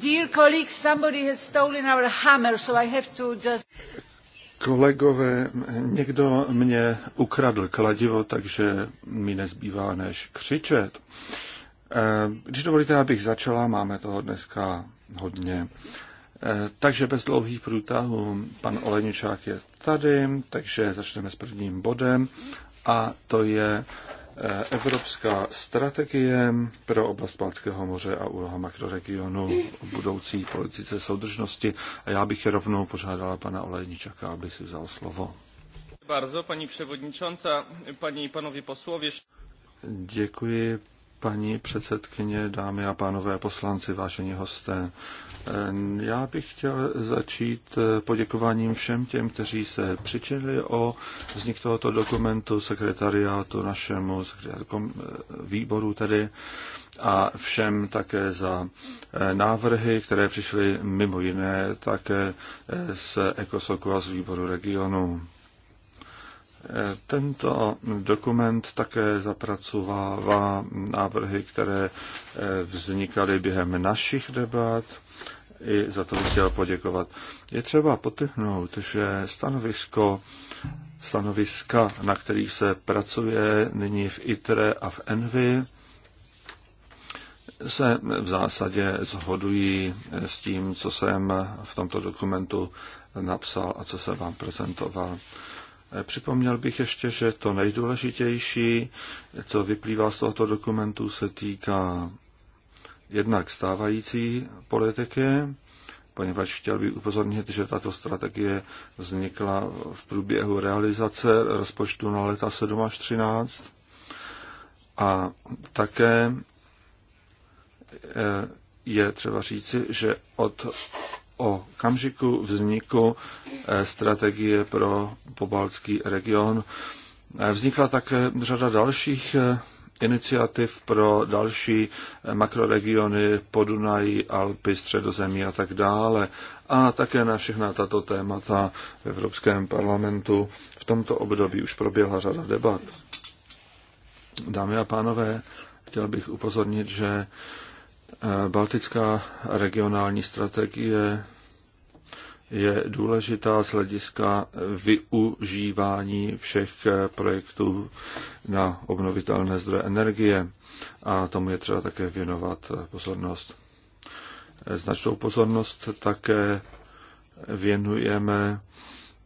Dear colleagues, somebody has stolen our hammer, so I have to just... Kolegové, někdo mě ukradl kladivo, takže mi nezbývá než křičet. Eh, když dovolíte, abych začala, máme toho dneska hodně. Eh, takže bez dlouhých průtahů, pan Oleničák je tady, takže začneme s prvním bodem a to je Evropská strategie pro oblast Balckého moře a úloha makroregionu o budoucí politice soudržnosti. A já bych rovnou požádala pana Olejničaka, aby si vzal slovo. Bardzo, paní paní panovi Děkuji, Paní předsedkyně, dámy a pánové poslanci, vážení hosté, eh, já bych chtěl začít eh, poděkováním všem těm, kteří se přičinili o vznik tohoto dokumentu, sekretariátu našemu eh, výboru tedy a všem také za návrhy, které přišly mimo jiné také z Ekosoku a z výboru regionu. Tento dokument také zapracovává návrhy, které eh, vznikaly během našich debat. I za to bych chtěl poděkovat. Je třeba potrhnout, že stanovisko, stanoviska, na kterých se pracuje nyní v ITRE a v ENVY, se v zásadě zhodují s tím, co jsem v tomto dokumentu napsal a co jsem vám prezentoval. Připomněl bych ještě, že to nejdůležitější, co vyplývá z tohoto dokumentu, se týká jednak stávající politiky, poněvadž chtěl bych upozornit, že tato strategie vznikla v průběhu realizace rozpočtu na leta 7 až 13 a také eh, je třeba říci, že od o kamžiku vzniku eh, strategie pro pobaltský region. Eh, vznikla také řada dalších eh, iniciativ pro další makroregiony Podunají, Alpy, Středozemí a tak dále. A také na všechna tato témata v Evropském parlamentu v tomto období už proběhla řada debat. Dámy a pánové, chtěl bych upozornit, že Baltická regionální strategie je důležitá z hlediska využívání všech projektů na obnovitelné zdroje energie a tomu je třeba také věnovat pozornost. Značnou pozornost také věnujeme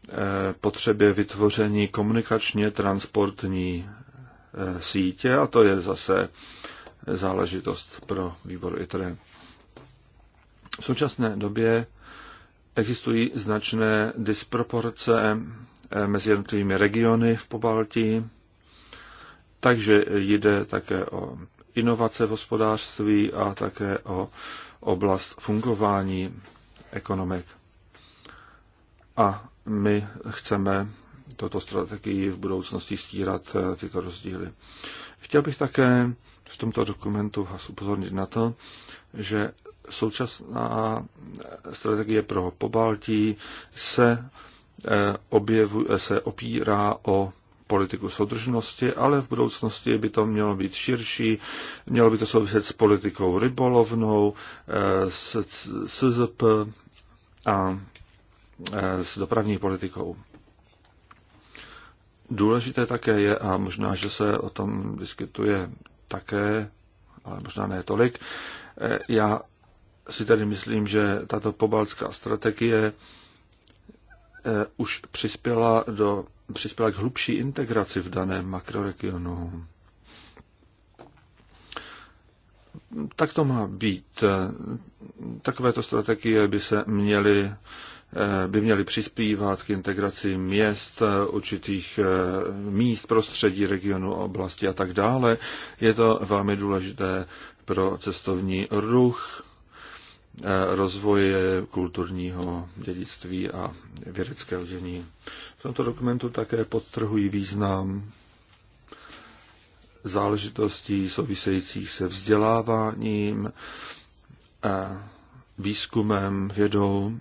eh, potřebě vytvoření komunikačně transportní eh, sítě a to je zase záležitost pro výbor ITRE. V současné době Existují značné disproporce eh, mezi jednotlivými regiony v Pobaltí, takže jde také o inovace v hospodářství a také o oblast fungování ekonomik. A my chceme toto strategii v budoucnosti stírat eh, tyto rozdíly. Chtěl bych také v tomto dokumentu vás upozornit na to, že současná strategie pro Pobaltí se, eh, objevu, eh, se opírá o politiku soudržnosti, ale v budoucnosti by to mělo být širší, mělo by to souviset s politikou rybolovnou, eh, s SZP a s dopravní politikou. Důležité také je, a možná, že se o tom diskutuje také, ale možná ne tolik, já si tedy myslím, že tato pobaltská strategie eh, už přispěla, do, přispěla k hlubší integraci v daném makroregionu. Tak to má být. Takovéto strategie by se měly eh, by měly přispívat k integraci měst, určitých eh, míst, prostředí, regionu, oblasti a tak dále. Je to velmi důležité pro cestovní ruch, rozvoje kulturního dědictví a vědeckého dění. V tomto dokumentu také podtrhují význam záležitostí souvisejících se vzděláváním, výzkumem, vědou,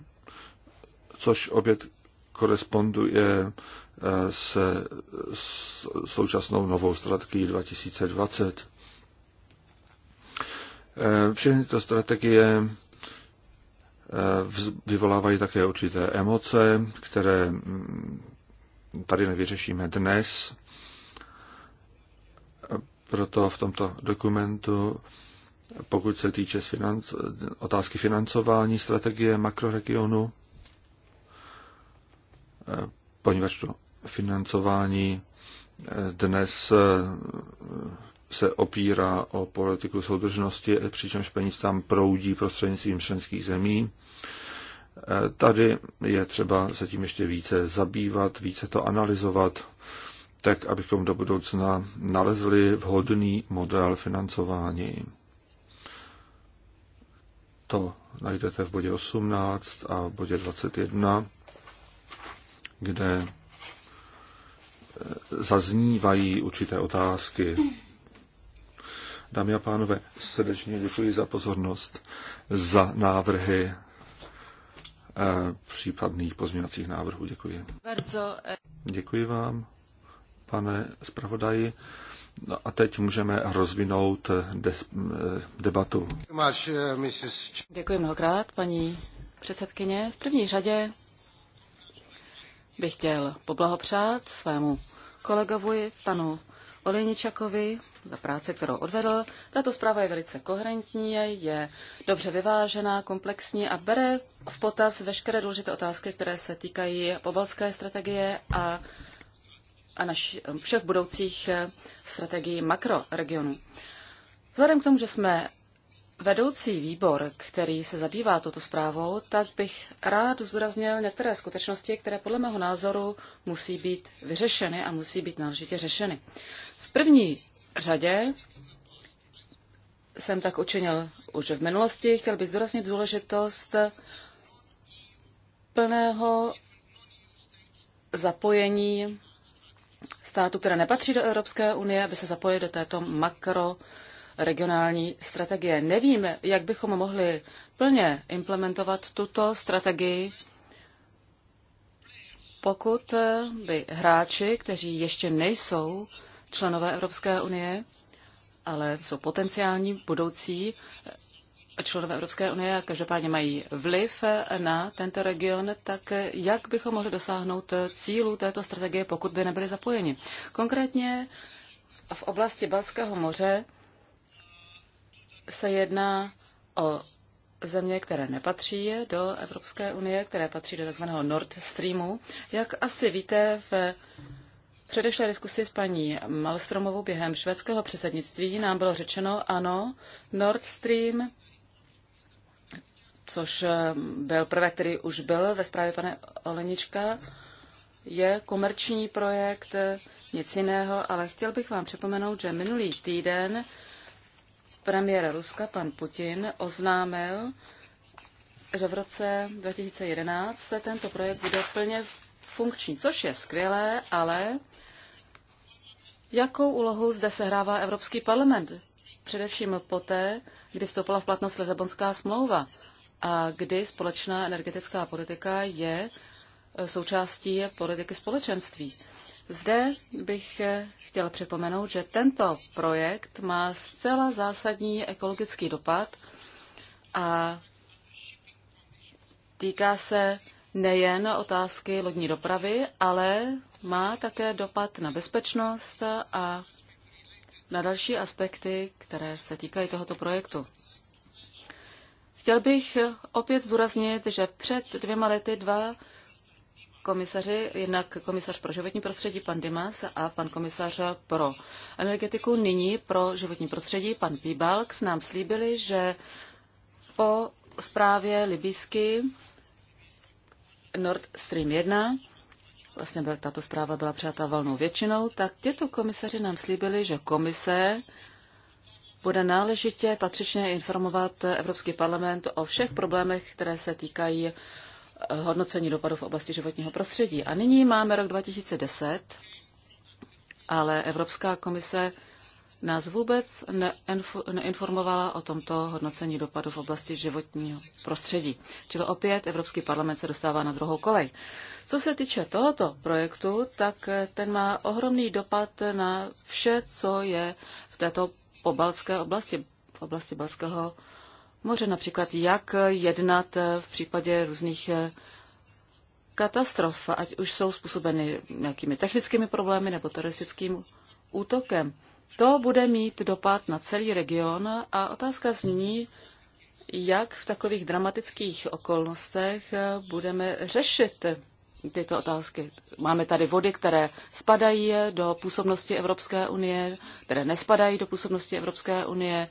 což opět koresponduje e, se současnou novou strategií 2020. E, všechny tyto strategie Eh, vyvolávají také určité emoce, které mm, tady nevyřešíme dnes. Eh, proto v tomto dokumentu, pokud se týče financ- otázky financování strategie makroregionu, eh, poněvadž to financování dnes se opírá o politiku soudržnosti, přičemž peníze tam proudí prostřednictvím členských zemí. Tady je třeba se tím ještě více zabývat, více to analyzovat, tak abychom do budoucna nalezli vhodný model financování. To najdete v bodě 18 a v bodě 21, kde zaznívají určité otázky. Dámy a pánové, srdečně děkuji za pozornost, za návrhy eh, případných pozměňovacích návrhů. Děkuji. Bardzo. Eh. Děkuji vám, pane zpravodaji. No a teď můžeme rozvinout eh, de- debatu. Děkuji mnohokrát, paní předsedkyně. V první řadě bych chtěl poblahopřát svému kolegovi, panu Olejničakovi za práci, kterou odvedl. Tato zpráva je velice koherentní, je dobře vyvážená, komplexní a bere v potaz veškeré důležité otázky, které se týkají pobalské strategie a, a naš, všech budoucích eh, strategií makroregionu. Vzhledem k tomu, že jsme vedoucí výbor, který se zabývá touto zprávou, tak bych rád zdůraznil některé skutečnosti, které podle mého názoru musí být vyřešeny a musí být náležitě řešeny první řadě jsem tak učinil už v minulosti. Chtěl bych zdůraznit důležitost plného zapojení států, které nepatří do Evropské unie, aby se zapojili do této makro regionální strategie. Nevím, jak bychom mohli plně implementovat tuto strategii, pokud by hráči, kteří ještě nejsou členové Evropské unie, ale jsou potenciální budoucí členové Evropské unie a každopádně mají vliv na tento region, tak jak bychom mohli dosáhnout cílu této strategie, pokud by nebyli zapojeni? Konkrétně v oblasti Balského moře se jedná o země, které nepatří do Evropské unie, které patří do takzvaného Nord Streamu. Jak asi víte, v předešlé diskusi s paní Malstromovou během švédského předsednictví nám bylo řečeno, ano, Nord Stream, což eh, byl prvek, který už byl ve zprávě pane Olenička, je komerční projekt, nic jiného, ale chtěl bych vám připomenout, že minulý týden premiér Ruska, pan Putin, oznámil, že v roce 2011 tento projekt bude plně funkční, což je skvělé, ale jakou úlohu zde sehrává Evropský parlament? Především poté, kdy vstoupila v platnost Lisabonská smlouva a kdy společná energetická politika je součástí politiky společenství. Zde bych chtěla připomenout, že tento projekt má zcela zásadní ekologický dopad a týká se nejen otázky lodní dopravy, ale má také dopad na bezpečnost a na další aspekty, které se týkají tohoto projektu. Chtěl bych opět zdůraznit, že před dvěma lety dva komisaři, jednak komisař pro životní prostředí pan Dimas a pan komisař pro energetiku, nyní pro životní prostředí pan Pibalks nám slíbili, že po zprávě Libysky Nord Stream 1, vlastně byla, tato zpráva byla přijata valnou většinou, tak těto komisaři nám slíbili, že komise bude náležitě patřičně informovat Evropský parlament o všech problémech, které se týkají eh, hodnocení dopadů v oblasti životního prostředí. A nyní máme rok 2010, ale Evropská komise nás vůbec neinformovala o tomto hodnocení dopadu v oblasti životního prostředí. Čili opět Evropský parlament se dostává na druhou kolej. Co se týče tohoto projektu, tak eh, ten má ohromný dopad na vše, co je v této pobaltské oblasti, v oblasti Balského moře. Například jak jednat eh, v případě různých eh, katastrof, ať už jsou způsobeny nějakými technickými problémy nebo teroristickým útokem. To bude mít dopad na celý region a otázka zní, jak v takových dramatických okolnostech eh, budeme řešit tyto otázky. Máme tady vody, které spadají do působnosti Evropské unie, které nespadají do působnosti Evropské unie,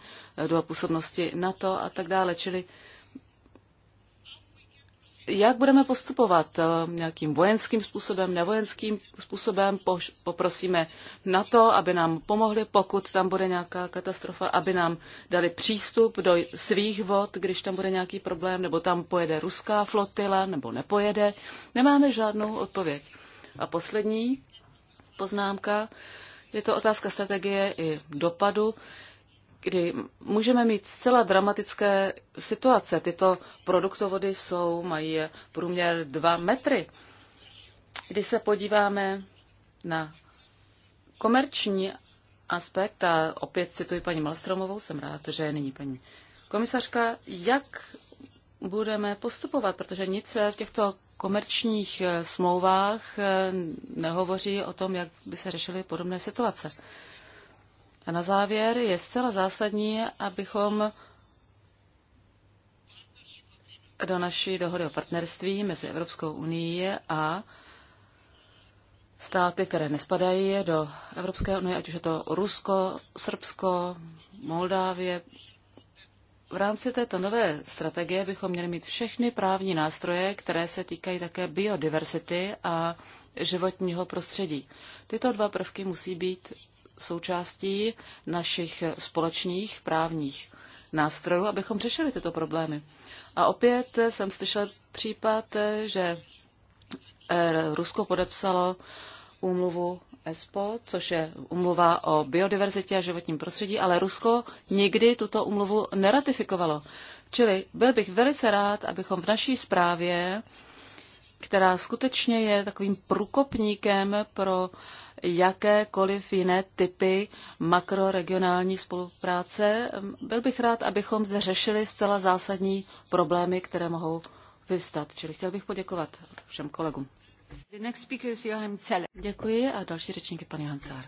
do působnosti NATO a tak dále. Čili jak budeme postupovat? Eh, nějakým vojenským způsobem, nevojenským způsobem? Poprosíme na to, aby nám pomohli, pokud tam bude nějaká katastrofa, aby nám dali přístup do svých vod, když tam bude nějaký problém, nebo tam pojede ruská flotila, nebo nepojede. Nemáme žádnou odpověď. A poslední poznámka, je to otázka strategie i dopadu kdy můžeme mít zcela dramatické situace. Tyto produktovody jsou, mají průměr 2 metry. Když se podíváme na komerční aspekt, a opět cituji paní Malstromovou, jsem rád, že je nyní paní komisařka, jak budeme postupovat, protože nic v těchto komerčních smlouvách nehovoří o tom, jak by se řešily podobné situace. A na závěr je zcela zásadní, abychom do naší dohody o partnerství mezi Evropskou unii a státy, které nespadají do Evropské unie, ať už je to Rusko, Srbsko, Moldávie. V rámci této nové strategie bychom měli mít všechny právní nástroje, které se týkají také biodiverzity a životního prostředí. Tyto dva prvky musí být součástí našich společných právních nástrojů, abychom řešili tyto problémy. A opět jsem slyšel případ, že Rusko podepsalo úmluvu ESPO, což je umluva o biodiverzitě a životním prostředí, ale Rusko nikdy tuto umluvu neratifikovalo. Čili byl bych velice rád, abychom v naší zprávě, která skutečně je takovým průkopníkem pro uh, jakékoliv jiné typy makroregionální spolupráce. Byl bych rád, abychom zde řešili zcela zásadní problémy, které mohou vyvstat. Čili chtěl bych poděkovat všem kolegům. Děkuji a další řečník je pan Jancár.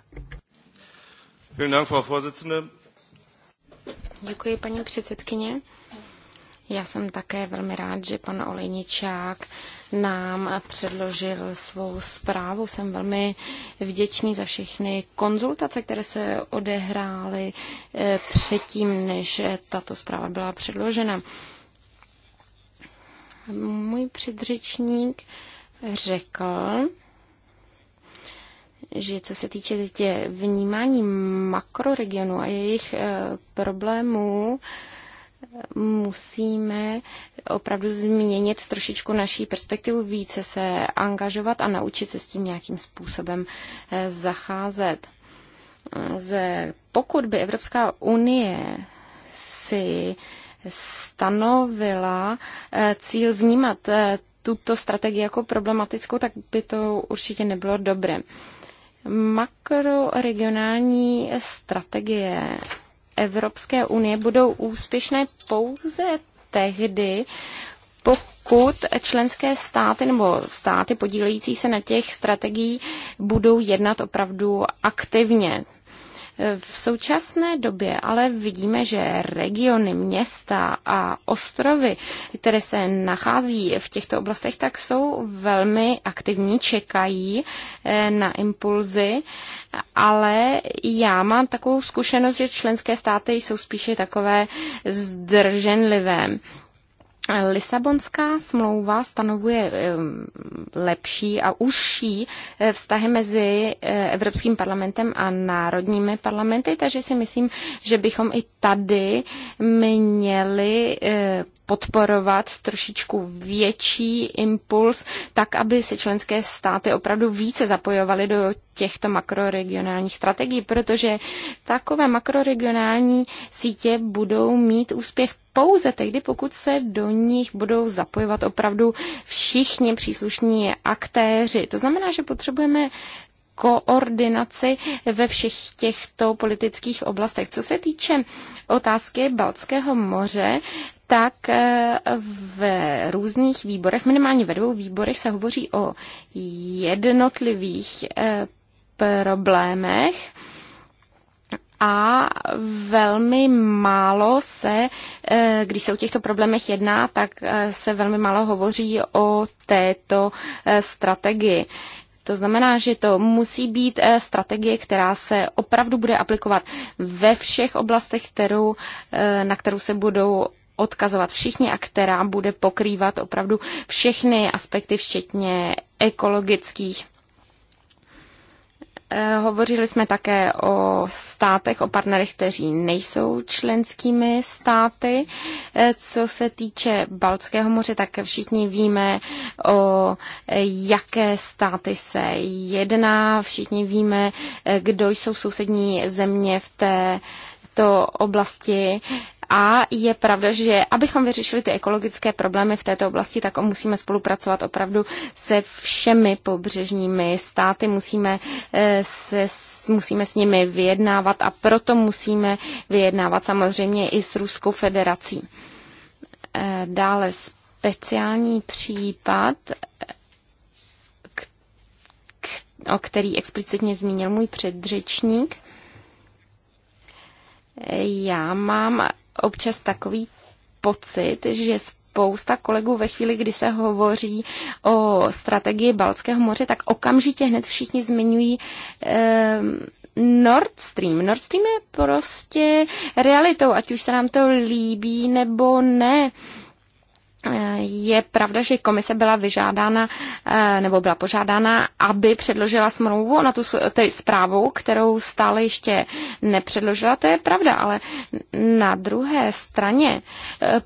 Děkuji, paní předsedkyně. Já jsem také velmi rád, že pan Olejničák nám předložil svou zprávu. Jsem velmi vděčný za všechny konzultace, které se odehrály eh, předtím, než eh, tato zpráva byla předložena. Můj předřečník řekl, že co se týče teď vnímání makroregionu a jejich eh, problémů, musíme opravdu změnit trošičku naší perspektivu, více se angažovat a naučit se s tím nějakým způsobem eh, zacházet. Ze, pokud by Evropská unie si stanovila eh, cíl vnímat eh, tuto strategii jako problematickou, tak by to určitě nebylo dobré. Makroregionální strategie Evropské unie budou úspěšné pouze tehdy, pokud členské státy nebo státy podílející se na těch strategií budou jednat opravdu aktivně. V současné době ale vidíme, že regiony, města a ostrovy, které se nachází v těchto oblastech, tak jsou velmi aktivní, čekají eh, na impulzy, ale já mám takovou zkušenost, že členské státy jsou spíše takové zdrženlivé. Lisabonská smlouva stanovuje eh, lepší a užší eh, vztahy mezi eh, Evropským parlamentem a národními parlamenty, takže si myslím, že bychom i tady měli podporovat trošičku větší impuls, tak aby se členské státy opravdu více zapojovaly do těchto makroregionálních strategií, protože takové makroregionální sítě budou mít úspěch pouze tehdy, pokud se do nich budou zapojovat opravdu všichni příslušní aktéři. To znamená, že potřebujeme koordinaci ve všech těchto politických oblastech. Co se týče otázky Balckého moře, tak eh, v různých výborech, minimálně ve dvou výborech, se hovoří o jednotlivých eh, problémech a velmi málo se, eh, když se o těchto problémech jedná, tak eh, se velmi málo hovoří o této eh, strategii. To znamená, že to musí být strategie, která se opravdu bude aplikovat ve všech oblastech, kterou, na kterou se budou odkazovat všichni a která bude pokrývat opravdu všechny aspekty, včetně ekologických. Eh, hovořili jsme také o státech, o partnerech, kteří nejsou členskými státy. Eh, co se týče Balckého moře, tak všichni víme, o eh, jaké státy se jedná. Všichni víme, kdo jsou sousední země v té to oblasti. A je pravda, že abychom vyřešili ty ekologické problémy v této oblasti, tak musíme spolupracovat opravdu se všemi pobřežními státy, musíme, eh, se, musíme s nimi vyjednávat a proto musíme vyjednávat samozřejmě i s Ruskou federací. Eh, dále speciální případ, o který explicitně zmínil můj předřečník, já mám občas takový pocit, že spousta kolegů ve chvíli, kdy se hovoří o strategii Balckého moře, tak okamžitě hned všichni zmiňují eh, Nord Stream. Nord Stream je prostě realitou, ať už se nám to líbí nebo ne. Eh, je pravda, že komise byla vyžádána eh, nebo byla požádána, aby předložila smlouvu na tu tedy zprávu, kterou stále ještě nepředložila. To je pravda, ale na druhé straně eh,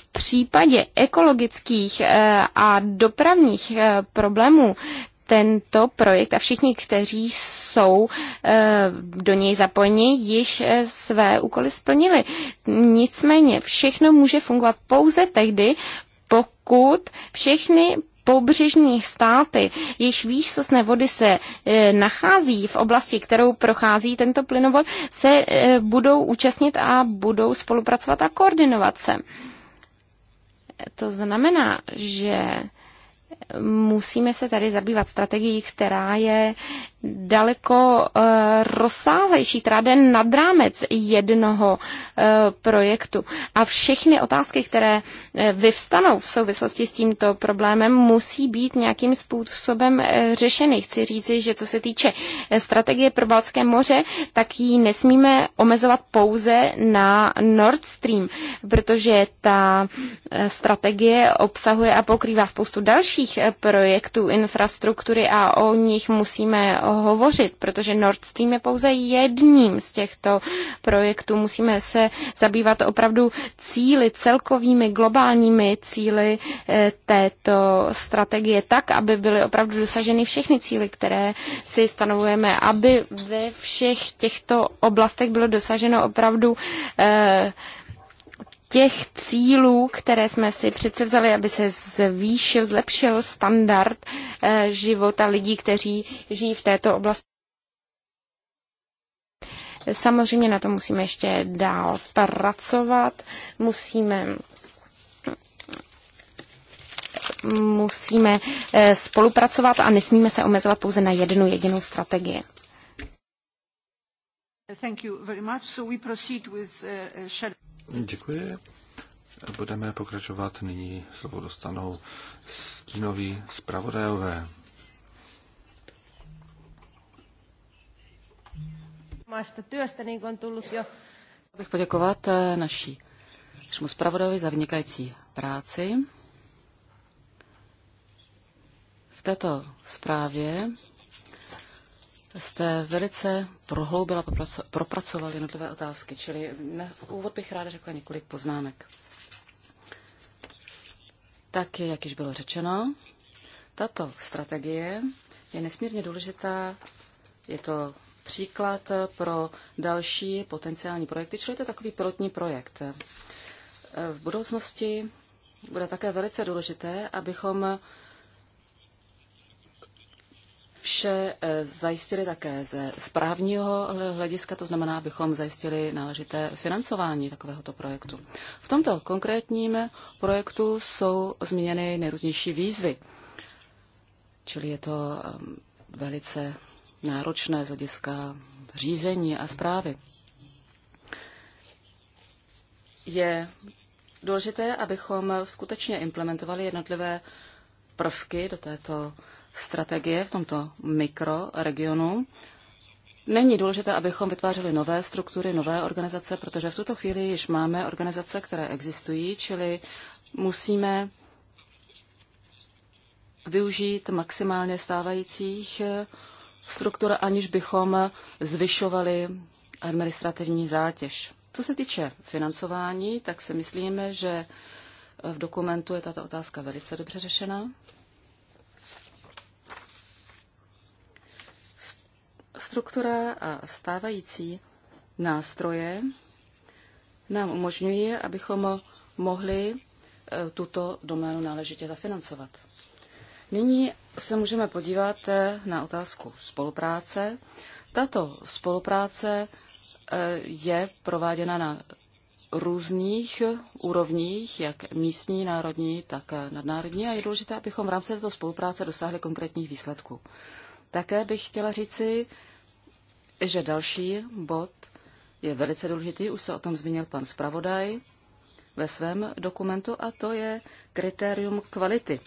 v případě ekologických eh, a dopravních problémů tento projekt a všichni, kteří jsou eh, do něj zapojeni, již eh, své úkoly splnili. Nicméně všechno může fungovat pouze tehdy, pokud všechny pobřežní státy, jejichž výsostné vody se e, nachází v oblasti, kterou prochází tento plynovod, se e, budou účastnit a budou spolupracovat a koordinovat se. To znamená, že musíme se tady zabývat strategií, která je daleko eh, rozsáhlejší, která jde nad rámec jednoho eh, projektu. A všechny otázky, které eh, vyvstanou v souvislosti s tímto problémem, musí být nějakým způsobem řešeny. Chci říci, že co se týče strategie pro Balské moře, tak ji nesmíme omezovat pouze na Nord Stream, protože ta strategie obsahuje a pokrývá spoustu dalších velkých eh, projektů infrastruktury a o nich musíme hovořit, protože Nord Stream je pouze jedním z těchto projektů. Musíme se zabývat opravdu cíly, celkovými globálními cíly eh, této strategie tak, aby byly opravdu dosaženy všechny cíly, které si stanovujeme, aby ve všech těchto oblastech bylo dosaženo opravdu eh, těch cílů, které jsme si přece vzali, aby se zvýšil, zlepšil standard eh, života lidí, kteří žijí v této oblasti. Samozřejmě na to musíme ještě dál pracovat, musíme musíme eh, spolupracovat a nesmíme se omezovat pouze na jednu jedinou strategii. Děkuji. Budeme pokračovat nyní, slovo dostanou stínoví zpravodajové. työstä, Bych poděkovat eh, naší našemu zpravodajovi za vynikající práci. V této zprávě jste velice prohloubila, propracovala jednotlivé otázky, čili na úvod bych ráda řekla několik poznámek. Tak, jak již bylo řečeno, tato strategie je nesmírně důležitá. Je to příklad pro další potenciální projekty, čili to je takový pilotní projekt. V budoucnosti bude také velice důležité, abychom vše eh, zajistili také ze správního hlediska, to znamená, abychom zajistili náležité financování takovéhoto projektu. V tomto konkrétním projektu jsou zmíněny nejrůznější výzvy, čili je to eh, velice náročné z hlediska řízení a zprávy. Je důležité, abychom skutečně implementovali jednotlivé prvky do této strategie v tomto mikroregionu. Není důležité, abychom vytvářeli nové struktury, nové organizace, protože v tuto chvíli již máme organizace, které existují, čili musíme využít maximálně stávajících struktur, aniž bychom zvyšovali administrativní zátěž. Co se týče financování, tak si myslíme, že v dokumentu je tato otázka velice dobře řešena. Struktura a stávající nástroje nám umožňují, abychom mohli e, tuto doménu náležitě zafinancovat. Nyní se můžeme podívat e, na otázku spolupráce. Tato spolupráce e, je prováděna na různých úrovních, jak místní, národní, tak nadnárodní a je důležité, abychom v rámci této spolupráce dosáhli konkrétních výsledků. Také bych chtěla říci, že další bod je velice důležitý, už se o tom zmínil pan zpravodaj ve svém dokumentu, a to je kritérium kvality.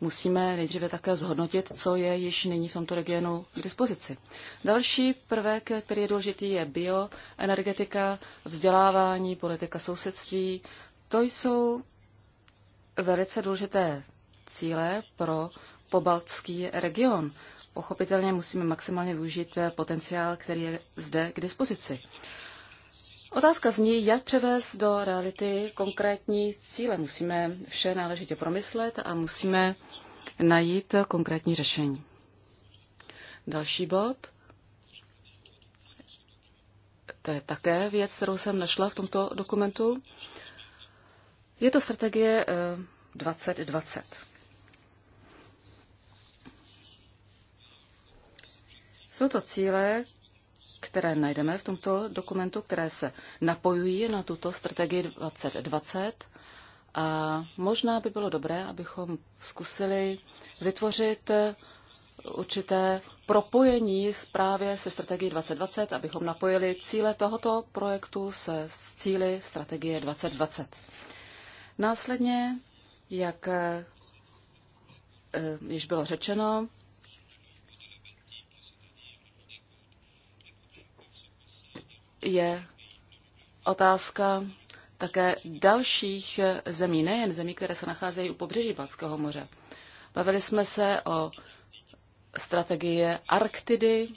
Musíme nejdříve také zhodnotit, co je již nyní v tomto regionu k dispozici. Další prvek, který je důležitý, je bioenergetika, vzdělávání, politika sousedství. To jsou velice důležité cíle pro pobaltský region pochopitelně musíme maximálně využít eh, potenciál, který je zde k dispozici. Otázka zní, jak převést do reality konkrétní cíle. Musíme vše náležitě promyslet a musíme najít konkrétní řešení. Další bod. To je také věc, kterou jsem našla v tomto dokumentu. Je to strategie 2020. Eh, Jsou to cíle, které najdeme v tomto dokumentu, které se napojují na tuto strategii 2020. A možná by bylo dobré, abychom zkusili vytvořit určité propojení právě se strategií 2020, abychom napojili cíle tohoto projektu se s cíly strategie 2020. Následně, jak eh, již bylo řečeno, je otázka také dalších zemí, nejen zemí, které se nacházejí u pobřeží Balckého moře. Bavili jsme se o strategie Arktidy.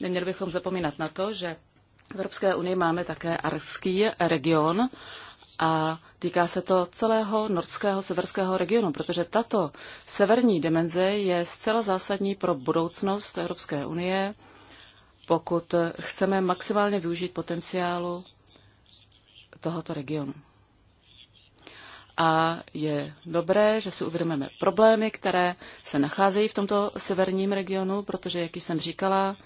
Neměli bychom zapomínat na to, že v Evropské unii máme také arkský region a týká se to celého nordského severského regionu, protože tato severní dimenze je zcela zásadní pro budoucnost Evropské unie pokud chceme maximálně využít potenciálu tohoto regionu. A je dobré, že si uvědomíme problémy, které se nacházejí v tomto severním regionu, protože, jak jsem říkala,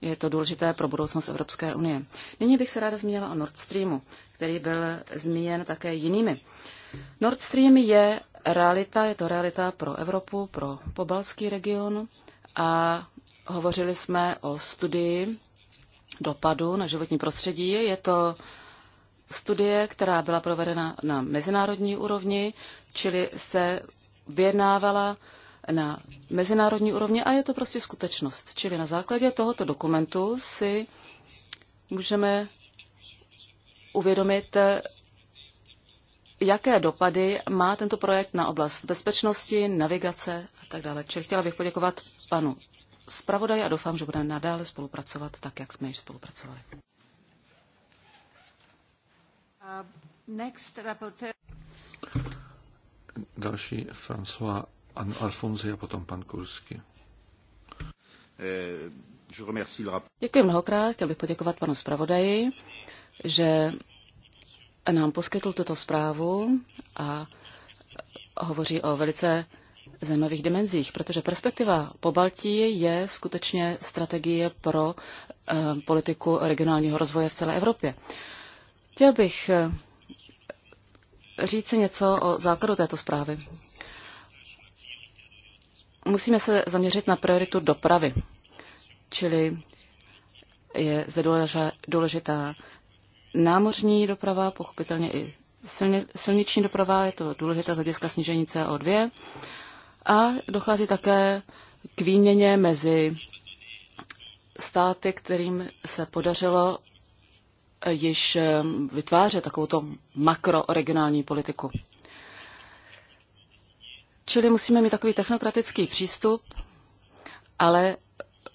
je to důležité pro budoucnost Evropské unie. Nyní bych se ráda zmínila o Nord Streamu, který byl zmíněn také jinými. Nord Stream je realita, je to realita pro Evropu, pro pobalský region a Hovořili jsme o studii dopadu na životní prostředí. Je to studie, která byla provedena na mezinárodní úrovni, čili se vyjednávala na mezinárodní úrovni a je to prostě skutečnost. Čili na základě tohoto dokumentu si můžeme uvědomit, jaké dopady má tento projekt na oblast bezpečnosti, navigace a tak dále. Čili chtěla bych poděkovat panu zpravodaj a doufám, že budeme nadále spolupracovat tak, jak jsme již spolupracovali. Uh, next, Další François Alfonzi a potom pan Kursky. Eh, Děkuji mnohokrát. Chtěl bych poděkovat panu zpravodaji, že nám poskytl tuto zprávu a hovoří o velice zajímavých dimenzích, protože perspektiva po Baltii je skutečně strategie pro eh, politiku regionálního rozvoje v celé Evropě. Chtěl bych eh, říct říci něco o základu této zprávy. Musíme se zaměřit na prioritu dopravy, čili je zde důležitá námořní doprava, pochopitelně i silniční doprava, je to důležité z hlediska snížení CO2 a dochází také k výměně mezi státy, kterým se podařilo eh, již eh, vytvářet takovou makroregionální politiku. Čili musíme mít takový technokratický přístup, ale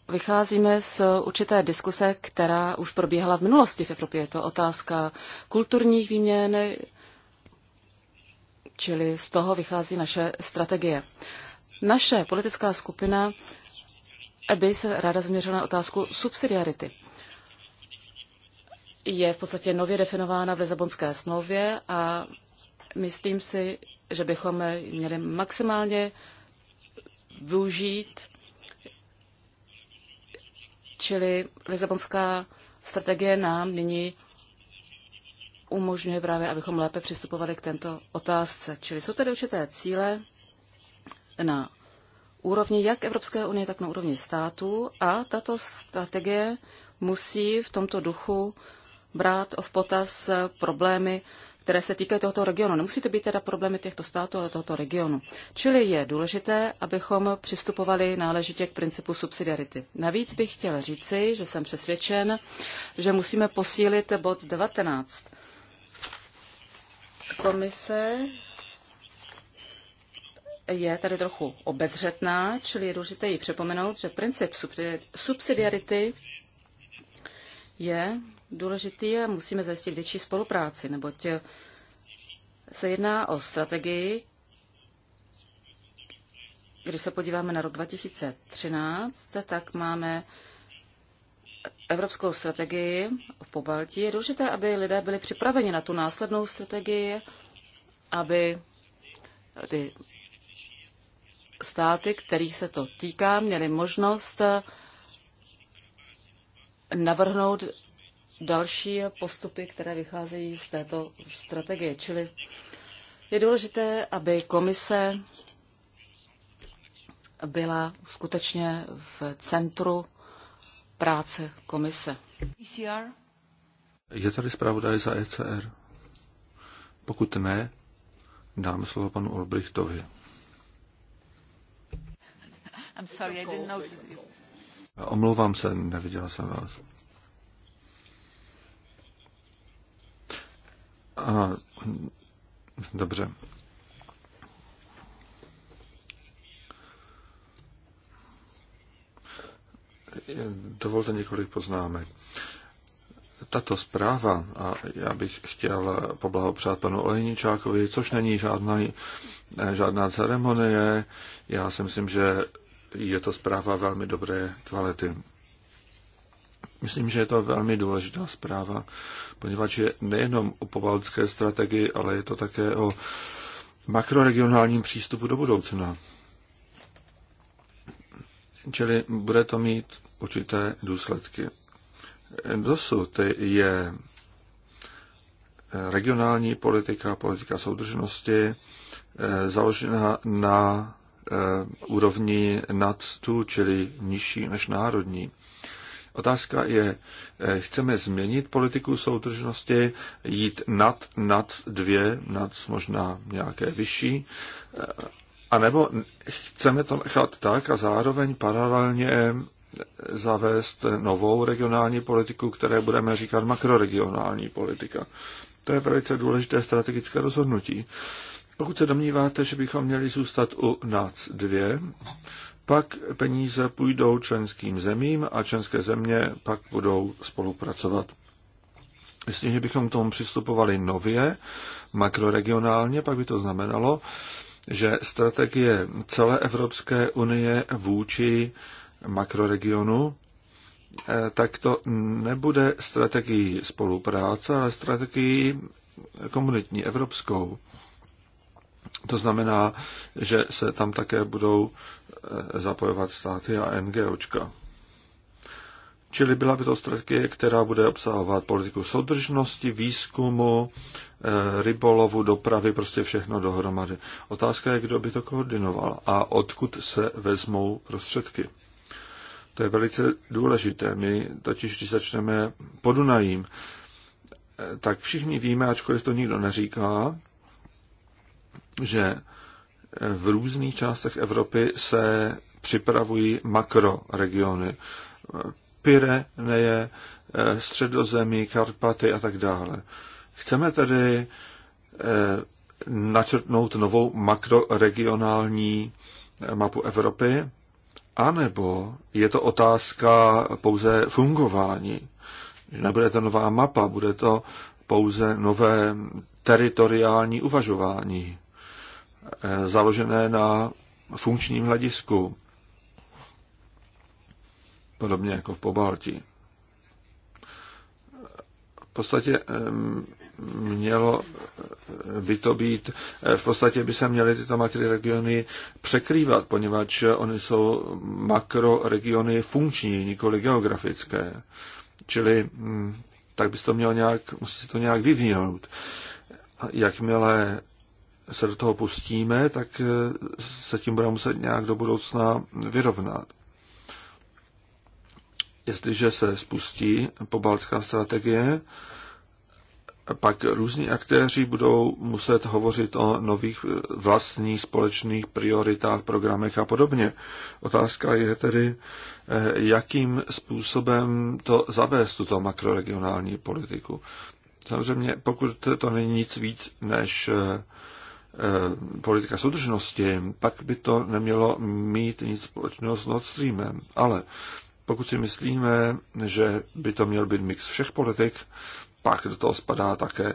vycházíme z určité diskuse, která už probíhala v minulosti v Evropě. Je to otázka kulturních výměn, Čili z toho vychází naše strategie. Naše politická skupina by se ráda změřila na otázku subsidiarity. Je v podstatě nově definována v Lisabonské smlouvě a myslím si, že bychom měli maximálně využít, čili Lisabonská strategie nám nyní umožňuje právě, abychom lépe přistupovali k této otázce. Čili jsou tady určité cíle na úrovni jak Evropské unie, tak na úrovni států a tato strategie musí v tomto duchu brát v potaz problémy, které se týkají tohoto regionu. Nemusí to být teda problémy těchto států, ale tohoto regionu. Čili je důležité, abychom přistupovali náležitě k principu subsidiarity. Navíc bych chtěl říci, že jsem přesvědčen, že musíme posílit bod 19 Komise je tady trochu obezřetná, čili je důležité ji připomenout, že princip subsidiarity je důležitý a musíme zajistit větší spolupráci, neboť se jedná o strategii, když se podíváme na rok 2013, tak máme evropskou strategii po Baltii, je důležité, aby lidé byli připraveni na tu následnou strategii, aby ty státy, kterých se to týká, měly možnost navrhnout další postupy, které vycházejí z této strategie. Čili je důležité, aby komise byla skutečně v centru práce komise. Je tady zpravodaj za ECR? Pokud ne, dám slovo panu Olbrichtovi. I'm sorry, I didn't notice Omlouvám se, neviděla jsem vás. Aha, dobře. dovolte několik poznámek. Tato zpráva, a já bych chtěl poblahopřát panu Olejničákovi, což není žádná, žádná ceremonie, já si myslím, že je to zpráva velmi dobré kvality. Myslím, že je to velmi důležitá zpráva, poněvadž je nejenom o pobaltské strategii, ale je to také o makroregionálním přístupu do budoucna. Čili bude to mít určité důsledky. Dosud je regionální politika, politika soudržnosti eh, založena na eh, úrovni nad tu, čili nižší než národní. Otázka je, eh, chceme změnit politiku soudržnosti, jít nad, nad dvě, nad možná nějaké vyšší, a nebo chceme to nechat tak a zároveň paralelně zavést novou regionální politiku, které budeme říkat makroregionální politika. To je velice důležité strategické rozhodnutí. Pokud se domníváte, že bychom měli zůstat u NAC 2, pak peníze půjdou členským zemím a členské země pak budou spolupracovat. Jestliže bychom k tomu přistupovali nově, makroregionálně, pak by to znamenalo, že strategie celé Evropské unie vůči makroregionu, eh, tak to nebude strategií spolupráce, ale strategií komunitní, evropskou. To znamená, že se tam také budou eh, zapojovat státy a NGOčka. Čili byla by to strategie, která bude obsahovat politiku soudržnosti, výzkumu, eh, rybolovu, dopravy, prostě všechno dohromady. Otázka je, kdo by to koordinoval a odkud se vezmou prostředky. To je velice důležité. My totiž, když začneme podunajím, eh, tak všichni víme, ačkoliv to nikdo neříká, že eh, v různých částech Evropy se připravují makroregiony Pireneje, eh, středozemí, Karpaty a tak dále. Chceme tedy eh, načrtnout novou makroregionální eh, mapu Evropy, anebo je to otázka pouze fungování. Že nebude to nová mapa, bude to pouze nové teritoriální uvažování, založené na funkčním hledisku podobně jako v Pobalti. V podstatě mělo by to být, eh, v podstatě by se měly tyto makroregiony překrývat, poněvadž oni jsou makroregiony funkční, nikoli geografické. Čili hm, tak by to mělo nějak, musí se to nějak vyvinout. Jakmile se do toho pustíme, tak eh, se tím budeme muset nějak do budoucna vyrovnat. Jestliže se spustí pobaltská strategie, pak různí aktéři budou muset hovořit o nových vlastních společných prioritách, programech a podobně. Otázka je tedy, eh, jakým způsobem to zavést, tuto makroregionální politiku. Samozřejmě, pokud to není nic víc než eh, eh, politika soudržnosti, pak by to nemělo mít nic společného s Nord Streamem. Ale pokud si myslíme, že by to měl být mix všech politik, pak do toho spadá také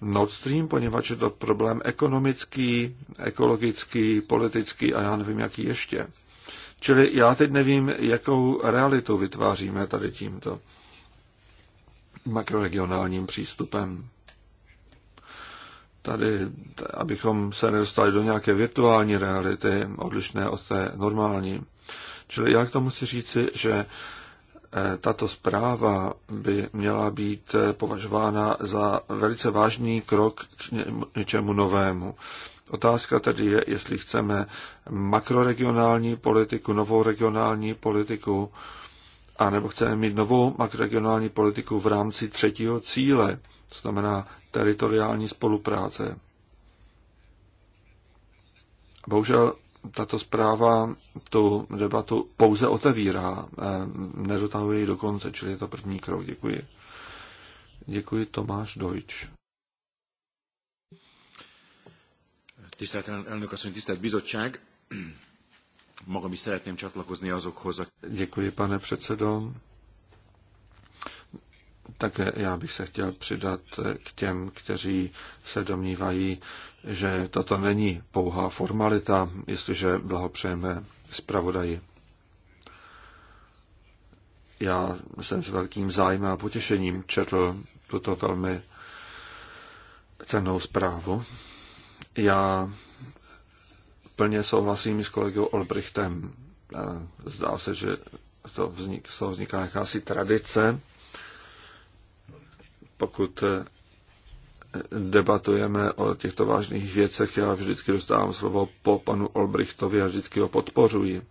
Nord Stream, poněvadž je to problém ekonomický, ekologický, politický a já nevím, jaký ještě. Čili já teď nevím, jakou realitu vytváříme tady tímto makroregionálním přístupem. Tady, abychom se nedostali do nějaké virtuální reality, odlišné od té normální. Čili já k tomu chci říci, že eh, tato zpráva by měla být eh, považována za velice vážný krok k něčemu novému. Otázka tedy je, jestli chceme makroregionální politiku, novou regionální politiku, anebo chceme mít novou makroregionální politiku v rámci třetího cíle, to znamená teritoriální spolupráce. Bohužel tato zpráva tu debatu pouze otevírá, eh, nedotahuje ji do konce, čili je to první krok. Děkuji. Děkuji Tomáš Dojč. Tisztelt elnök asszony, tisztelt bizottság! Magam is szeretném csatlakozni azokhoz, Děkuji, pane předsedo. Také já bych se chtěl přidat eh, k těm, kteří se domnívají, že toto není pouhá formalita, jestliže blahopřejeme zpravodaji. Já jsem s velkým zájmem a potěšením četl tuto velmi cenou zprávu. Já plně souhlasím s kolegou Olbrichtem. Eh, Zdá se, že to vznik, z toho vzniká jakási tradice, pokud eh, debatujeme o těchto vážných věcech, já vždycky dostávám slovo po panu Olbrichtovi a vždycky ho podpořuji.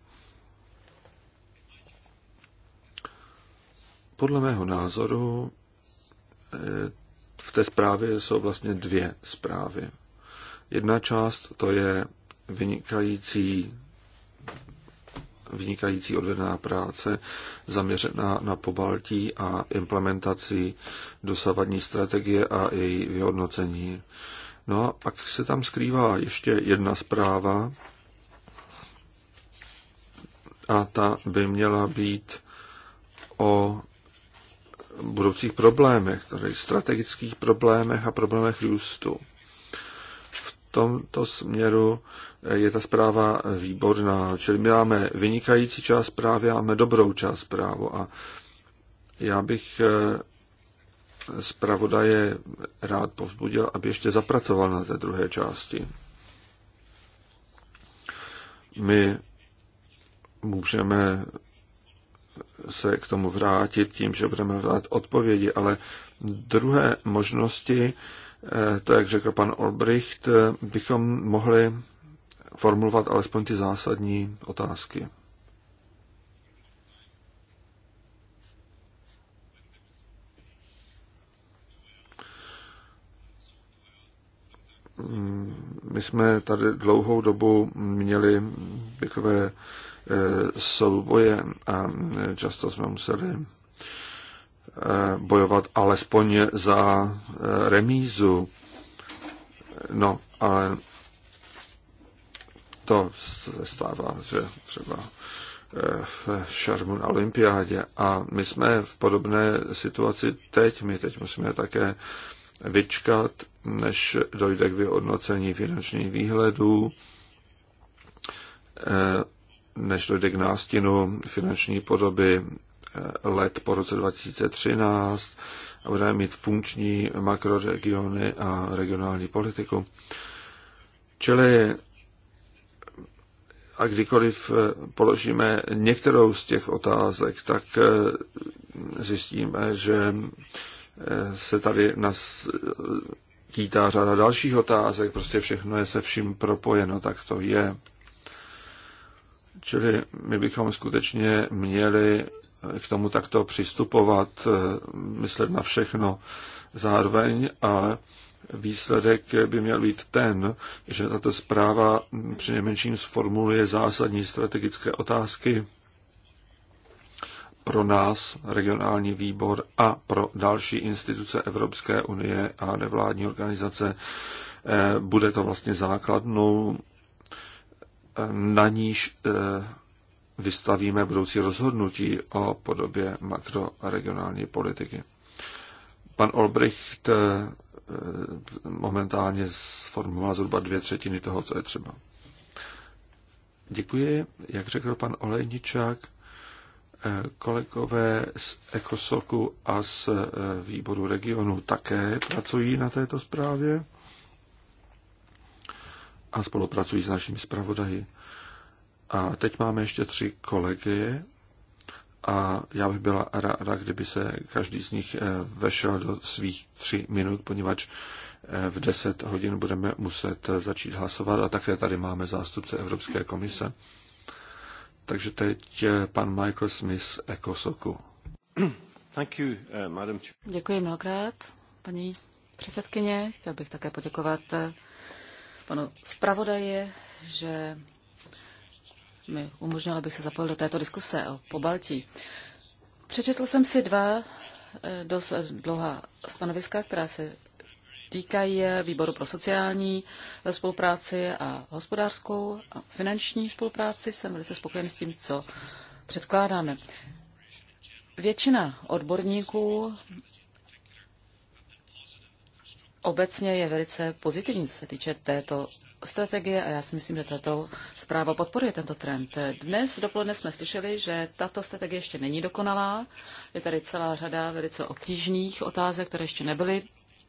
Podle mého názoru eh, v té zprávě jsou vlastně dvě zprávy. Jedna část to je vynikající vynikající odvedená práce zaměřená na pobaltí a implementaci dosavadní strategie a její vyhodnocení. No a pak se tam skrývá ještě jedna zpráva a ta by měla být o budoucích problémech, tedy strategických problémech a problémech růstu. V tomto směru je ta zpráva výborná. Čili my máme vynikající část zprávy a máme dobrou část zprávu. A já bych eh, zpravodaje rád povzbudil, aby ještě zapracoval na té druhé části. My můžeme se k tomu vrátit tím, že budeme dát odpovědi, ale druhé možnosti, eh, to, jak řekl pan Olbricht, eh, bychom mohli formulovat alespoň ty zásadní otázky. My jsme tady dlouhou dobu měli takové eh, souboje a eh, často jsme museli eh, bojovat alespoň za remízu. No, ale to se stává, že třeba eh, v Šarmu na olympiádě. A my jsme v podobné situaci teď. My teď musíme také vyčkat, než dojde k vyhodnocení finančních výhledů, eh, než dojde k nástinu finanční podoby eh, let po roce 2013 a budeme mít funkční makroregiony a regionální politiku. Čili a kdykoliv eh, položíme některou z těch otázek, tak eh, zjistíme, že eh, se tady nas kýtá řada dalších otázek, prostě všechno je se vším propojeno, tak to je. Čili my bychom skutečně měli k tomu takto přistupovat, myslet na všechno zároveň a výsledek by měl být ten, že tato zpráva nejmenším sformuluje zásadní strategické otázky pro nás, regionální výbor a pro další instituce Evropské unie a nevládní organizace. Eh, bude to vlastně základnou, eh, na níž eh, vystavíme budoucí rozhodnutí o podobě makroregionální politiky. Pan Olbricht Eh, momentálně sformovala zhruba dvě třetiny toho, co je třeba. Děkuji, jak řekl pan Olejničák, eh, kolegové z Ekosoku a z eh, výboru regionu také pracují na této zprávě a spolupracují s našimi zpravodaji. A teď máme ještě tři kolegy a já bych byla ráda, kdyby se každý z nich eh, vešel do svých tři minut, poněvadž eh, v 10 hodin budeme muset eh, začít hlasovat a také tady máme zástupce Evropské komise. Takže teď pan Michael Smith Ekosoku. Thank madam. Děkuji mnohokrát, paní předsedkyně. Chtěl bych také poděkovat panu zpravodaji, že mi umožnila, abych se zapojil do této diskuse o pobaltí. Přečetl jsem si dva eh, dost eh, dlouhá stanoviska, která se týkají eh, výboru pro sociální spolupráci a hospodářskou a finanční spolupráci. Jsem velice spokojen s tím, co předkládáme. Většina odborníků obecně je velice pozitivní, co se týče této strategie a já si myslím, že tato zpráva podporuje tento trend. Dnes dopoledne jsme slyšeli, že tato strategie ještě není dokonalá. Je tady celá řada velice obtížných otázek, které ještě nebyly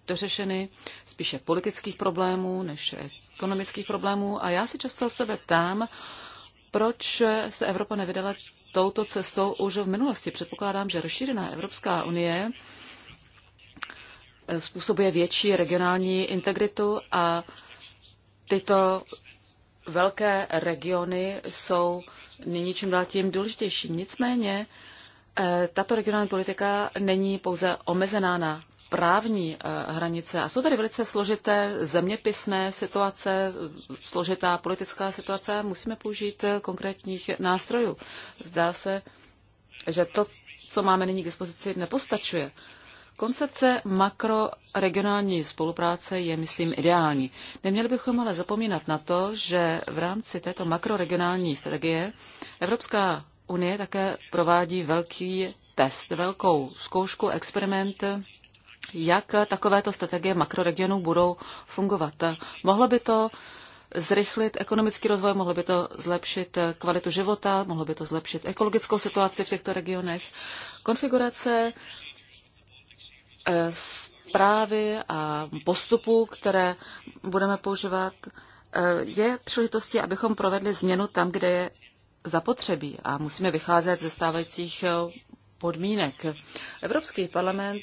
dořešeny, spíše politických problémů než ekonomických problémů. A já si často sebe ptám, proč se Evropa nevydala touto cestou už v minulosti. Předpokládám, že rozšířená Evropská unie způsobuje větší regionální integritu a tyto velké regiony jsou nyní čím dál tím důležitější. Nicméně eh, tato regionální politika není pouze omezená na právní eh, hranice a jsou tady velice složité zeměpisné situace, složitá politická situace. Musíme použít eh, konkrétních nástrojů. Zdá se, že to, co máme nyní k dispozici, nepostačuje. Koncepce makroregionální spolupráce je, myslím, ideální. Neměli bychom ale zapomínat na to, že v rámci této makroregionální strategie Evropská unie také provádí velký test, velkou zkoušku, experiment, jak takovéto strategie makroregionů budou fungovat. Mohlo by to zrychlit ekonomický rozvoj, mohlo by to zlepšit kvalitu života, mohlo by to zlepšit ekologickou situaci v těchto regionech. Konfigurace Eh, zprávy a postupů, které budeme používat, eh, je příležitostí, abychom provedli změnu tam, kde je zapotřebí a musíme vycházet ze stávajících eh, podmínek. Evropský parlament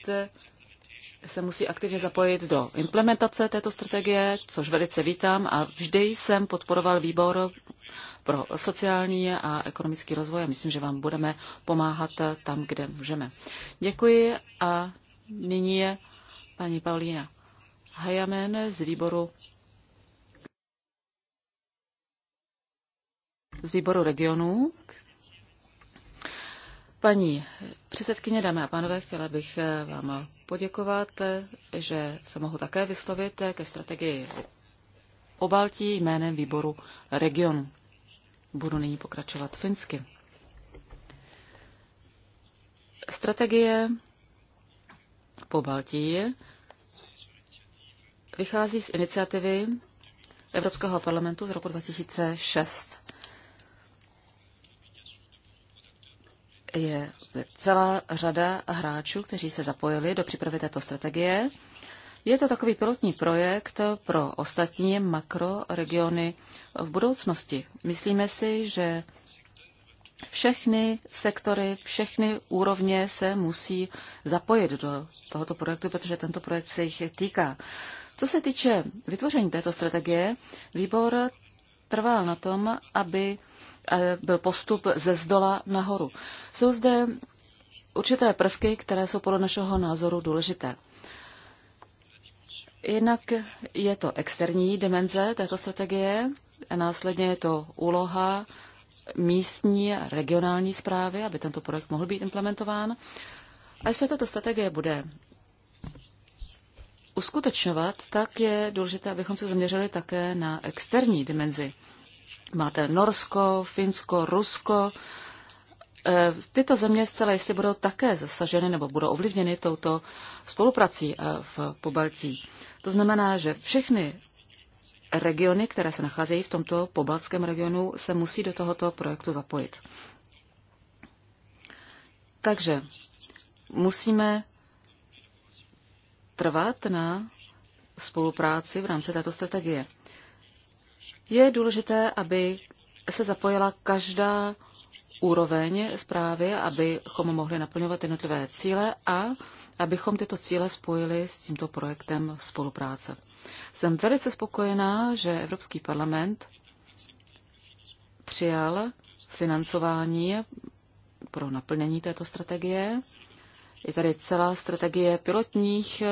se musí aktivně zapojit do implementace této strategie, což velice vítám a vždy jsem podporoval výbor pro sociální a ekonomický rozvoj a myslím, že vám budeme pomáhat tam, kde můžeme. Děkuji a Nyní je paní Paulína Hajamén z výboru z výboru regionů. Paní předsedkyně, dámy a pánové, chtěla bych eh, vám poděkovat, eh, že se mohu také vyslovit eh, ke strategii obaltí jménem výboru regionů Budu nyní pokračovat finsky. Strategie po Baltii vychází z iniciativy Evropského parlamentu z roku 2006. Je celá řada hráčů, kteří se zapojili do přípravy této strategie. Je to takový pilotní projekt pro ostatní makroregiony v budoucnosti. Myslíme si, že všechny sektory, všechny úrovně se musí zapojit do tohoto projektu, protože tento projekt se jich týká. Co se týče vytvoření této strategie, výbor trval na tom, aby eh, byl postup ze zdola nahoru. Jsou zde určité prvky, které jsou podle našeho názoru důležité. Jednak je to externí dimenze této strategie, a následně je to úloha místní a regionální zprávy, aby tento projekt mohl být implementován. A jestli tato strategie bude uskutečňovat, tak je důležité, abychom se zaměřili také na externí dimenzi. Máte Norsko, Finsko, Rusko. E, tyto země zcela jistě budou také zasaženy nebo budou ovlivněny touto spoluprací e, v Pobaltí. To znamená, že všechny regiony, které se nacházejí v tomto pobaltském regionu, se musí do tohoto projektu zapojit. Takže musíme trvat na spolupráci v rámci této strategie. Je důležité, aby se zapojila každá úroveň zprávy, abychom mohli naplňovat jednotlivé cíle a abychom tyto cíle spojili s tímto projektem spolupráce. Jsem velice spokojená, že Evropský parlament přijal financování pro naplnění této strategie. Je tady celá strategie pilotních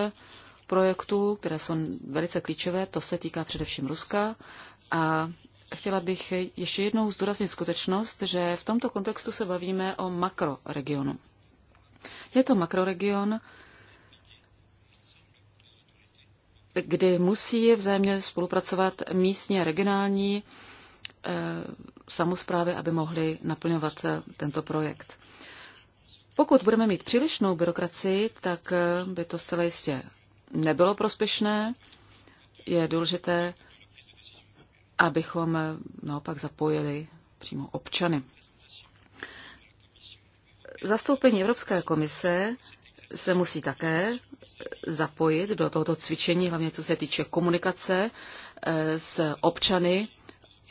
projektů, které jsou velice klíčové. To se týká především Ruska. A chtěla bych ještě jednou zdůraznit skutečnost, že v tomto kontextu se bavíme o makroregionu. Je to makroregion, kdy musí vzájemně spolupracovat místní a regionální e, eh, samozprávy, aby mohly naplňovat eh, tento projekt. Pokud budeme mít přílišnou byrokracii, tak eh, by to zcela jistě nebylo prospěšné. Je důležité, abychom naopak zapojili přímo občany. Zastoupení Evropské komise se musí také zapojit do tohoto cvičení, hlavně co se týče komunikace eh, s občany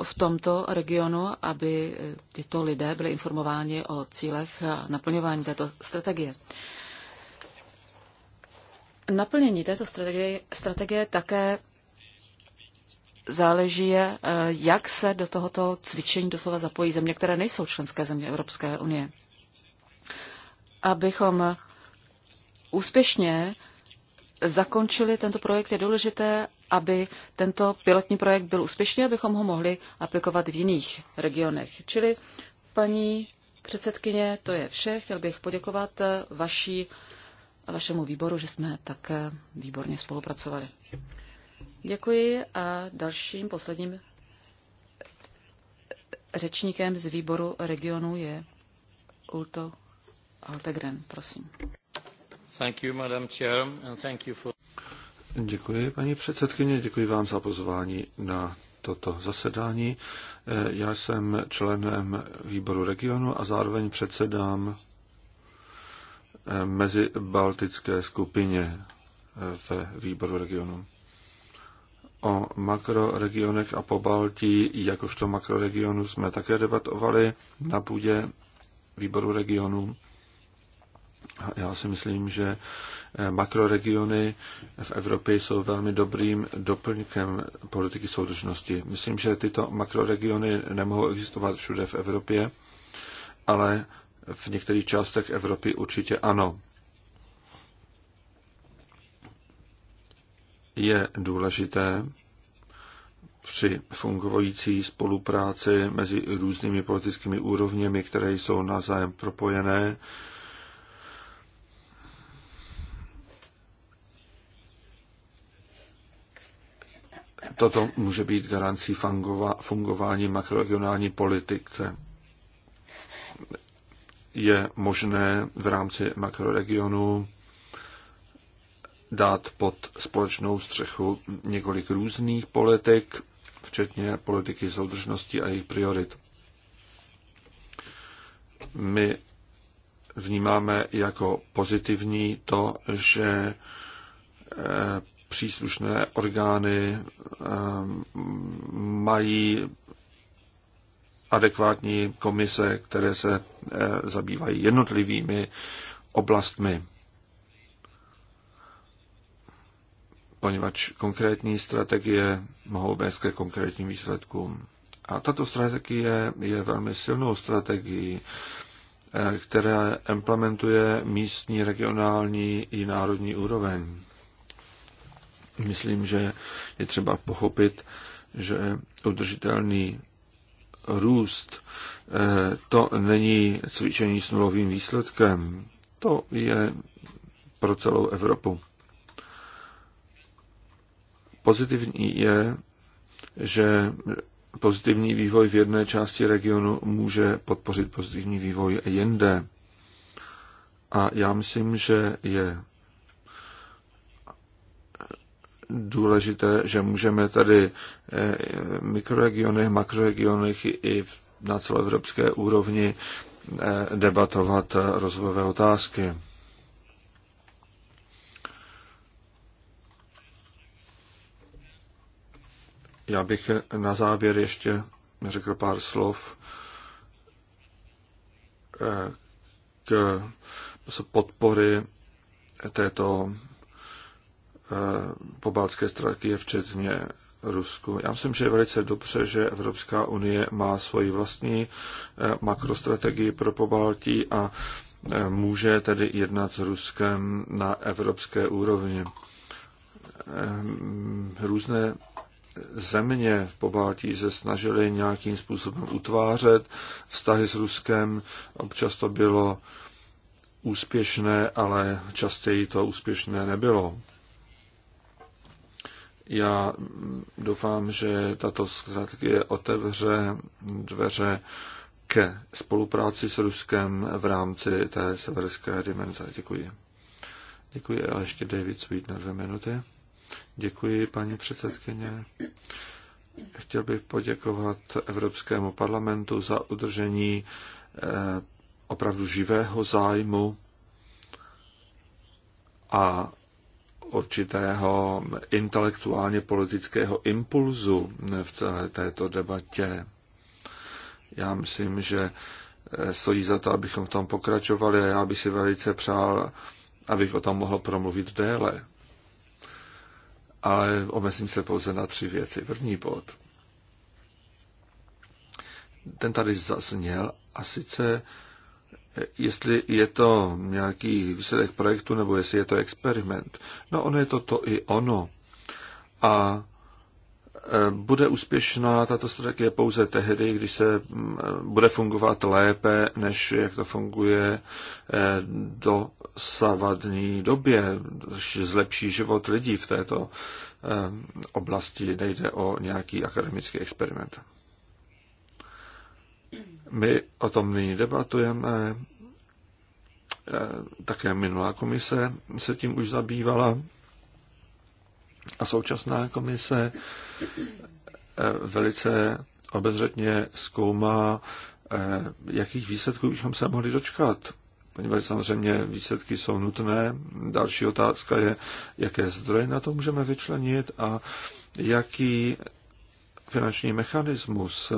v tomto regionu, aby eh, tyto lidé byli informováni o cílech a naplňování této strategie. Naplnění této strategie, strategie také záleží, eh, jak se do tohoto cvičení doslova zapojí země, které nejsou členské země Evropské unie abychom úspěšně zakončili tento projekt, je důležité, aby tento pilotní projekt byl úspěšný, abychom ho mohli aplikovat v jiných regionech. Čili, paní předsedkyně, to je vše. Chtěl bych poděkovat eh, vaší, vašemu výboru, že jsme tak eh, výborně spolupracovali. Děkuji a dalším posledním eh, řečníkem z výboru regionu je Ulto Altegren, prosím. Thank you, Madam Chair, and thank you for... Děkuji, paní předsedkyně, děkuji vám za pozvání na toto zasedání. Eh, já jsem členem výboru regionu a zároveň předsedám eh, mezi baltické skupině eh, v výboru regionu. O makroregionech a pobaltí, jakožto makroregionu, jsme také debatovali na půdě výboru regionu. Já si myslím, že eh, makroregiony v Evropě jsou velmi dobrým doplňkem politiky soudržnosti. Myslím, že tyto makroregiony nemohou existovat všude v Evropě, ale v některých částech Evropy určitě ano. Je důležité při fungující spolupráci mezi různými politickými úrovněmi, které jsou na zájem propojené, Toto může být garancí fungování makroregionální politice. Je možné v rámci makroregionu dát pod společnou střechu několik různých politik, včetně politiky soudržnosti a jejich priorit. My vnímáme jako pozitivní to, že eh, příslušné orgány eh, mají adekvátní komise, které se eh, zabývají jednotlivými oblastmi. Poněvadž konkrétní strategie mohou vést ke konkrétním výsledkům. A tato strategie je velmi silnou strategií, eh, která implementuje místní, regionální i národní úroveň. Myslím, že je třeba pochopit, že udržitelný růst eh, to není cvičení s nulovým výsledkem. To je pro celou Evropu. Pozitivní je, že pozitivní vývoj v jedné části regionu může podpořit pozitivní vývoj jinde. A já myslím, že je důležité, že můžeme tady eh, mikroregionech, makroregionech i na celoevropské úrovni eh, debatovat eh, rozvojové otázky. Já bych na závěr ještě řekl pár slov k podpory této Eh, pobaltské strategie, včetně Rusku. Já myslím, že je velice dobře, že Evropská unie má svoji vlastní eh, makrostrategii pro pobaltí a eh, může tedy jednat s Ruskem na evropské úrovni. Různé země v Pobaltí se snažily nějakým způsobem utvářet vztahy s Ruskem. Občas to bylo úspěšné, ale častěji to úspěšné nebylo. Já doufám, že tato strategie otevře dveře ke spolupráci s Ruskem v rámci té severské dimenze. Děkuji. Děkuji a ještě David Sweet na dvě minuty. Děkuji, paní předsedkyně. Chtěl bych poděkovat Evropskému parlamentu za udržení eh, opravdu živého zájmu a určitého intelektuálně politického impulzu v celé této debatě. Já myslím, že eh, stojí za to, abychom v tom pokračovali a já bych si velice přál, abych o tom mohl promluvit déle. Ale omezím se pouze na tři věci. První bod. Ten tady zazněl a sice jestli je to nějaký výsledek projektu nebo jestli je to experiment. No ono je to to i ono. A e, bude úspěšná tato strategie pouze tehdy, když se e, bude fungovat lépe, než jak to funguje e, do savadní době, zlepší život lidí v této oblasti, nejde o nějaký akademický experiment. My o tom nyní debatujeme, eh, také minulá komise se tím už zabývala a současná komise eh, velice obezřetně zkoumá, eh, jakých výsledků bychom se mohli dočkat. Poněvadž samozřejmě výsledky jsou nutné. Další otázka je, jaké zdroje na to můžeme vyčlenit a jaký finanční mechanismus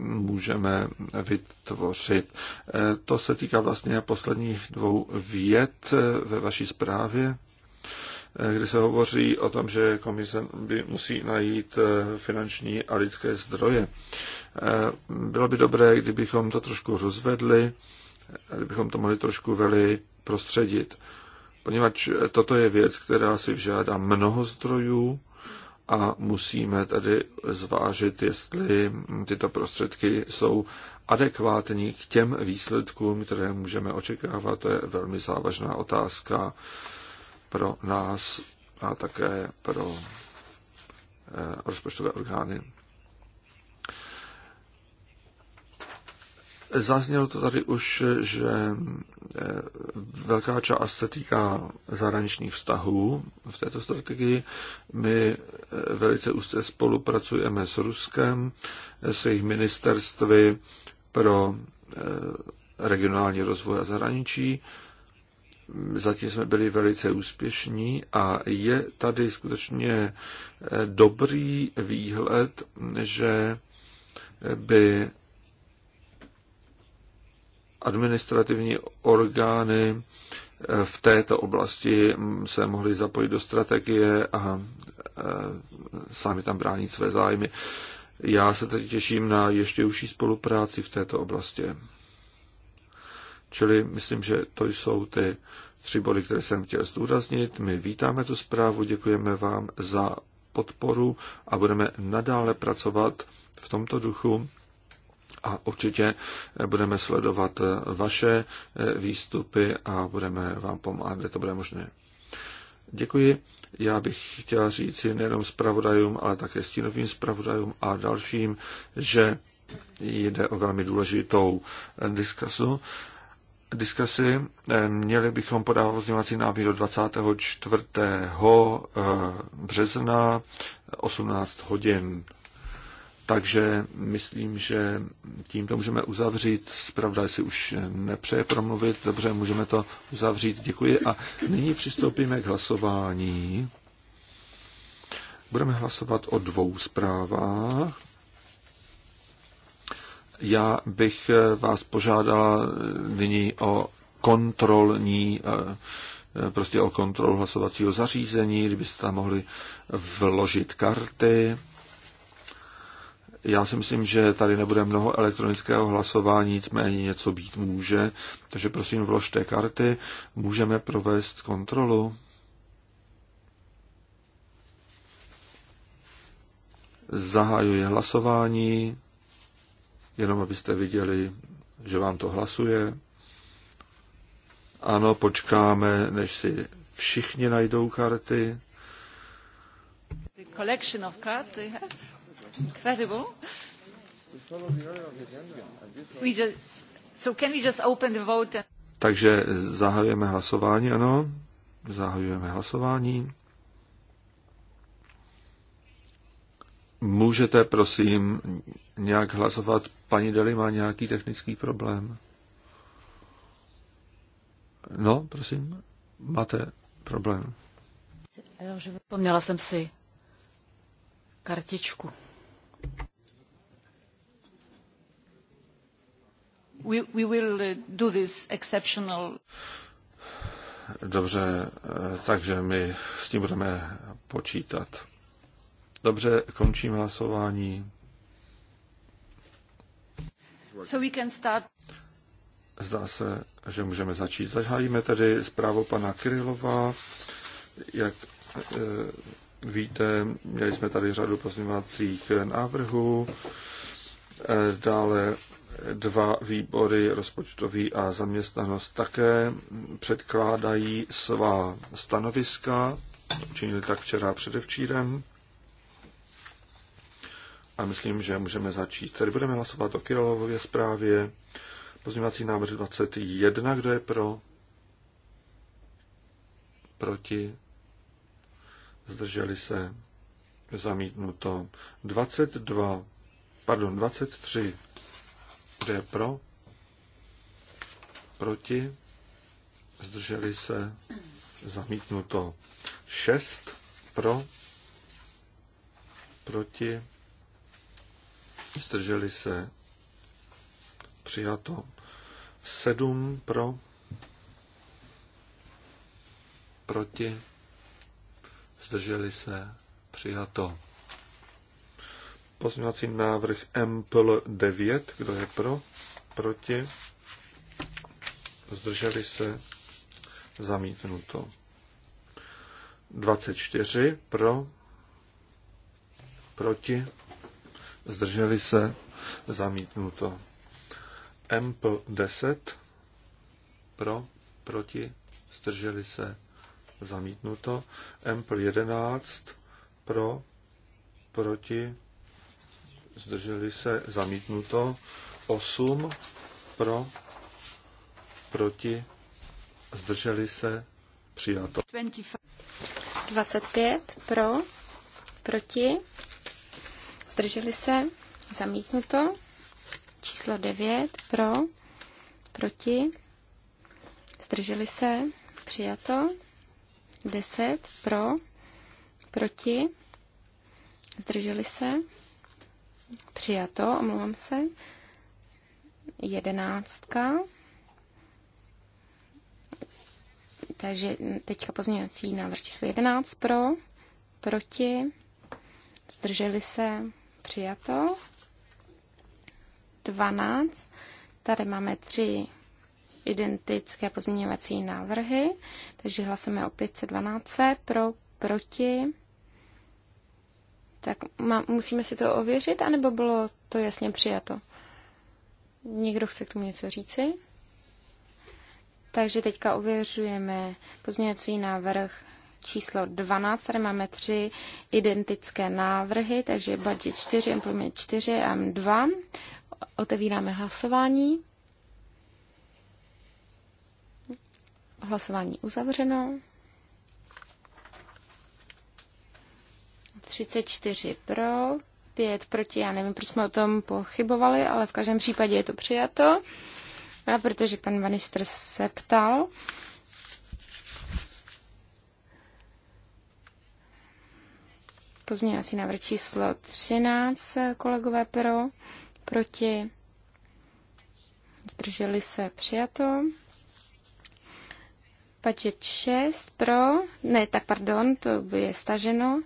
můžeme vytvořit. Eh, to se týká vlastně posledních dvou vět eh, ve vaší zprávě, eh, kdy se hovoří o tom, že komise by musí najít finanční a lidské zdroje. Bylo by dobré, kdybychom to trošku rozvedli, kdybychom to mohli trošku veli prostředit, poněvadž toto je věc, která si vžádá mnoho zdrojů, a musíme tedy zvážit, jestli tyto prostředky jsou adekvátní k těm výsledkům, které můžeme očekávat. To je velmi závažná otázka pro nás a také pro eh, rozpočtové orgány. Zaznělo to tady už, že eh, velká část se týká zahraničních vztahů v této strategii. My eh, velice úzce spolupracujeme s Ruskem, s jejich ministerstvy pro eh, regionální rozvoj a zahraničí. Zatím jsme byli velice úspěšní a je tady skutečně dobrý výhled, že by administrativní orgány eh, v této oblasti mm, se mohly zapojit do strategie a eh, sami tam bránit své zájmy. Já se teď těším na ještě užší spolupráci v této oblasti. Čili myslím, že to jsou ty tři body, které jsem chtěl zdůraznit. My vítáme tu zprávu, děkujeme vám za podporu a budeme nadále pracovat v tomto duchu a určitě budeme sledovat vaše výstupy a budeme vám pomáhat, kde to bude možné. Děkuji. Já bych chtěl říci nejenom zpravodajům, ale také stínovým zpravodajům a dalším, že jde o velmi důležitou diskusu. Diskusy měli bychom podávat vzdělávací návrh do 24. března 18 hodin. Takže myslím, že tímto můžeme uzavřít. Zpravda si už nepřeje promluvit, dobře, můžeme to uzavřít. Děkuji. A nyní přistoupíme k hlasování. Budeme hlasovat o dvou zprávách. Já bych vás požádala nyní o kontrolní, eh, prostě o kontrolu hlasovacího zařízení, kdybyste tam mohli vložit karty já si myslím, že tady nebude mnoho elektronického hlasování, nicméně něco být může. Takže prosím, vložte karty. Můžeme provést kontrolu. Zahajuji hlasování, jenom abyste viděli, že vám to hlasuje. Ano, počkáme, než si všichni najdou karty. The collection of cards Incredible. We just, so can we just open the vote? Takže zahajujeme hlasování, ano. Zahajujeme hlasování. Můžete, prosím, nějak hlasovat? Paní Deli má nějaký technický problém. No, prosím, máte problém. Poměla jsem si kartičku. Uh, Dobře, eh, takže my s tím budeme počítat. Dobře, končím hlasování. So we can start. Zdá se, že můžeme začít. Zahájíme tedy zprávu pana Kirilova. Jak e, víte, měli jsme tady řadu pozměňovacích návrhů. E, dále Dva výbory, rozpočtový a zaměstnanost, také předkládají svá stanoviska. Činili tak včera předevčírem. A myslím, že můžeme začít. Tady budeme hlasovat o Kilovově zprávě. Pozměňovací návrh 21, kdo je pro? Proti? Zdrželi se? Zamítnuto. 22, pardon, 23, kdo je pro? Proti? Zdrželi se? Zamítnuto. 6 pro? Proti? Zdrželi se? Přijato. 7 pro? Proti? Zdrželi se? Přijato. Pozměňovací návrh MPL 9. Kdo je pro? Proti? Zdrželi se? Zamítnuto. 24 pro, proti, zdrželi se, zamítnuto. MPL 10 pro, proti, zdrželi se, zamítnuto. MPL 11 pro, proti, zdrželi se, zamítnuto. 8 pro, proti, zdrželi se, přijato. 25 pro, proti, zdrželi se, zamítnuto. Číslo 9 pro, proti, zdrželi se, přijato. 10 pro, proti, zdrželi se, Přijato, omlouvám se. Jedenáctka. Takže teďka pozměňovací návrh číslo 11 pro, proti, zdrželi se, přijato. 12. Tady máme tři identické pozměňovací návrhy, takže hlasujeme o 512 pro, proti, tak má, musíme si to ověřit, anebo bylo to jasně přijato? Někdo chce k tomu něco říci? Takže teďka ověřujeme pozměňovací návrh číslo 12. Tady máme tři identické návrhy, takže budget 4, implement 4 a 2. Otevíráme hlasování. Hlasování uzavřeno. 34 pro, 5 proti. Já nevím, proč jsme o tom pochybovali, ale v každém případě je to přijato. A protože pan ministr se ptal. Pozměňovací návrh číslo 13, kolegové pro, proti. Zdrželi se přijato. Pačet 6 pro, ne, tak pardon, to by je staženo.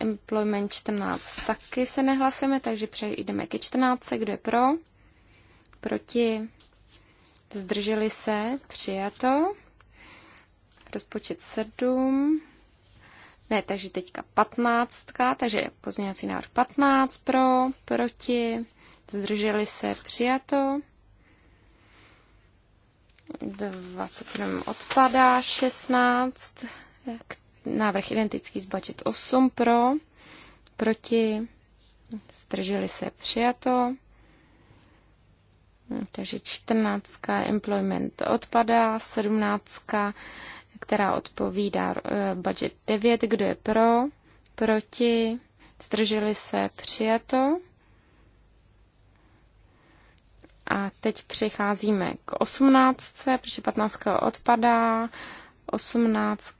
Employment 14 taky se nehlasujeme, takže přejdeme ke 14. Kdo je pro? Proti? Zdrželi se? Přijato. Rozpočet 7. Ne, takže teďka 15. Takže pozměňovací návrh 15 pro, proti, zdrželi se, přijato. 27 odpadá, 16, návrh identický s budget 8 pro, proti, zdrželi se přijato. Takže 14. employment odpadá, 17. která odpovídá eh, budget 9, kdo je pro, proti, zdrželi se přijato. A teď přecházíme k 18, protože 15 odpadá, 18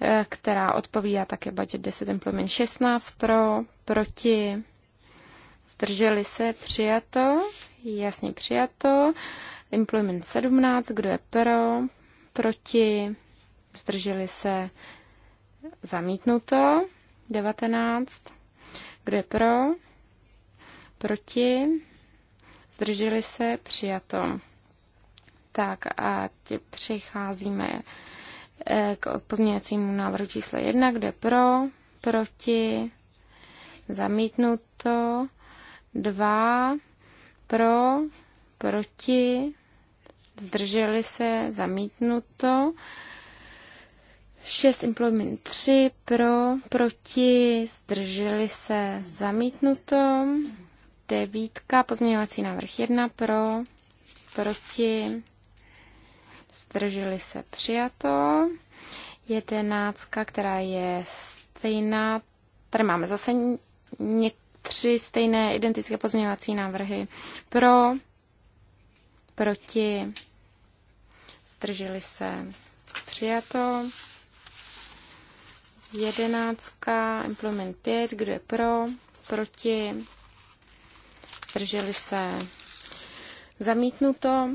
Eh, která odpovídá také budget 10 implement 16 pro, proti, zdrželi se, přijato, jasně přijato, implement 17, kdo je pro, proti, zdrželi se, zamítnuto, 19, kdo je pro, proti, zdrželi se, přijato. Tak a přicházíme Eh, k pozměňovacímu návrhu číslo 1, kde pro, proti, zamítnuto, 2, pro, proti, zdrželi se, zamítnuto, 6 implement 3 pro, proti, zdrželi se, zamítnuto, devítka, pozměňovací návrh 1 pro, proti, zdrželi se přijato. Jedenáctka, která je stejná, tady máme zase tři stejné identické pozměňovací návrhy. Pro, proti, zdrželi se přijato. Jedenáctka, implement 5, kdo je pro, proti, zdrželi se zamítnuto.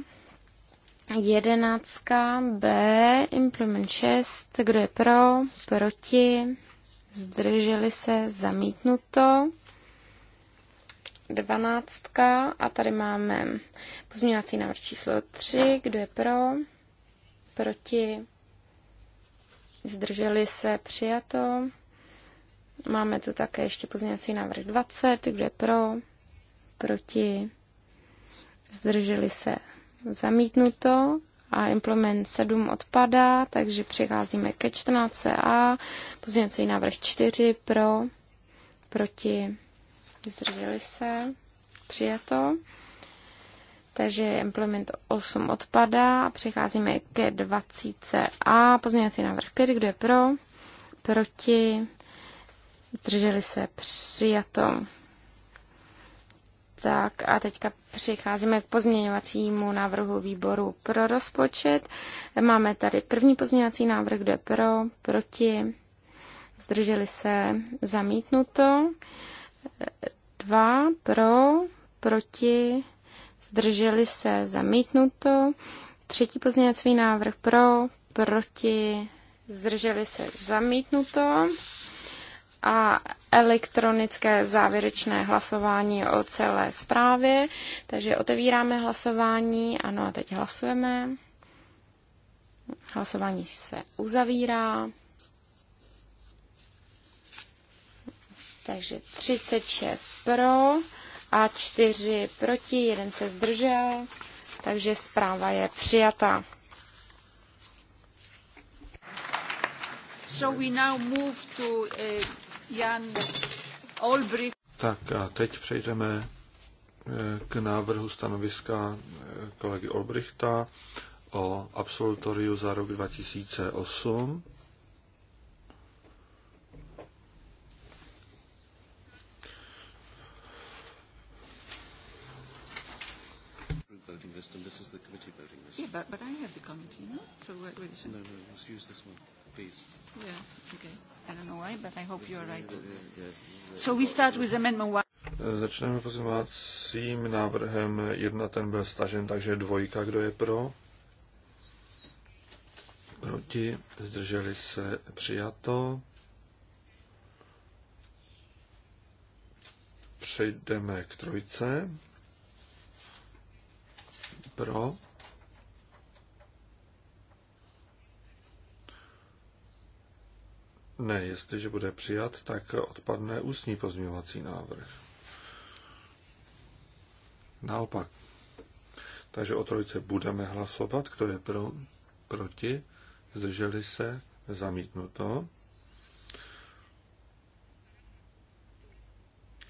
Jedenáctka B, implement 6, kdo je pro, proti, zdrželi se, zamítnuto. Dvanáctka a tady máme pozměňovací návrh číslo 3, kdo je pro, proti, zdrželi se, přijato. Máme tu také ještě pozměňovací návrh 20, kdo je pro, proti, zdrželi se, zamítnuto a implement 7 odpadá, takže přecházíme ke 14a, pozměňovací návrh 4 pro, proti, zdrželi se, přijato. Takže implement 8 odpadá a přecházíme ke 20a, pozměňovací návrh 5, kdo je pro, proti, zdrželi se, přijato. Tak a teďka přicházíme k pozměňovacímu návrhu výboru pro rozpočet. Máme tady první pozměňovací návrh, kdo je pro, proti, zdrželi se, zamítnuto. Dva pro, proti, zdrželi se, zamítnuto. Třetí pozměňovací návrh pro, proti, zdrželi se, zamítnuto a elektronické závěrečné hlasování o celé zprávě. Takže otevíráme hlasování. Ano, a teď hlasujeme. Hlasování se uzavírá. Takže 36 pro a 4 proti, jeden se zdržel, takže zpráva je přijata. So we now move to, uh... Jan Olbrich. Tak a teď přejdeme eh, k návrhu stanoviska eh, kolegy Olbrichta o absolutoriu za rok 2008. Yeah, but, but I have the committee, no? So No, no, use this one, please. Yeah, okay. I don't know why, but I hope right. So we start with amendment one. Začneme pozměňovacím návrhem jedna ten byl stažen, takže dvojka, kdo je pro? Proti, zdrželi se, přijato. Přejdeme k trojce. Pro Ne, jestliže bude přijat, tak odpadne ústní pozměňovací návrh. Naopak. Takže o trojce budeme hlasovat. Kdo je pro, proti? Zdrželi se? Zamítnuto.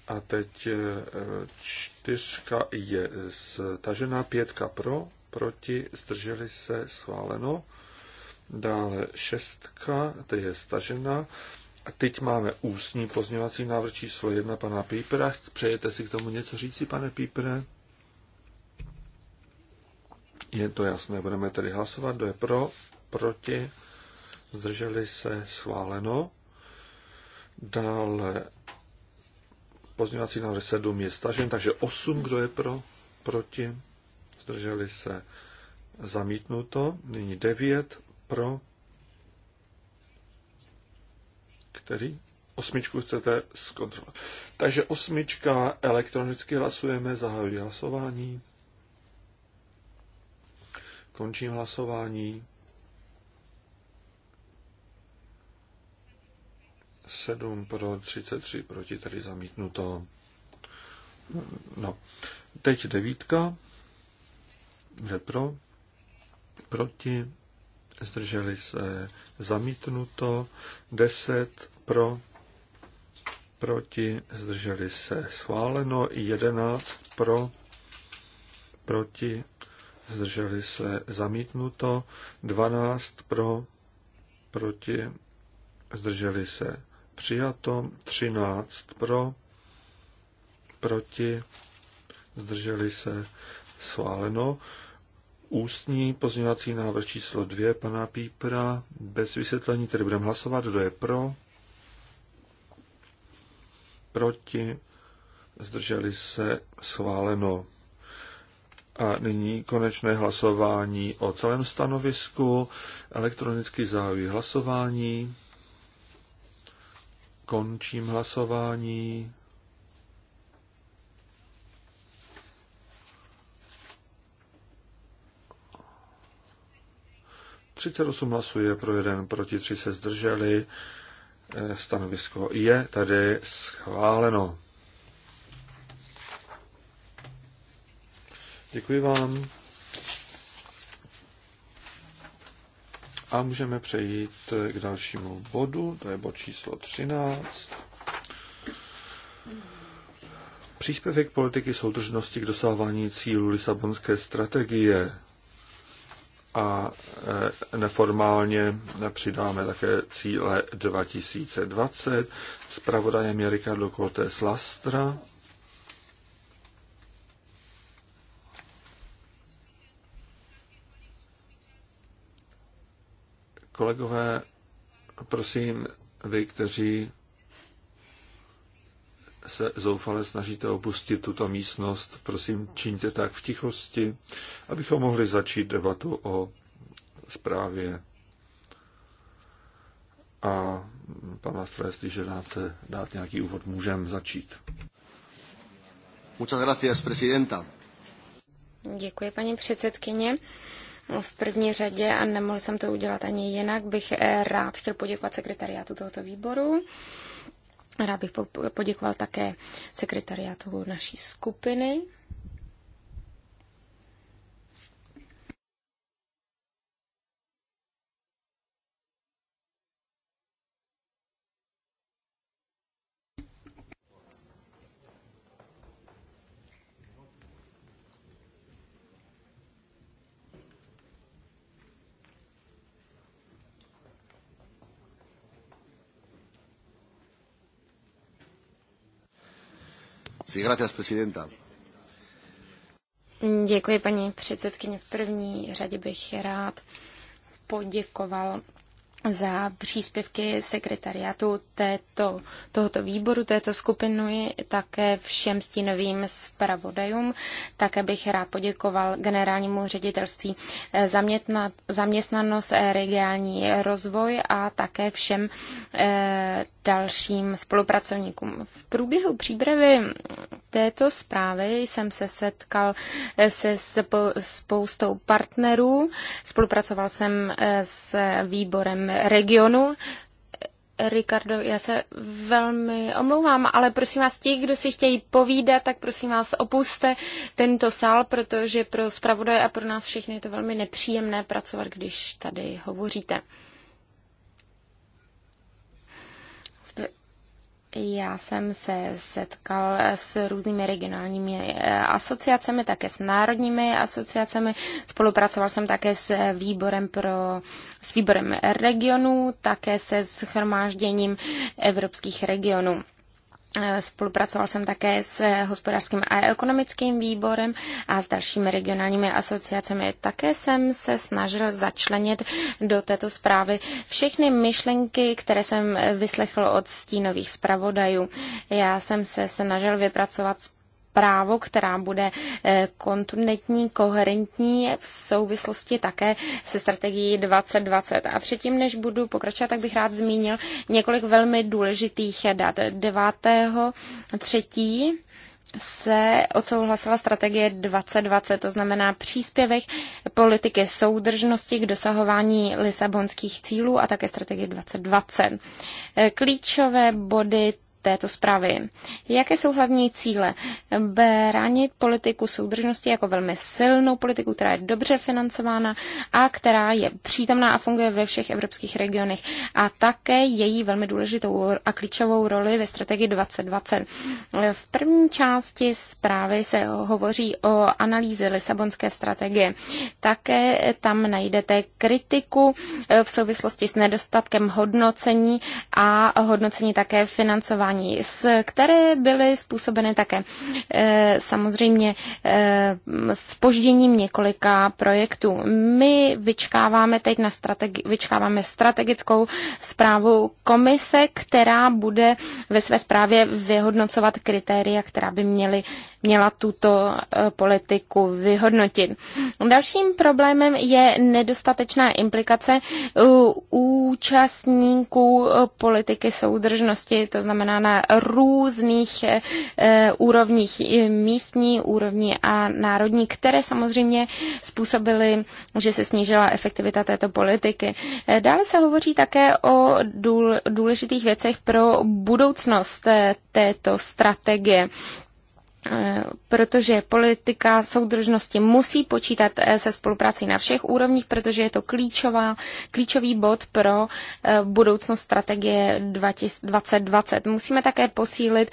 A teď eh, čtyřka je stažená, pětka pro, proti, zdrželi se, schváleno. Dále šestka, to je stažena. A teď máme ústní pozměňovací návrh číslo jedna pana Pípera. Přejete si k tomu něco říci, pane Pípere? Je to jasné, budeme tedy hlasovat, kdo je pro, proti, zdrželi se, schváleno. Dále pozměňovací návrh 7 je stažen, takže 8, kdo je pro, proti, zdrželi se, zamítnuto. Nyní 9, pro, který osmičku chcete zkontrolovat. Takže osmička elektronicky hlasujeme, zahajuji hlasování. Končím hlasování. Sedm pro 33 proti, tady zamítnuto. No, teď devítka. Kde pro? Proti zdrželi se zamítnuto, 10 pro, proti, zdrželi se schváleno, 11 pro, proti, zdrželi se zamítnuto, 12 pro, proti, zdrželi se přijato, 13 pro, proti, zdrželi se schváleno, ústní pozměňovací návrh číslo 2 pana Pípra bez vysvětlení, tedy budeme hlasovat, kdo je pro, proti, zdrželi se, schváleno. A nyní konečné hlasování o celém stanovisku, elektronický zahajuji hlasování, končím hlasování. 38 je pro jeden, proti 3 se zdrželi. Eh, stanovisko je tady schváleno. Děkuji vám. A můžeme přejít eh, k dalšímu bodu, to je bod číslo 13. Příspěvek politiky soudržnosti k dosávání cílu Lisabonské strategie a e, neformálně přidáme také cíle 2020. Spravodajem je Ricardo Cortés Lastra. Kolegové, prosím, vy, kteří se zoufale snažíte opustit tuto místnost, prosím, čiňte tak v tichosti, abychom mohli začít debatu o zprávě. A pan Lastra, jestliže dáte dát nějaký úvod, můžeme začít. Muchas gracias, presidenta. Děkuji, paní předsedkyně. V první řadě, a nemohl jsem to udělat ani jinak, bych eh, rád chtěl poděkovat sekretariátu tohoto výboru Rád bych poděkoval také sekretariátu naší skupiny. Sí, gracias, presidenta. Děkuji, paní předsedkyně. V první řadě bych rád poděkoval za příspěvky sekretariátu této, tohoto výboru, této skupiny, také všem stínovým zpravodajům. Také bych rád poděkoval generálnímu ředitelství eh, zaměstnanost, eh, regionální rozvoj a také všem eh, dalším spolupracovníkům. V průběhu přípravy této zprávy jsem se setkal se spoustou partnerů. Spolupracoval jsem s výborem regionu. Ricardo, já se velmi omlouvám, ale prosím vás, ti, kdo si chtějí povídat, tak prosím vás opuste tento sál, protože pro zpravodaje a pro nás všechny je to velmi nepříjemné pracovat, když tady hovoříte. Já jsem se setkal s různými regionálními eh, asociacemi, také s národními asociacemi. Spolupracoval jsem také s výborem pro, s výborem regionů, také se shromážděním evropských regionů. Eh, spolupracoval jsem také s eh, hospodářským a ekonomickým výborem a s dalšími regionálními asociacemi. Také jsem se snažil začlenit do této zprávy všechny myšlenky, které jsem eh, vyslechl od stínových zpravodajů. Já jsem se snažil vypracovat právo, která bude eh, kontinentní, koherentní v souvislosti také se strategií 2020. A předtím, než budu pokračovat, tak bych rád zmínil několik velmi důležitých dat. 9. 3 se odsouhlasila strategie 2020, to znamená příspěvek politiky soudržnosti k dosahování lisabonských cílů a také strategie 2020. Klíčové body této zprávy. Jaké jsou hlavní cíle? Bránit politiku soudržnosti jako velmi silnou politiku, která je dobře financována a která je přítomná a funguje ve všech evropských regionech. A také její velmi důležitou a klíčovou roli ve strategii 2020. V první části zprávy se hovoří o analýze Lisabonské strategie. Také tam najdete kritiku eh, v souvislosti s nedostatkem hodnocení a hodnocení také financování z které byly způsobeny také eh, samozřejmě spožděním eh, několika projektů. My vyčkáváme teď na strategi- vyčkáváme strategickou zprávu komise, která bude ve své zprávě vyhodnocovat kritéria, která by měly měla tuto e, politiku vyhodnotit. Dalším problémem je nedostatečná implikace účastníků e, politiky soudržnosti, to znamená na různých e, úrovních místní, úrovní a národní, které samozřejmě způsobily, že se snížila efektivita této politiky. Dále se hovoří také o důležitých věcech pro budoucnost této strategie. Eh, protože politika soudržnosti musí počítat eh, se spoluprací na všech úrovních, protože je to klíčová, klíčový bod pro eh, budoucnost strategie 2020. Musíme také posílit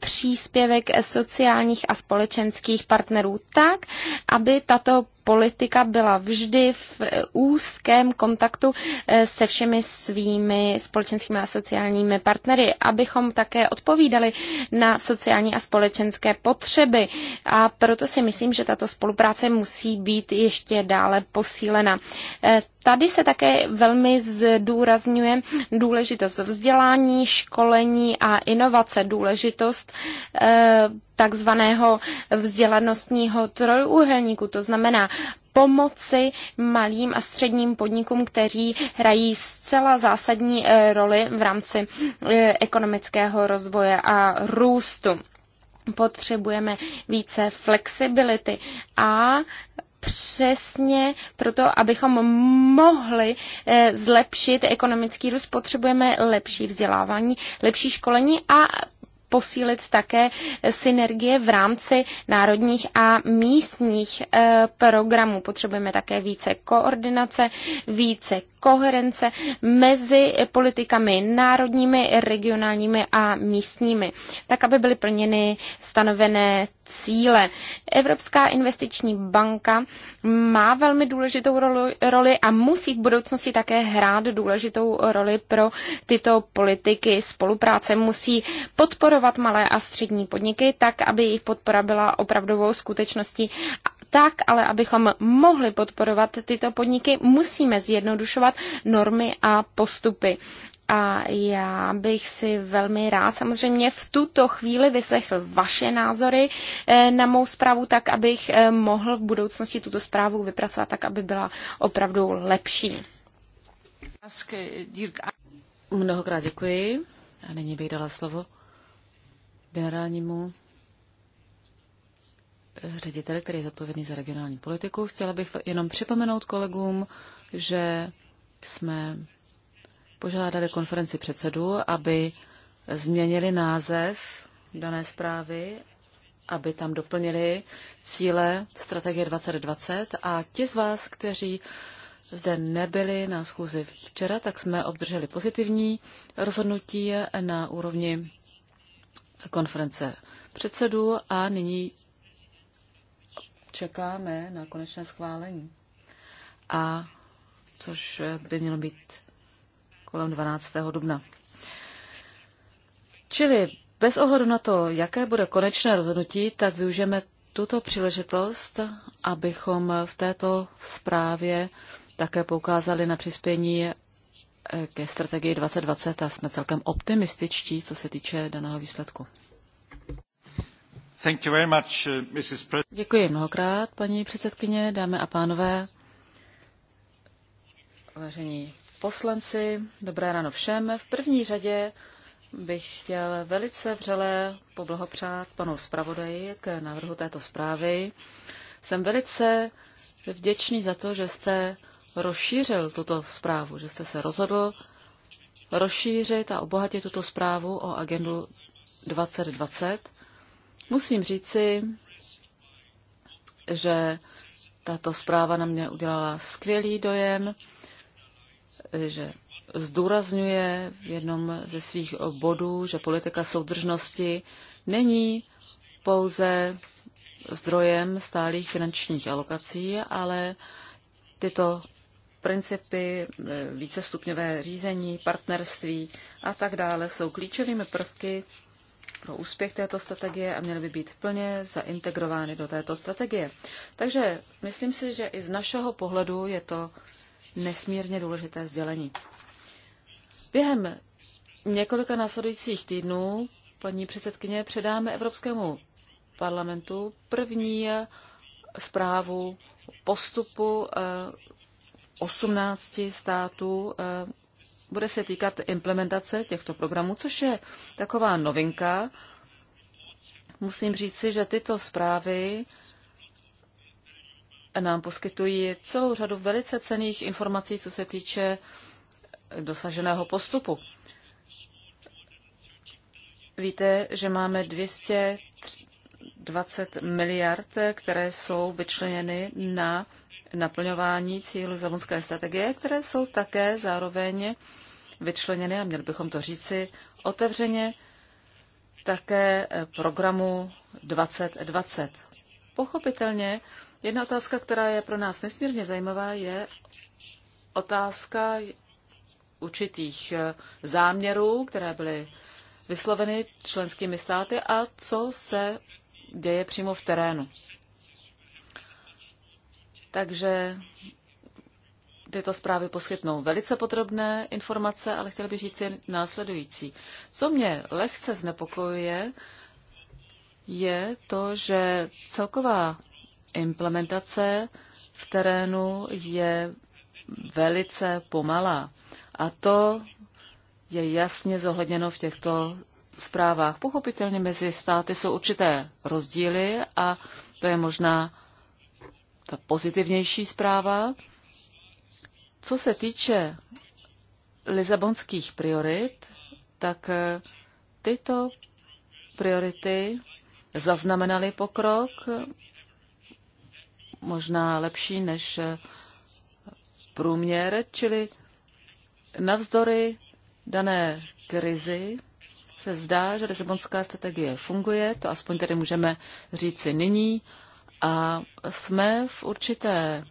příspěvek sociálních a společenských partnerů tak, aby tato politika byla vždy v úzkém kontaktu eh, se všemi svými společenskými a sociálními partnery, abychom také odpovídali na sociální a společenské potřeby. A proto si myslím, že tato spolupráce musí být ještě dále posílena. Eh, Tady se také velmi zdůrazňuje důležitost vzdělání, školení a inovace, důležitost eh, takzvaného vzdělanostního trojúhelníku, to znamená pomoci malým a středním podnikům, kteří hrají zcela zásadní eh, roli v rámci eh, ekonomického rozvoje a růstu. Potřebujeme více flexibility a přesně proto, abychom mohli eh, zlepšit ekonomický růst, potřebujeme lepší vzdělávání, lepší školení a posílit také synergie v rámci národních a místních eh, programů. Potřebujeme také více koordinace, více koherence mezi politikami národními, regionálními a místními, tak aby byly plněny stanovené cíle. Evropská investiční banka má velmi důležitou roli a musí v budoucnosti také hrát důležitou roli pro tyto politiky spolupráce. Musí podporovat podporovat malé a střední podniky tak, aby jejich podpora byla opravdovou skutečností. Tak, ale abychom mohli podporovat tyto podniky, musíme zjednodušovat normy a postupy. A já bych si velmi rád samozřejmě v tuto chvíli vyslechl vaše názory eh, na mou zprávu, tak abych eh, mohl v budoucnosti tuto zprávu vypracovat tak, aby byla opravdu lepší. Eh, Mnohokrát děkuji. A nyní bych dala slovo generálnímu eh, řediteli, který je zodpovědný za regionální politiku. Chtěla bych jenom připomenout kolegům, že jsme požádali konferenci předsedů, aby změnili název dané zprávy, aby tam doplnili cíle strategie 2020 a ti z vás, kteří zde nebyli na schůzi včera, tak jsme obdrželi pozitivní rozhodnutí na úrovni konference předsedů a nyní čekáme na konečné schválení. A což by mělo být kolem 12. dubna. Čili bez ohledu na to, jaké bude konečné rozhodnutí, tak využijeme tuto příležitost, abychom v této zprávě také poukázali na přispění Eh, ke strategii 2020 a jsme celkem optimističtí, co se týče daného výsledku. Thank you very much, eh, Mrs. Děkuji mnohokrát, paní předsedkyně, dámy a pánové, vážení poslanci, dobré ráno všem. V první řadě bych chtěl velice vřele poblahopřát panu zpravodaji k návrhu této zprávy. Jsem velice vděčný za to, že jste rozšířil tuto zprávu, že jste se rozhodl rozšířit a obohatit tuto zprávu o agendu 2020. Musím říci, že tato zpráva na mě udělala skvělý dojem, že zdůrazňuje v jednom ze svých bodů, že politika soudržnosti není pouze zdrojem stálých finančních alokací, ale tyto principy, e, vícestupňové řízení, partnerství a tak dále jsou klíčovými prvky pro úspěch této strategie a měly by být plně zaintegrovány do této strategie. Takže myslím si, že i z našeho pohledu je to nesmírně důležité sdělení. Během několika následujících týdnů paní předsedkyně předáme Evropskému parlamentu první zprávu postupu e, 18 států eh, bude se týkat implementace těchto programů, což je taková novinka. Musím říci, že tyto zprávy nám poskytují celou řadu velice cených informací, co se týče dosaženého postupu. Víte, že máme 220 miliard, které jsou vyčleněny na naplňování cílů zavonské strategie, které jsou také zároveň vyčleněny, a měli bychom to říci otevřeně, také eh, programu 2020. Pochopitelně, jedna otázka, která je pro nás nesmírně zajímavá, je otázka určitých eh, záměrů, které byly vysloveny členskými státy a co se děje přímo v terénu. Takže tyto zprávy poskytnou velice podrobné informace, ale chtěl bych říct jen následující. Co mě lehce znepokojuje, je to, že celková implementace v terénu je velice pomalá. A to je jasně zohledněno v těchto zprávách. Pochopitelně mezi státy jsou určité rozdíly a to je možná pozitivnější zpráva. Co se týče lizabonských priorit, tak eh, tyto priority zaznamenaly pokrok, možná lepší než eh, průměr, čili navzdory dané krizi se zdá, že Lisabonská strategie funguje, to aspoň tedy můžeme říci nyní. A jsme v určité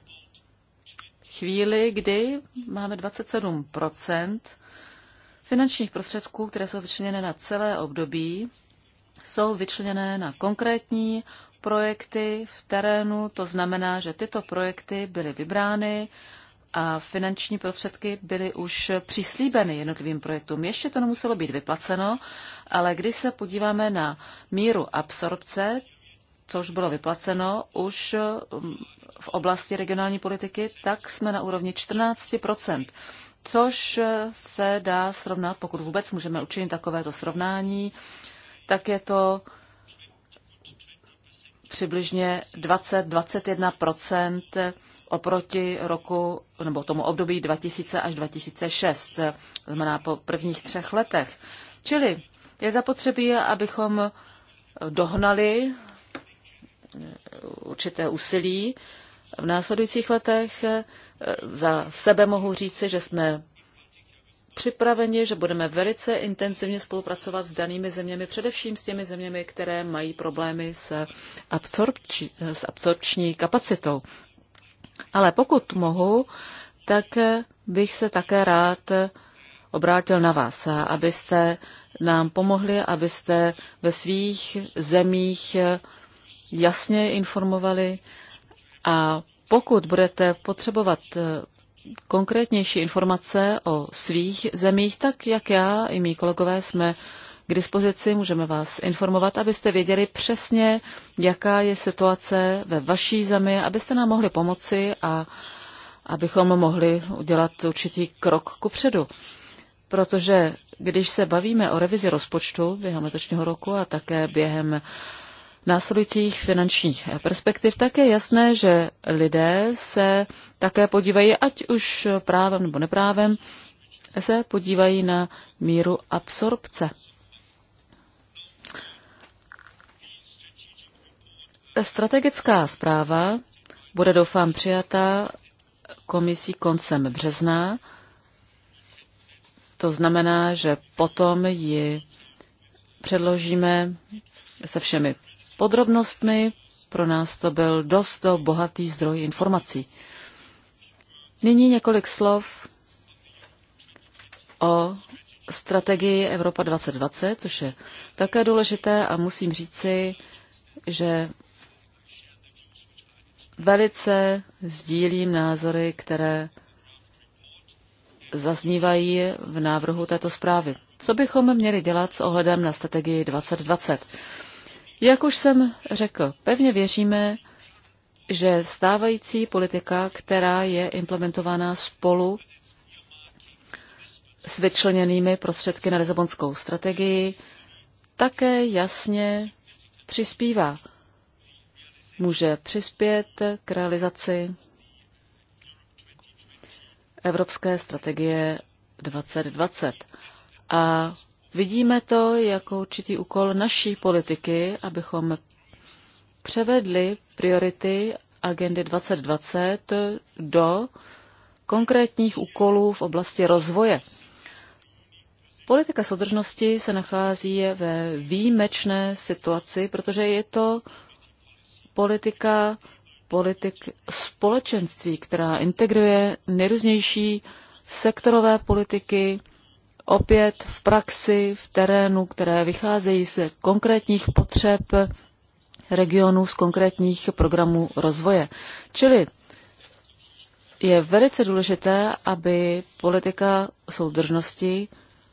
chvíli, kdy máme 27 finančních prostředků, které jsou vyčleněné na celé období, jsou vyčleněné na konkrétní projekty v terénu. To znamená, že tyto projekty byly vybrány a finanční prostředky byly už přislíbeny jednotlivým projektům. Ještě to nemuselo být vyplaceno, ale když se podíváme na míru absorpce, což bylo vyplaceno už um, v oblasti regionální politiky, tak jsme na úrovni 14 což eh, se dá srovnat, pokud vůbec můžeme učinit takovéto srovnání, tak je to přibližně 20-21 oproti roku nebo tomu období 2000 až 2006, eh, to znamená po prvních třech letech. Čili je zapotřebí, abychom dohnali určité úsilí. V následujících letech za sebe mohu říci, že jsme připraveni, že budeme velice intenzivně spolupracovat s danými zeměmi, především s těmi zeměmi, které mají problémy s, absorpči, s absorpční kapacitou. Ale pokud mohu, tak bych se také rád obrátil na vás, abyste nám pomohli, abyste ve svých zemích jasně informovali a pokud budete potřebovat eh, konkrétnější informace o svých zemích, tak jak já i mý kolegové jsme k dispozici, můžeme vás informovat, abyste věděli přesně, jaká je situace ve vaší zemi, abyste nám mohli pomoci a abychom mohli udělat určitý krok ku předu. Protože když se bavíme o revizi rozpočtu během letošního roku a také během následujících finančních perspektiv, tak je jasné, že lidé se také podívají, ať už právem nebo neprávem, se podívají na míru absorpce. Strategická zpráva bude, doufám, přijata komisí koncem března. To znamená, že potom ji předložíme se všemi podrobnostmi. Pro nás to byl dost to bohatý zdroj informací. Nyní několik slov o strategii Evropa 2020, což je také důležité a musím říci, že velice sdílím názory, které zaznívají v návrhu této zprávy. Co bychom měli dělat s ohledem na strategii 2020? Jak už jsem řekl, pevně věříme, že stávající politika, která je implementovaná spolu s vyčleněnými prostředky na Lisabonskou strategii, také jasně přispívá. Může přispět k realizaci Evropské strategie 2020. A Vidíme to jako určitý úkol naší politiky, abychom převedli priority agendy 2020 do konkrétních úkolů v oblasti rozvoje. Politika soudržnosti se nachází ve výjimečné situaci, protože je to politika politik společenství, která integruje nejrůznější sektorové politiky, opět v praxi, v terénu, které vycházejí z konkrétních potřeb regionů, z konkrétních programů rozvoje. Čili je velice důležité, aby politika soudržnosti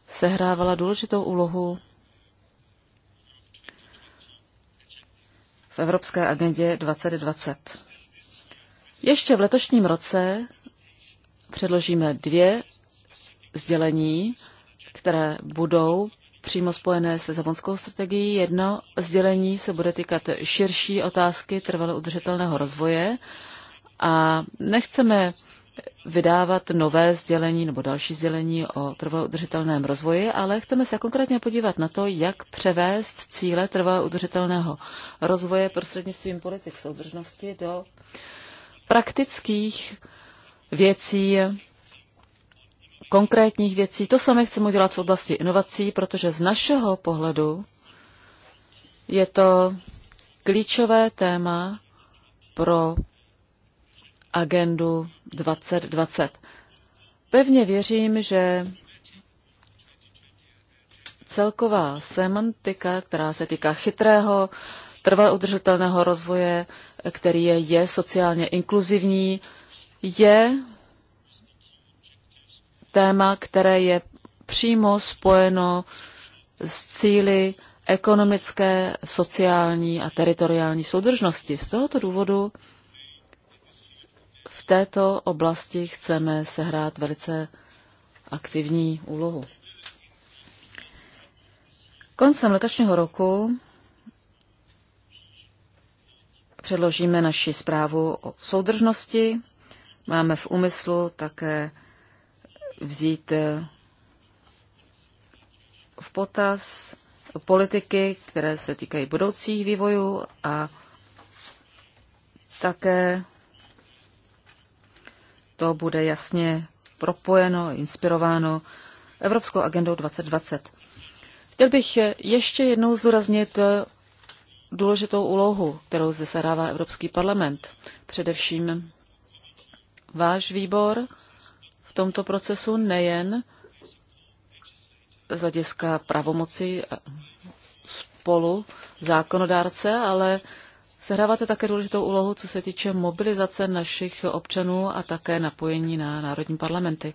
sehrávala důležitou úlohu v Evropské agendě 2020. Ještě v letošním roce předložíme dvě sdělení které budou přímo spojené s Lisabonskou strategií. Jedno sdělení se bude týkat širší otázky trvalo udržitelného rozvoje a nechceme vydávat nové sdělení nebo další sdělení o trvalo udržitelném rozvoji, ale chceme se konkrétně podívat na to, jak převést cíle trvalo udržitelného rozvoje prostřednictvím politik soudržnosti do praktických věcí, konkrétních věcí. To samé chceme udělat v oblasti inovací, protože z našeho pohledu je to klíčové téma pro agendu 2020. Pevně věřím, že celková semantika, která se týká chytrého, trvale udržitelného rozvoje, který je, je sociálně inkluzivní, je téma, které je přímo spojeno s cíly ekonomické, sociální a teritoriální soudržnosti. Z tohoto důvodu v této oblasti chceme sehrát velice aktivní úlohu. Koncem letošního roku předložíme naši zprávu o soudržnosti. Máme v úmyslu také vzít eh, v potaz politiky, které se týkají budoucích vývojů a také to bude jasně propojeno, inspirováno Evropskou agendou 2020. Chtěl bych ještě jednou zdůraznit eh, důležitou úlohu, kterou zde sehrává Evropský parlament. Především váš výbor tomto procesu nejen z hlediska pravomoci spolu zákonodárce, ale sehráváte také důležitou úlohu, co se týče mobilizace našich občanů a také napojení na národní parlamenty.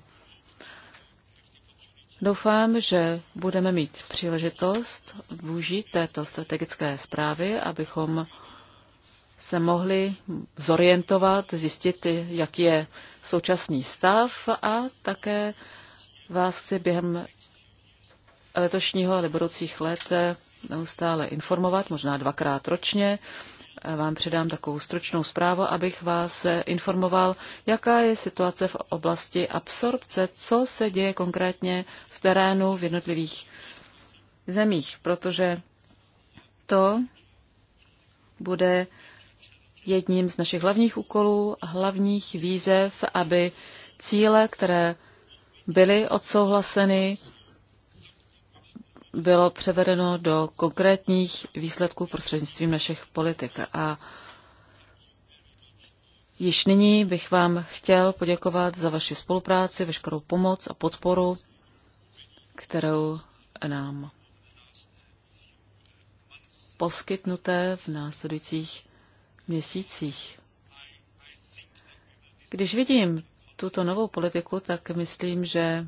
Doufám, že budeme mít příležitost využít této strategické zprávy, abychom se mohli zorientovat, zjistit, jaký je současný stav a také vás chci během letošního nebo budoucích let neustále informovat, možná dvakrát ročně. Vám předám takovou stručnou zprávu, abych vás informoval, jaká je situace v oblasti absorpce, co se děje konkrétně v terénu v jednotlivých zemích, protože to bude jedním z našich hlavních úkolů, hlavních výzev, aby cíle, které byly odsouhlaseny, bylo převedeno do konkrétních výsledků prostřednictvím našich politik. A již nyní bych vám chtěl poděkovat za vaši spolupráci, veškerou pomoc a podporu, kterou nám poskytnuté v následujících měsících. Když vidím tuto novou politiku, tak myslím, že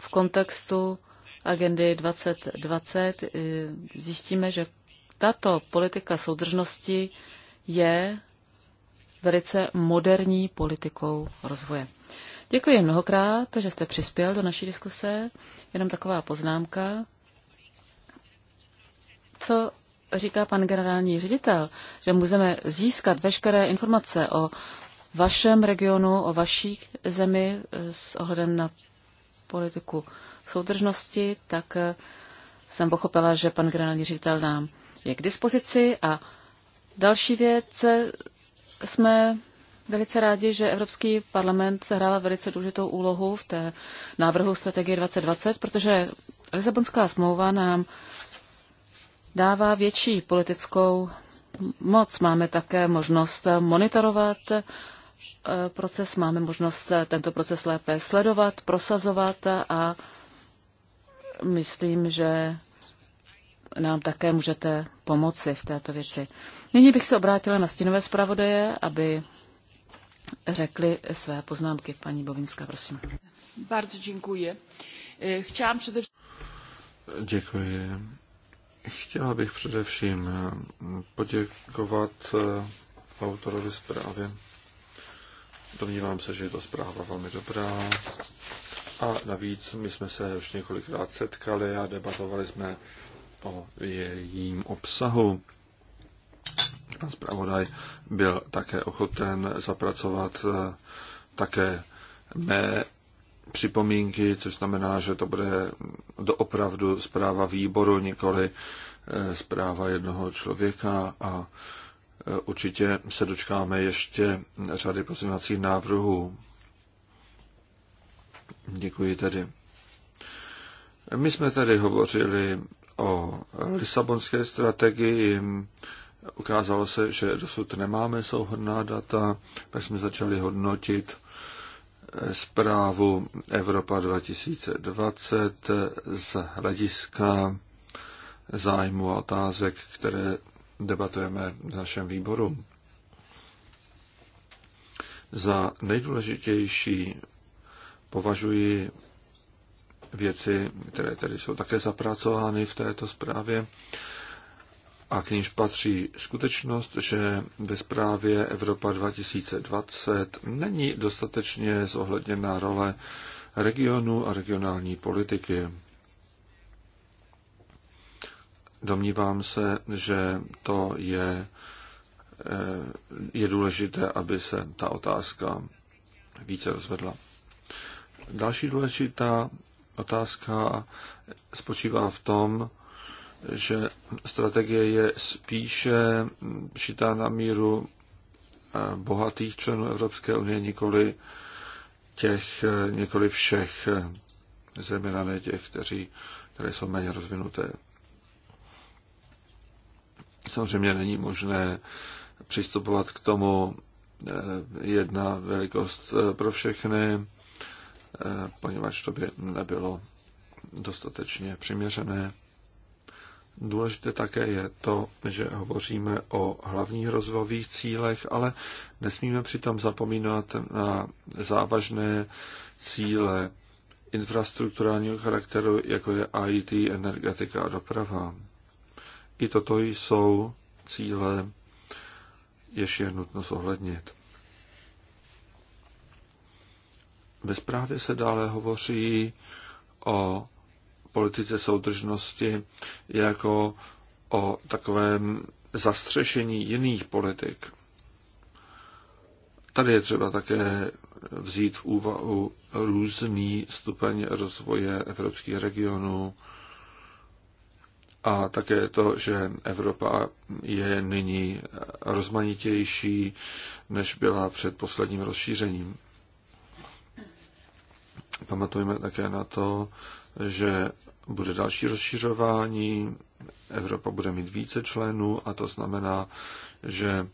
v kontextu agendy 2020 eh, zjistíme, že tato politika soudržnosti je velice moderní politikou rozvoje. Děkuji mnohokrát, že jste přispěl do naší diskuse. Jenom taková poznámka. Co říká pan generální ředitel, že můžeme získat veškeré informace o vašem regionu, o vaší zemi eh, s ohledem na politiku soudržnosti, tak eh, jsem pochopila, že pan generální ředitel nám je k dispozici. A další věc, eh, jsme velice rádi, že Evropský parlament sehrává velice důležitou úlohu v té návrhu strategie 2020, protože Lisabonská smlouva nám dává větší politickou moc. Máme také možnost monitorovat eh, proces, máme možnost eh, tento proces lépe sledovat, prosazovat a myslím, že nám také můžete pomoci v této věci. Nyní bych se obrátila na stínové zpravodaje, aby řekli své poznámky. Paní Bovinská, prosím. Bardzo děkuji. E, Chtěla především... Děkuji. Chtěla bych především eh, poděkovat eh, autorovi zprávy. Domnívám se, že je to zpráva velmi dobrá. A navíc my jsme se už několikrát setkali a debatovali jsme o jejím obsahu. Pan zpravodaj byl také ochoten zapracovat eh, také mé připomínky, což znamená, že to bude doopravdu zpráva výboru, nikoli eh, zpráva jednoho člověka a eh, určitě se dočkáme ještě řady pozměňovacích návrhů. Děkuji tedy. My jsme tady hovořili o Lisabonské strategii. Ukázalo se, že dosud nemáme souhodná data, pak jsme začali hodnotit zprávu Evropa 2020 z hlediska zájmu a otázek, které debatujeme v našem výboru. Za nejdůležitější považuji věci, které tedy jsou také zapracovány v této zprávě, a k níž patří skutečnost, že ve zprávě Evropa 2020 není dostatečně zohledněná role regionu a regionální politiky. Domnívám se, že to je, eh, je důležité, aby se ta otázka více rozvedla. Další důležitá otázka spočívá v tom, že strategie je spíše šitá na míru eh, bohatých členů Evropské unie, nikoli těch, eh, nikoli všech, eh, zejména ne těch, kteří, které jsou méně rozvinuté. Samozřejmě není možné přistupovat k tomu jedna velikost pro všechny, poněvadž to by nebylo dostatečně přiměřené. Důležité také je to, že hovoříme o hlavních rozvojových cílech, ale nesmíme přitom zapomínat na závažné cíle infrastrukturálního charakteru, jako je IT, energetika a doprava. I toto jsou cíle, jež je nutno zohlednit. Ve zprávě se dále hovoří o politice soudržnosti jako o takovém zastřešení jiných politik. Tady je třeba také vzít v úvahu různý stupeň rozvoje evropských regionů a také to, že Evropa je nyní rozmanitější, než byla před posledním rozšířením. Pamatujeme také na to, že bude další rozšiřování, Evropa bude mít více členů a to znamená, že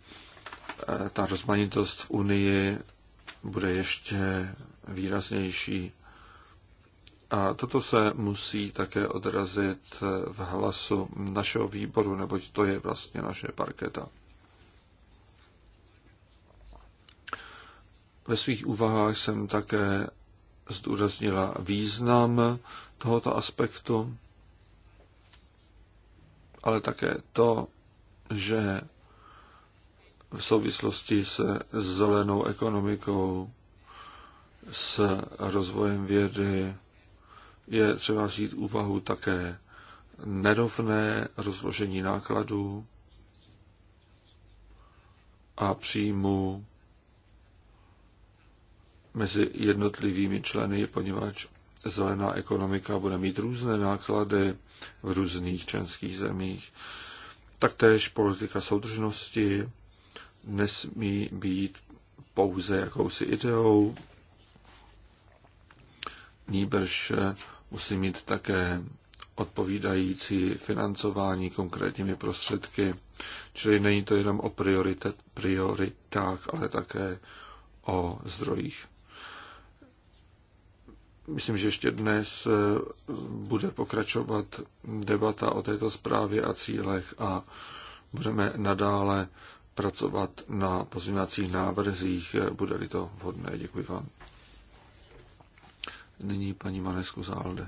eh, ta rozmanitost v Unii bude ještě výraznější. A toto se musí také odrazit eh, v hlasu našeho výboru, neboť to je vlastně naše parketa. Ve svých úvahách jsem také zdůraznila význam tohoto aspektu, ale také to, že v souvislosti se zelenou ekonomikou, s rozvojem vědy je třeba vzít úvahu také nerovné rozložení nákladů a příjmu mezi jednotlivými členy, poněvadž zelená ekonomika bude mít různé náklady v různých členských zemích. Taktéž politika soudržnosti nesmí být pouze jakousi ideou, nýbrž musí mít také odpovídající financování konkrétními prostředky. Čili není to jenom o prioritách, ale také o zdrojích. Myslím, že ještě dnes eh, bude pokračovat debata o této zprávě a cílech a budeme nadále pracovat na pozměňovacích návrzích, bude-li to vhodné. Děkuji vám. Nyní paní Manesku Zálde.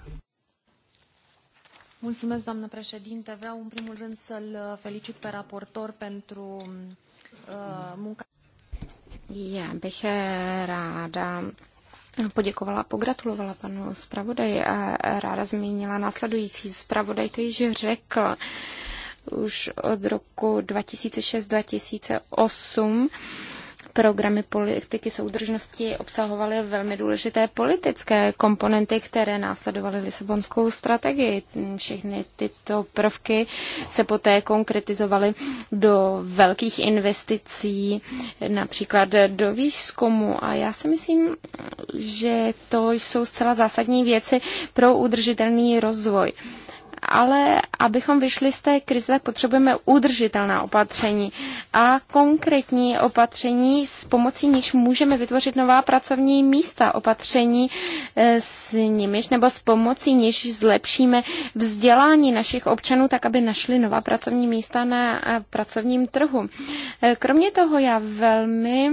Mulțumesc, doamnă președinte. Vreau în primul rând să-l felicit pe raportor pentru uh, munca. Já bych eh, ráda poděkovala pogratulovala panu zpravodaji a ráda zmínila následující. Zpravodaj který že řekl už od roku 2006-2008, programy politiky soudržnosti obsahovaly velmi důležité politické komponenty, které následovaly Lisabonskou strategii. Všechny tyto prvky se poté konkretizovaly do velkých investicí, například do výzkumu. A já si myslím, že to jsou zcela zásadní věci pro udržitelný rozvoj ale abychom vyšli z té krize, tak potřebujeme udržitelná opatření a konkrétní opatření, s pomocí nichž můžeme vytvořit nová pracovní místa, opatření eh, s nimiž nebo s pomocí nichž zlepšíme vzdělání našich občanů, tak aby našli nová pracovní místa na eh, pracovním trhu. Eh, kromě toho já velmi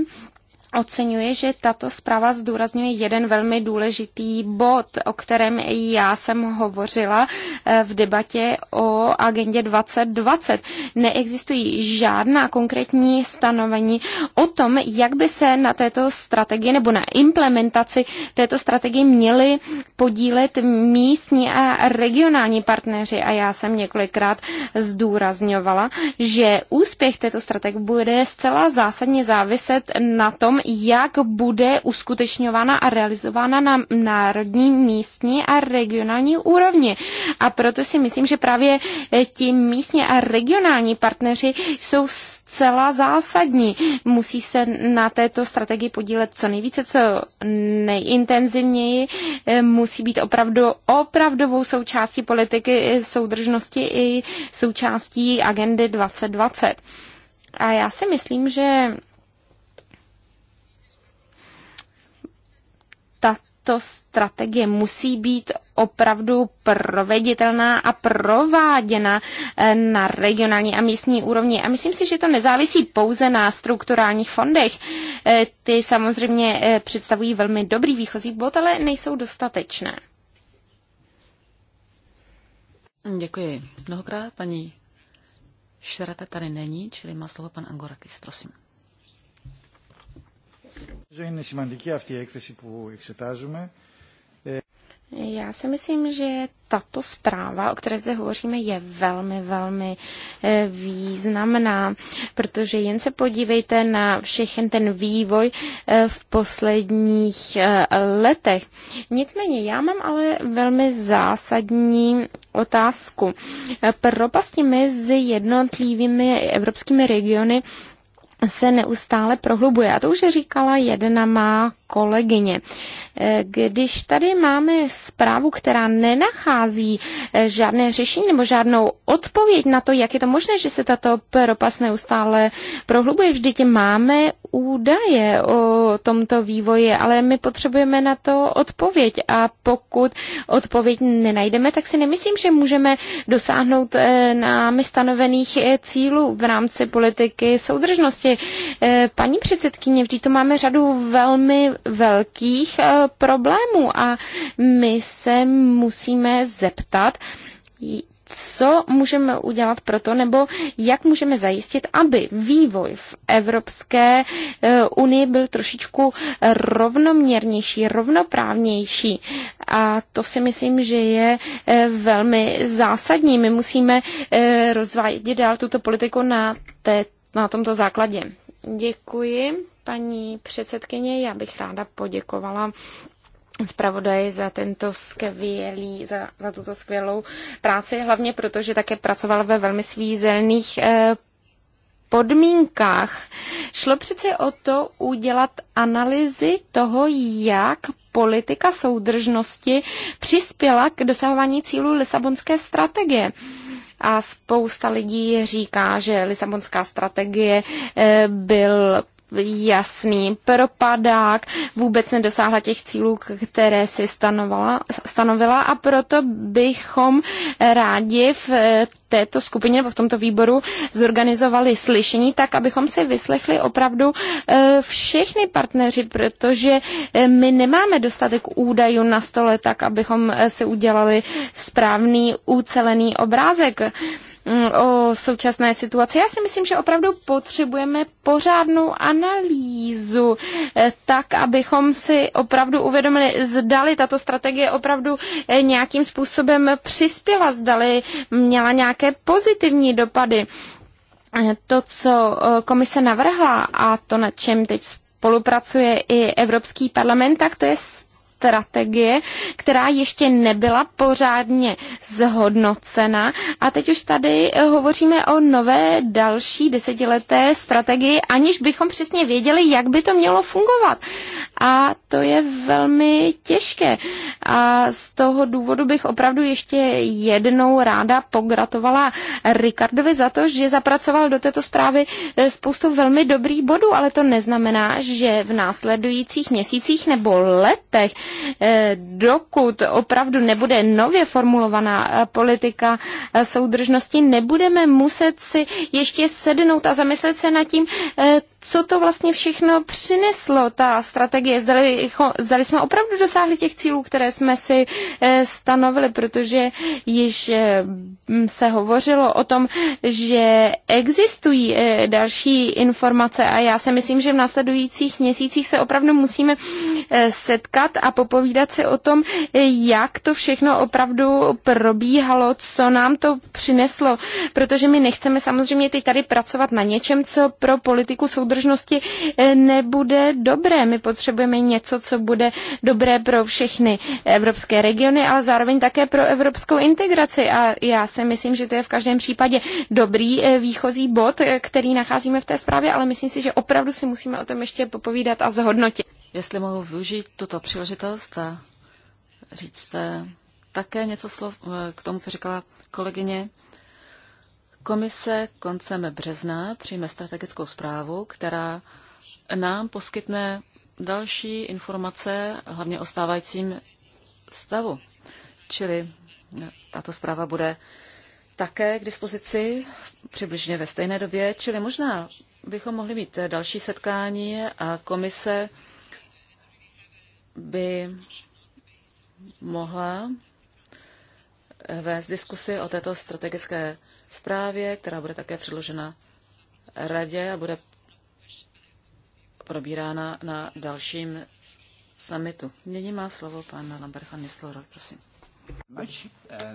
oceňuji, že tato zpráva zdůrazňuje jeden velmi důležitý bod, o kterém já jsem hovořila eh, v debatě o agendě 2020. Neexistují žádná konkrétní stanovení o tom, jak by se na této strategii nebo na implementaci této strategie měly podílet místní a regionální partneři. A já jsem několikrát zdůrazňovala, že úspěch této strategie bude zcela zásadně záviset na tom, jak bude uskutečňována a realizována na národní, místní a regionální úrovni. A proto si myslím, že právě eh, ti místní a regionální partneři jsou zcela zásadní. Musí se na této strategii podílet co nejvíce, co nejintenzivněji. Eh, musí být opravdu opravdovou součástí politiky eh, soudržnosti i součástí agendy 2020. A já si myslím, že tato strategie musí být opravdu proveditelná a prováděna eh, na regionální a místní úrovni. A myslím si, že to nezávisí pouze na strukturálních fondech. Eh, ty samozřejmě eh, představují velmi dobrý výchozí bod, ale nejsou dostatečné. Děkuji mnohokrát. Paní Šerata tady není, čili má slovo pan Angorakis, prosím. Já si myslím, že tato zpráva, o které zde hovoříme, je velmi, velmi e, významná, protože jen se podívejte na všechen ten vývoj e, v posledních e, letech. Nicméně já mám ale velmi zásadní otázku. Propasti mezi jednotlivými evropskými regiony se neustále prohlubuje. A to už říkala jedna má kolegyně. E, když tady máme zprávu, která nenachází e, žádné řešení nebo žádnou odpověď na to, jak je to možné, že se tato propas neustále prohlubuje, vždyť máme údaje o tomto vývoji, ale my potřebujeme na to odpověď a pokud odpověď nenajdeme, tak si nemyslím, že můžeme dosáhnout e, námi stanovených cílů v rámci politiky soudržnosti oblasti. Eh, paní předsedkyně, vždy to máme řadu velmi velkých eh, problémů a my se musíme zeptat, co můžeme udělat pro to, nebo jak můžeme zajistit, aby vývoj v Evropské eh, unii byl trošičku rovnoměrnější, rovnoprávnější. A to si myslím, že je velmi zásadní. My musíme rozvádět dál tuto politiku na té No, na tomto základě. Děkuji, paní předsedkyně. Já bych ráda poděkovala zpravodaji za tento skvělý, za, za tuto skvělou práci, hlavně proto, že také pracoval ve velmi svízelných eh, podmínkách. Šlo přece o to udělat analýzy toho, jak politika soudržnosti přispěla k dosahování cílů Lisabonské strategie a spousta lidí říká, že Lisabonská strategie eh, byl jasný propadák, vůbec nedosáhla těch cílů, které si stanovala, stanovila a proto bychom rádi v eh, této skupině nebo v tomto výboru zorganizovali slyšení tak, abychom si vyslechli opravdu eh, všechny partneři, protože eh, my nemáme dostatek údajů na stole tak, abychom si udělali správný ucelený obrázek. Mm, o současné situaci. Já si myslím, že opravdu potřebujeme pořádnou analýzu, eh, tak abychom si opravdu uvědomili, zdali tato strategie opravdu eh, nějakým způsobem přispěla, zdali měla nějaké pozitivní dopady. Eh, to, co komise navrhla a to, na čem teď spolupracuje i Evropský parlament, tak to je strategie, která ještě nebyla pořádně zhodnocena. A teď už tady hovoříme o nové další desetileté strategii, aniž bychom přesně věděli, jak by to mělo fungovat. A to je velmi těžké. A z toho důvodu bych opravdu ještě jednou ráda pogratovala Ricardovi za to, že zapracoval do této zprávy e, spoustu velmi dobrých bodů, ale to neznamená, že v následujících měsících nebo letech Eh, dokud opravdu nebude nově formulovaná eh, politika eh, soudržnosti, nebudeme muset si ještě sednout a zamyslet se nad tím, co to vlastně všechno přineslo, ta strategie. Zdali, zdali jsme opravdu dosáhli těch cílů, které jsme si eh, stanovili, protože již eh, se hovořilo o tom, že existují eh, další informace a já si myslím, že v následujících měsících se opravdu musíme setkat a popovídat si o tom, jak to všechno opravdu probíhalo, co nám to přineslo, protože my nechceme samozřejmě teď tady pracovat na něčem, co pro politiku soudržnosti soudržnosti eh, nebude dobré. My potřebujeme něco, co bude dobré pro všechny evropské regiony, ale zároveň také pro evropskou integraci. A já si myslím, že to je v každém případě dobrý eh, výchozí bod, eh, který nacházíme v té zprávě, ale myslím si, že opravdu si musíme o tom ještě popovídat a zhodnotit. Jestli mohu využít tuto příležitost a říct také něco slov k tomu, co říkala kolegyně Komise koncem března přijme strategickou zprávu, která nám poskytne další informace, hlavně o stávajícím stavu. Čili tato zpráva bude také k dispozici přibližně ve stejné době, čili možná bychom mohli mít další setkání a komise by mohla vést diskusy o této strategické zprávě, která bude také předložena radě a bude probírána na dalším summitu. Nyní má slovo pan Lambert van Nistelrooy, prosím.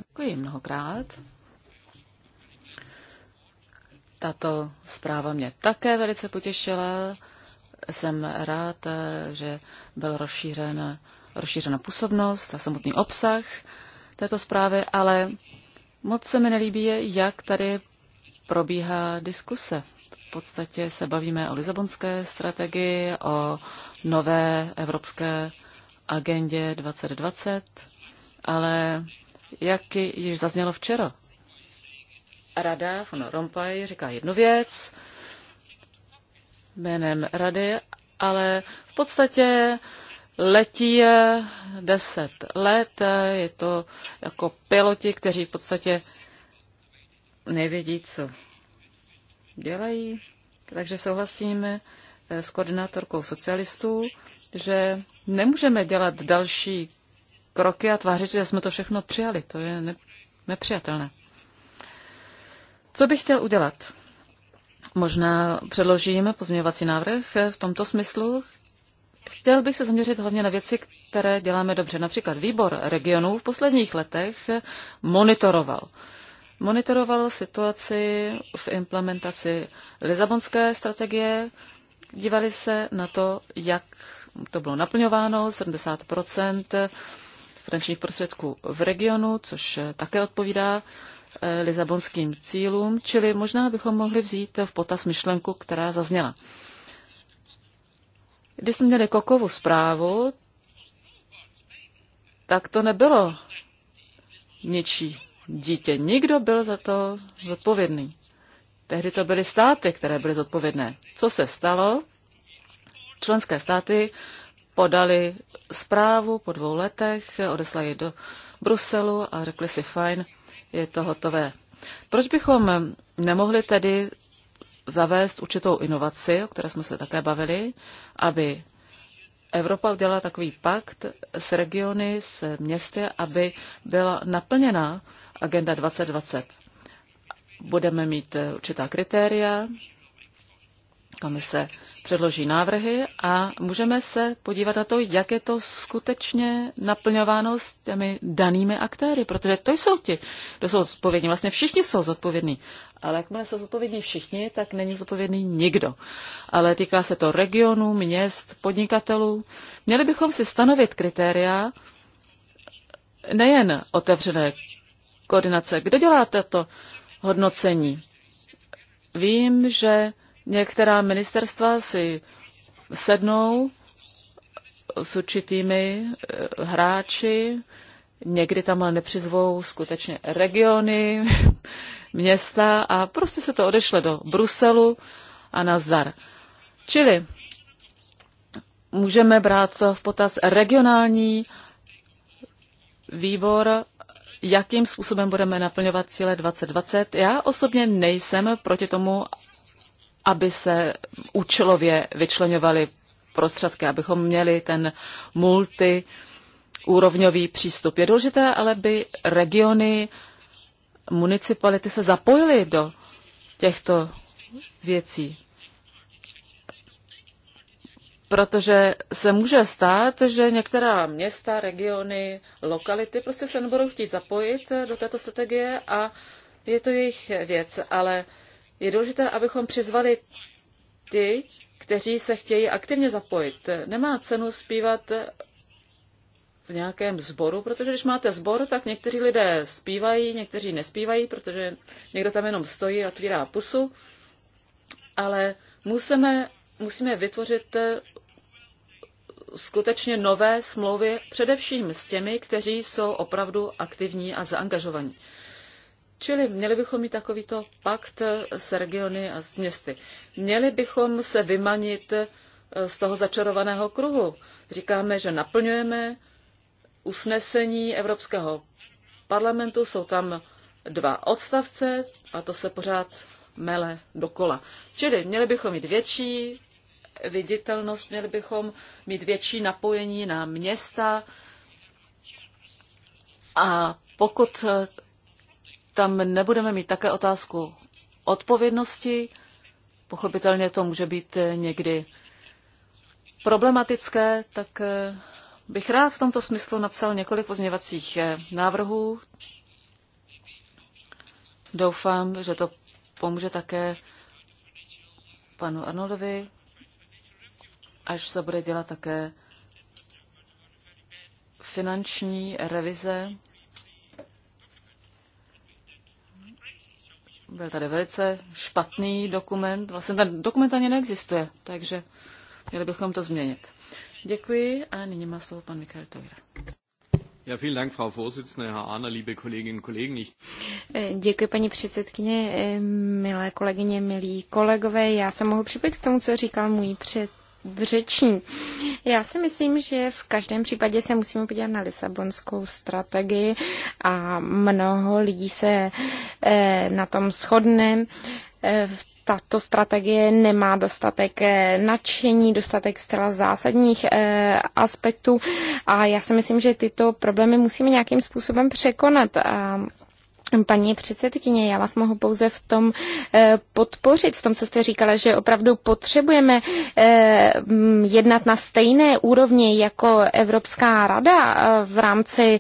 Děkuji mnohokrát. Tato zpráva mě také velice potěšila. Jsem rád, že byl rozšířen, rozšířena působnost a samotný obsah této zprávy, ale Moc se mi nelíbí, jak tady probíhá diskuse. V podstatě se bavíme o Lisabonské strategii, o nové evropské agendě 2020, ale jak již zaznělo včera, Rada von Rompuy říká jednu věc jménem Rady, ale v podstatě letí deset, let, je to jako piloti, kteří v podstatě nevědí, co dělají. Takže souhlasíme eh, s koordinátorkou socialistů, že nemůžeme dělat další kroky a tvářit, že jsme to všechno přijali. To je nepřijatelné. Co bych chtěl udělat? Možná předložím pozměňovací návrh v tomto smyslu. Chtěl bych se zaměřit hlavně na věci, které děláme dobře. Například výbor regionů v posledních letech monitoroval. Monitoroval situaci v implementaci Lisabonské strategie, dívali se na to, jak to bylo naplňováno, 70 finančních prostředků v regionu, což také odpovídá eh, lisabonským cílům, čili možná bychom mohli vzít v potaz myšlenku, která zazněla. Když jsme měli kokovou zprávu, tak to nebylo ničí dítě. Nikdo byl za to zodpovědný. Tehdy to byly státy, které byly zodpovědné. Co se stalo? Členské státy podali zprávu po dvou letech, odeslali ji do Bruselu a řekli si, fajn, je to hotové. Proč bychom nemohli tedy zavést určitou inovaci, o které jsme se také bavili, aby Evropa udělala takový pakt s regiony, s městy, aby byla naplněna agenda 2020. Budeme mít určitá kritéria, komise předloží návrhy a můžeme se podívat na to, jak je to skutečně naplňováno s těmi danými aktéry, protože to jsou ti, kdo jsou zodpovědní. Vlastně všichni jsou zodpovědní. Ale jakmile jsou zodpovědní všichni, tak není zodpovědný nikdo. Ale týká se to regionů, měst, podnikatelů. Měli bychom si stanovit kritéria nejen otevřené koordinace. Kdo dělá to hodnocení? Vím, že některá ministerstva si sednou s určitými eh, hráči, někdy tam ale nepřizvou skutečně regiony, města a prostě se to odešle do Bruselu a nazdar. Čili můžeme brát v potaz regionální výbor, jakým způsobem budeme naplňovat cíle 2020. Já osobně nejsem proti tomu, aby se účelově vyčlenovaly prostředky, abychom měli ten multi úrovňový přístup. Je důležité, ale by regiony municipality se zapojily do těchto věcí. Protože se může stát, že některá města, regiony, lokality prostě se nebudou chtít zapojit do této strategie a je to jejich věc. Ale je důležité, abychom přizvali ty, kteří se chtějí aktivně zapojit. Nemá cenu zpívat v nějakém sboru, protože když máte sbor, tak někteří lidé zpívají, někteří nespívají, protože někdo tam jenom stojí a otvírá pusu, ale musíme, musíme vytvořit eh, skutečně nové smlouvy, především s těmi, kteří jsou opravdu aktivní a zaangažovaní. Čili měli bychom mít takovýto pakt eh, s regiony a s městy. Měli bychom se vymanit eh, z toho začarovaného kruhu. Říkáme, že naplňujeme usnesení Evropského parlamentu. Jsou tam dva odstavce a to se pořád mele dokola. Čili měli bychom mít větší viditelnost, měli bychom mít větší napojení na města a pokud tam nebudeme mít také otázku odpovědnosti, pochopitelně to může být někdy problematické, tak bych rád v tomto smyslu napsal několik pozměvacích eh, návrhů. Doufám, že to pomůže také panu Arnoldovi, až se bude dělat také finanční revize. Byl tady velice špatný dokument. Vlastně ten dokument ani neexistuje, takže měli bychom to změnit. Děkuji a nyní má slovo pan Mikael Tojra. Ja, vielen Dank, Frau Vorsitzende, Herr Arna, liebe Kolleginnen und Kollegen. Ich... Eh, děkuji, paní předsedkyně, eh, milé kolegyně, milí kolegové. Já se mohu připojit k tomu, co říkal můj před řečník. Já si myslím, že v každém případě se musíme podívat na Lisabonskou strategii a mnoho lidí se eh, na tom shodne v tato strategie nemá dostatek eh, nadšení, dostatek zcela zásadních eh, aspektů a já si myslím, že tyto problémy musíme nějakým způsobem překonat. Mm, paní předsedkyně, já vás mohu pouze v tom eh, podpořit, v tom, co jste říkala, že opravdu potřebujeme mm, jednat na stejné úrovni jako Evropská rada v rámci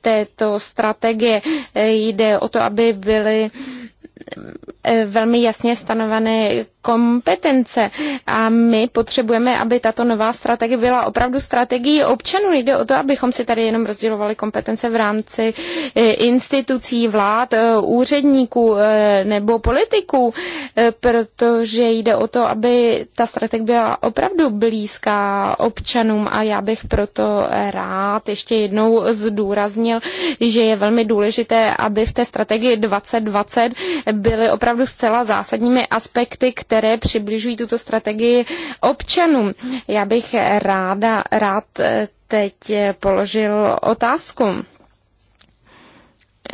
této strategie. Jde o to, aby byly Eh, velmi jasně stanoveny kompetence a my potřebujeme, aby tato nová strategie byla opravdu strategií občanů. Jde o to, abychom si tady jenom rozdělovali kompetence v rámci e, institucí, vlád, e, úředníků e, nebo politiků, protože jde o to, aby ta strategie byla opravdu blízká občanům a já bych proto rád ještě jednou zdůraznil, že je velmi důležité, aby v té strategii 2020 byly opravdu zcela zásadními aspekty, které přibližují tuto strategii občanům. Já bych ráda, rád eh, teď eh, položil otázku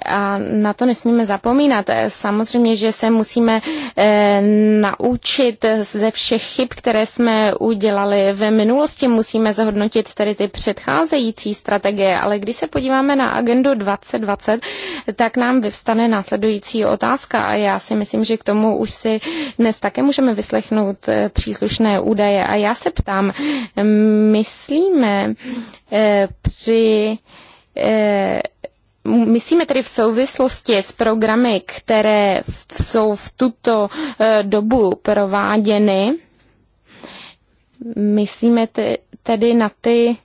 a na to nesmíme zapomínat. Samozřejmě, že se musíme eh, naučit ze všech chyb, které jsme udělali v minulosti. Musíme zhodnotit tedy ty předcházející strategie, ale když se podíváme na agendu 2020, tak nám vyvstane následující otázka a já si myslím, že k tomu už si dnes také můžeme vyslechnout eh, příslušné údaje. A já se ptám, myslíme eh, při myslíme tedy v souvislosti s programy, které jsou v tuto eh, dobu prováděny, myslíme tedy na ty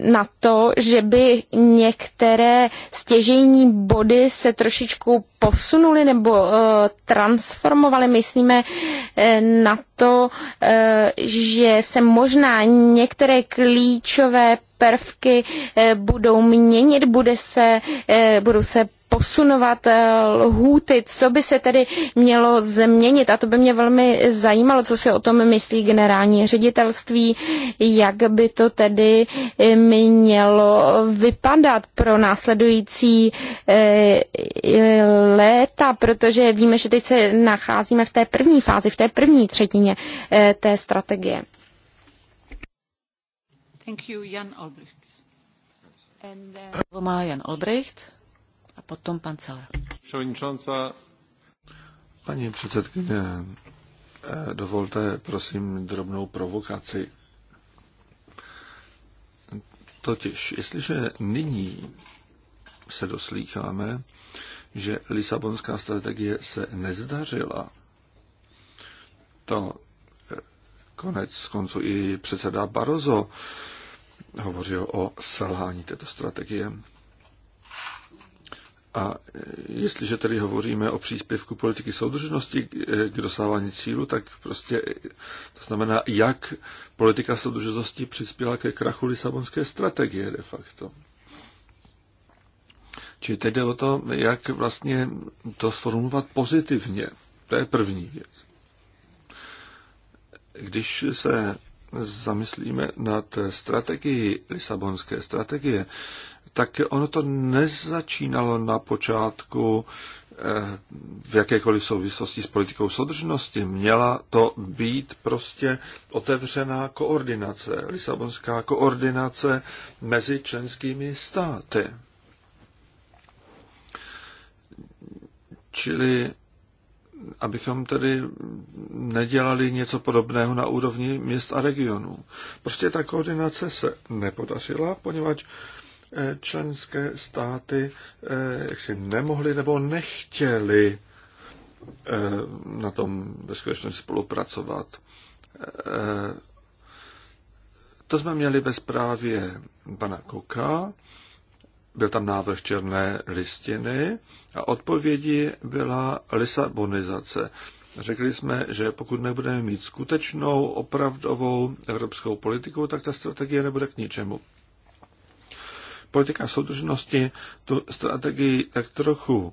na to, že by některé stěžejní body se trošičku posunuly nebo uh, transformovaly. Myslíme uh, na to, uh, že se možná některé klíčové prvky budou měnit, bude se, budou se posunovat eh, lhůty, co by se tedy mělo změnit. A to by mě velmi zajímalo, co si o tom myslí generální ředitelství, jak by to tedy eh, mělo vypadat pro následující eh, léta, protože víme, že teď se nacházíme v té první fázi, v té první třetině té strategie. Thank you, Jan Olbricht. And, uh... Jan Olbricht potom pan Celer. Paní předsedkyně, eh, dovolte prosím drobnou provokaci. Totiž, jestliže nyní se doslýcháme, že Lisabonská strategie se nezdařila, to eh, konec konců i předseda Barozo hovořil o selhání této strategie. A e, jestliže tedy hovoříme o příspěvku politiky soudržnosti k e, dosávání cílu, tak prostě e, to znamená, jak politika soudržnosti přispěla ke krachu Lisabonské strategie de facto. Čili teď jde o to, jak vlastně to sformulovat pozitivně. To je první věc. Když se zamyslíme nad strategií Lisabonské strategie, tak ono to nezačínalo na počátku eh, v jakékoliv souvislosti s politikou soudržnosti. Měla to být prostě otevřená koordinace, lisabonská koordinace mezi členskými státy. Čili abychom tedy nedělali něco podobného na úrovni měst a regionů. Prostě ta koordinace se nepodařila, poněvadž Eh, členské státy eh, jaksi nemohly nebo nechtěly eh, na tom ve skutečnosti spolupracovat. To jsme měli ve zprávě pana Koka, byl tam návrh černé listiny a odpovědi byla lisabonizace. Řekli jsme, že pokud nebudeme mít skutečnou, opravdovou evropskou politiku, tak ta strategie nebude k ničemu politika soudržnosti tu strategii tak trochu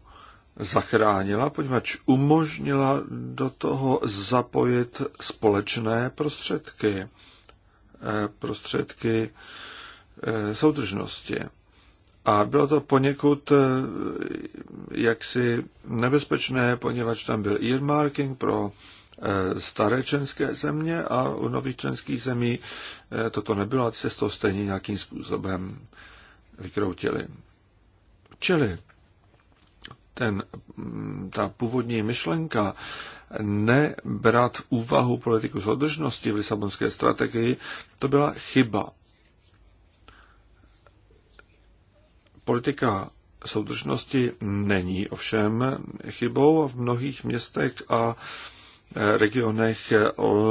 zachránila, poněvadž umožnila do toho zapojit společné prostředky, eh, prostředky eh, soudržnosti. A bylo to poněkud eh, jaksi nebezpečné, poněvadž tam byl earmarking pro staré členské země a u nových členských zemí toto nebylo a se z toho stejně nějakým způsobem vykroutili. Čili ten, ta původní myšlenka nebrat v úvahu politiku soudržnosti v Lisabonské strategii, to byla chyba. Politika soudržnosti není ovšem chybou v mnohých městech a regionech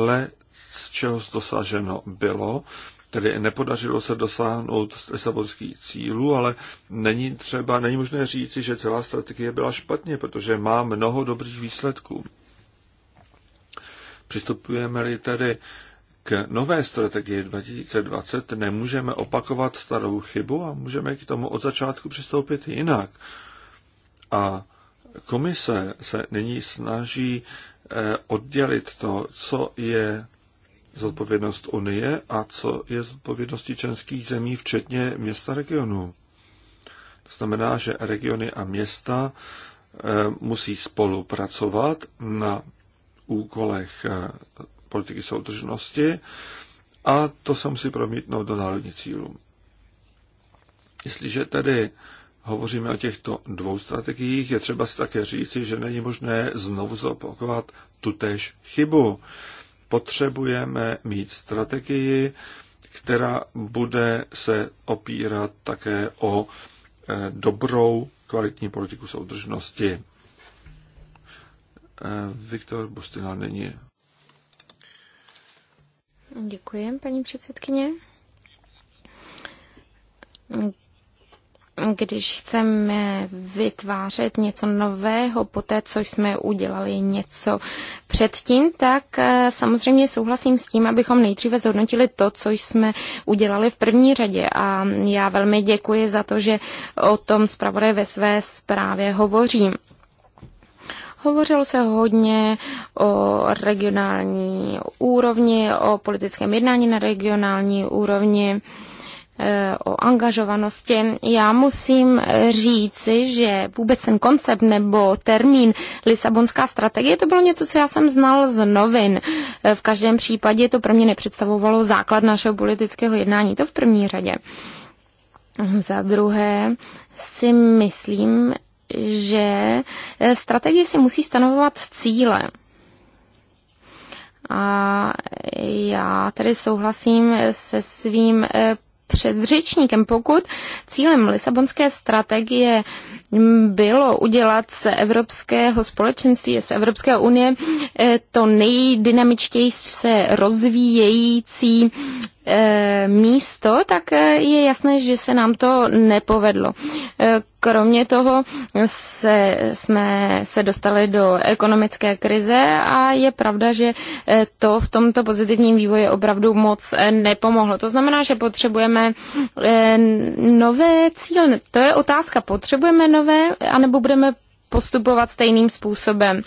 le z čeho dosaženo bylo Tedy nepodařilo se dosáhnout lisabonských cílů, ale není třeba, není možné říci, že celá strategie byla špatně, protože má mnoho dobrých výsledků. Přistupujeme-li tedy k nové strategii 2020, nemůžeme opakovat starou chybu a můžeme k tomu od začátku přistoupit jinak. A komise se nyní snaží eh, oddělit to, co je zodpovědnost Unie a co je zodpovědností členských zemí, včetně města regionu. To znamená, že regiony a města eh, musí spolupracovat na úkolech eh, politiky soudržnosti a to se musí promítnout do národních cílů. Jestliže tedy hovoříme o těchto dvou strategiích, je třeba si také říci, že není možné znovu zopakovat tutéž chybu potřebujeme mít strategii, která bude se opírat také o eh, dobrou kvalitní politiku soudržnosti. Eh, Viktor Bustina není. Děkuji, paní předsedkyně když chceme vytvářet něco nového po té, co jsme udělali něco předtím, tak eh, samozřejmě souhlasím s tím, abychom nejdříve zhodnotili to, co jsme udělali v první řadě. A já velmi děkuji za to, že o tom zpravodaj ve své zprávě hovořím. Hovořilo se hodně o regionální úrovni, o politickém jednání na regionální úrovni. Eh, o angažovanosti. Já musím říci, že vůbec ten koncept nebo termín Lisabonská strategie, to bylo něco, co já jsem znal z novin. Eh, v každém případě to pro mě nepředstavovalo základ našeho politického jednání, to v první řadě. Za druhé si myslím, že eh, strategie si musí stanovovat cíle. A já tedy souhlasím se svým předřečníkem. Pokud cílem Lisabonské strategie bylo udělat z Evropského společenství, z Evropské unie eh, to nejdynamičtěji se rozvíjející Eh, místo, tak eh, je jasné, že se nám to nepovedlo. Eh, kromě toho se, jsme se dostali do ekonomické krize a je pravda, že to v tomto pozitivním vývoji opravdu moc nepomohlo. To znamená, že potřebujeme nové cíle. To je otázka, potřebujeme nové, anebo budeme postupovat stejným způsobem.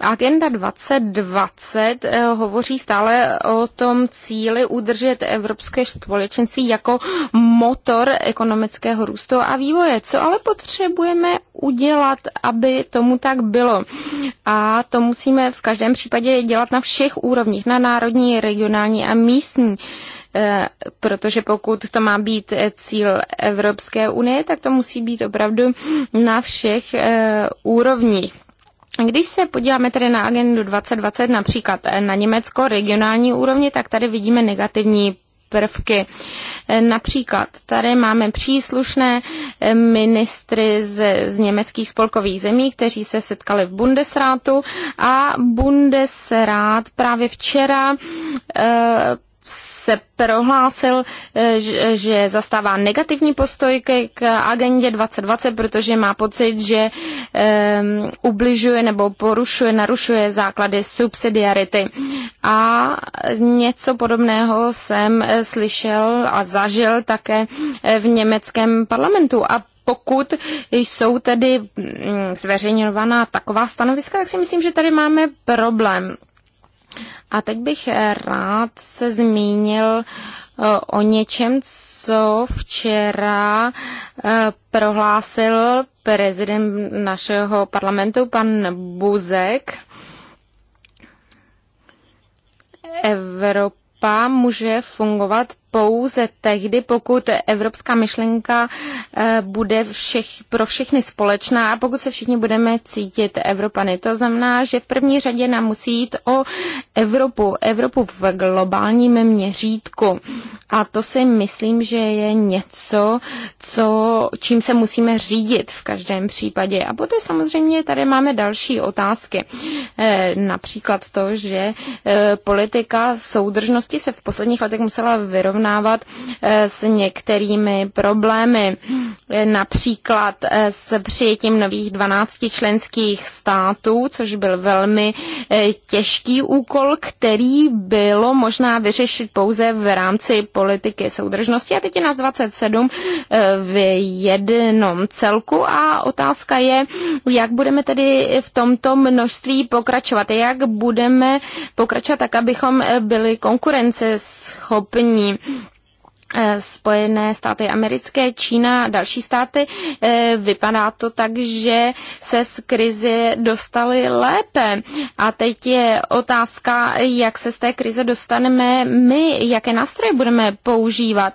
Agenda 2020 eh, hovoří stále o tom cíli udržet Evropské společenství jako motor ekonomického růstu a vývoje. Co ale potřebujeme udělat, aby tomu tak bylo? A to musíme v každém případě dělat na všech úrovních, na národní, regionální a místní. Eh, protože pokud to má být eh, cíl Evropské unie, tak to musí být opravdu na všech eh, úrovních. Když se podíváme tedy na agendu 2020, například na Německo regionální úrovni, tak tady vidíme negativní prvky. Například tady máme příslušné ministry z, z německých spolkových zemí, kteří se setkali v Bundesrátu a Bundesrát právě včera se prohlásil, eh, že zastává negativní postoj k agendě 2020, protože má pocit, že um, ubližuje nebo porušuje, narušuje základy subsidiarity. A něco podobného jsem eh, slyšel a zažil také eh, v německém parlamentu. A pokud jsou tedy mm, zveřejňovaná taková stanoviska, tak si myslím, že tady máme problém. A teď bych rád se zmínil eh, o něčem, co včera eh, prohlásil prezident našeho parlamentu, pan Buzek. Evropa může fungovat pouze tehdy, pokud evropská myšlenka eh, bude všech, pro všechny společná a pokud se všichni budeme cítit Evropany. To znamená, že v první řadě nám musí jít o Evropu, Evropu v globálním měřítku. A to si myslím, že je něco, co, čím se musíme řídit v každém případě. A poté samozřejmě tady máme další otázky. Eh, například to, že eh, politika soudržnosti se v posledních letech musela vyrovnat srovnávat eh, s některými problémy, například eh, s přijetím nových 12 členských států, což byl velmi eh, těžký úkol, který bylo možná vyřešit pouze v rámci politiky soudržnosti. A teď je nás 27 v jednom celku a otázka je, jak budeme tedy v tomto množství pokračovat, jak budeme pokračovat tak, abychom byli konkurenceschopní. Eh, Spojené státy americké, Čína a další státy, eh, vypadá to tak, že se z krize dostali lépe. A teď je otázka, jak se z té krize dostaneme my, jaké nástroje budeme používat.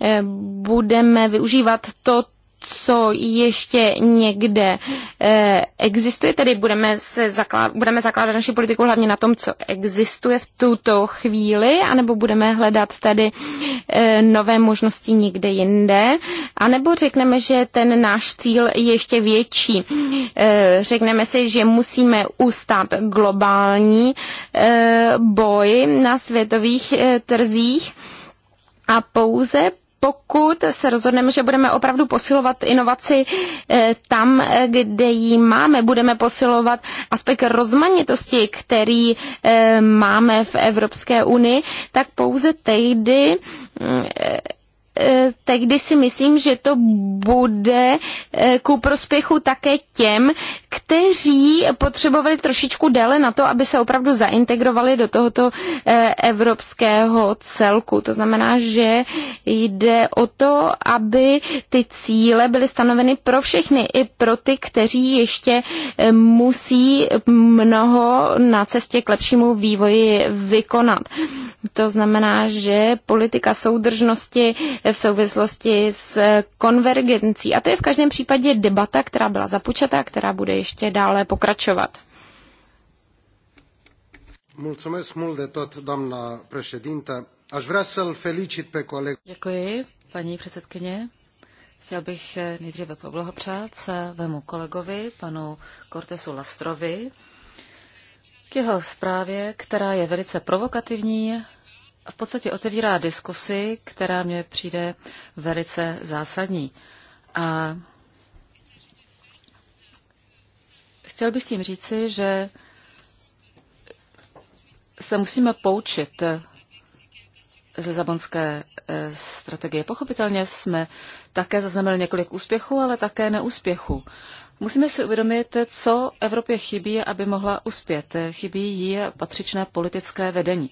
Eh, budeme využívat to, co ještě někde eh, existuje, tedy budeme, se zakládat, budeme zakládat naši politiku hlavně na tom, co existuje v tuto chvíli, anebo budeme hledat tady eh, nové možnosti někde jinde, anebo řekneme, že ten náš cíl je ještě větší. Eh, řekneme si, že musíme ustát globální boj na světových trzích a pouze pokud se rozhodneme, že budeme opravdu posilovat inovaci eh, tam, eh, kde ji máme, budeme posilovat aspekt rozmanitosti, který eh, máme v Evropské unii, tak pouze tehdy mm, Eh, tehdy si myslím, že to bude eh, ku prospěchu také těm, kteří potřebovali trošičku déle na to, aby se opravdu zaintegrovali do tohoto eh, evropského celku. To znamená, že jde o to, aby ty cíle byly stanoveny pro všechny, i pro ty, kteří ještě musí mnoho na cestě k lepšímu vývoji vykonat. To znamená, že politika soudržnosti v souvislosti s konvergencí. A to je v každém případě debata, která byla započata, která bude ještě dále pokračovat. Mulțumesc mult de tot, doamna președintă. Aș vrea să-l felicit pe coleg. Děkuji, paní předsedkyně. Chtěl bych eh, nejdříve poblahopřát svému kolegovi, panu Cortesu Lastrovi, k jeho zprávě, která je velice provokativní v podstatě otevírá diskusi, která mě přijde velice zásadní. A chtěl bych tím říci, že se musíme poučit ze zabonské eh, strategie. Pochopitelně jsme také zaznamenali několik úspěchů, ale také neúspěchů. Musíme si uvědomit, co Evropě chybí, aby mohla uspět. Chybí jí patřičné politické vedení.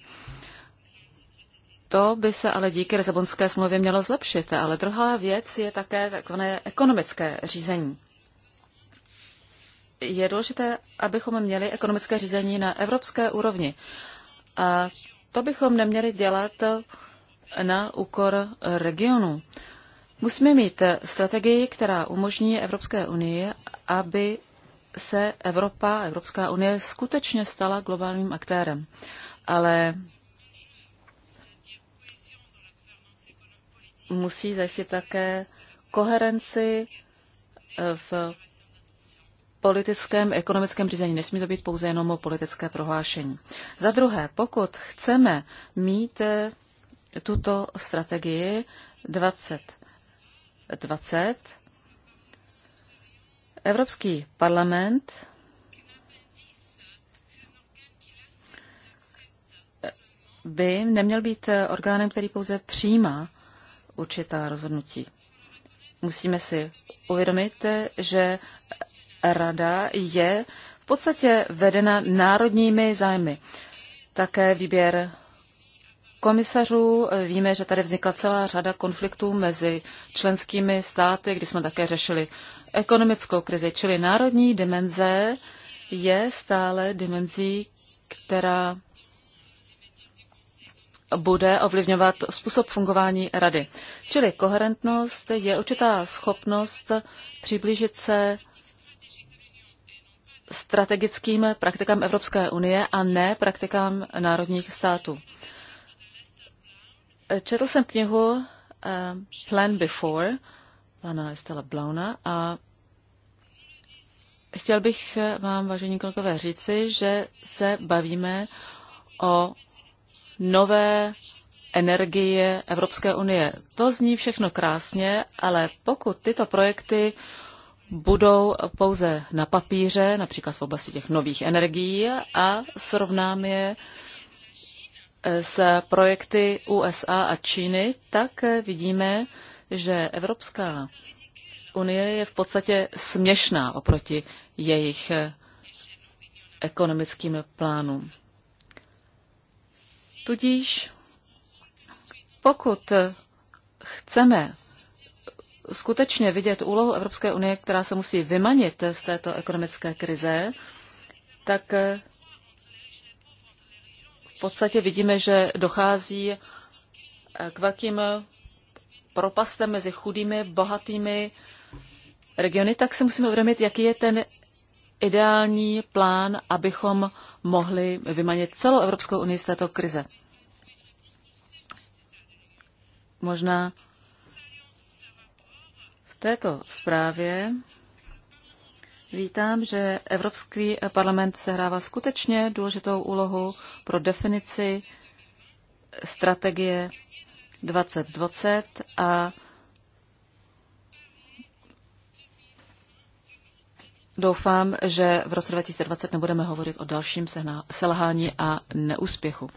To by se ale díky Rezabonské smlouvě mělo zlepšit, ale druhá věc je také takzvané ekonomické řízení. Je důležité, abychom měli ekonomické řízení na evropské úrovni. A to bychom neměli dělat na úkor regionu. Musíme mít strategii, která umožní Evropské unii, aby se Evropa, Evropská unie skutečně stala globálním aktérem. Ale musí zajistit také koherenci eh, v politickém, ekonomickém řízení. Nesmí to být pouze jenom o politické prohlášení. Za druhé, pokud chceme mít eh, tuto strategii 2020, Evropský parlament eh, by neměl být eh, orgánem, který pouze přijímá určitá rozhodnutí. Musíme si uvědomit, eh, že rada je v podstatě vedena národními zájmy. Také výběr komisařů. Víme, že tady vznikla celá řada konfliktů mezi členskými státy, kdy jsme také řešili ekonomickou krizi. Čili národní dimenze je stále dimenzí, která bude ovlivňovat způsob fungování rady. Čili koherentnost je určitá schopnost přiblížit se strategickým praktikám Evropské unie a ne praktikám národních států. Četl jsem knihu eh, Plan Before, pana Estela Blauna a chtěl bych vám, vážení kolegové, říci, že se bavíme o nové energie Evropské unie. To zní všechno krásně, ale pokud tyto projekty budou pouze na papíře, například v oblasti těch nových energií, a srovnám je s projekty USA a Číny, tak vidíme, že Evropská unie je v podstatě směšná oproti jejich ekonomickým plánům. Tudíž pokud chceme skutečně vidět úlohu Evropské unie, která se musí vymanit z této ekonomické krize, tak v podstatě vidíme, že dochází k velkým propastem mezi chudými, bohatými regiony, tak se musíme uvědomit, jaký je ten ideální plán, abychom mohli vymanit celou Evropskou unii z této krize. Možná v této zprávě vítám, že Evropský parlament sehrává skutečně důležitou úlohu pro definici strategie 2020 a doufám, že v roce 2020 nebudeme hovořit o dalším selhání a neúspěchu.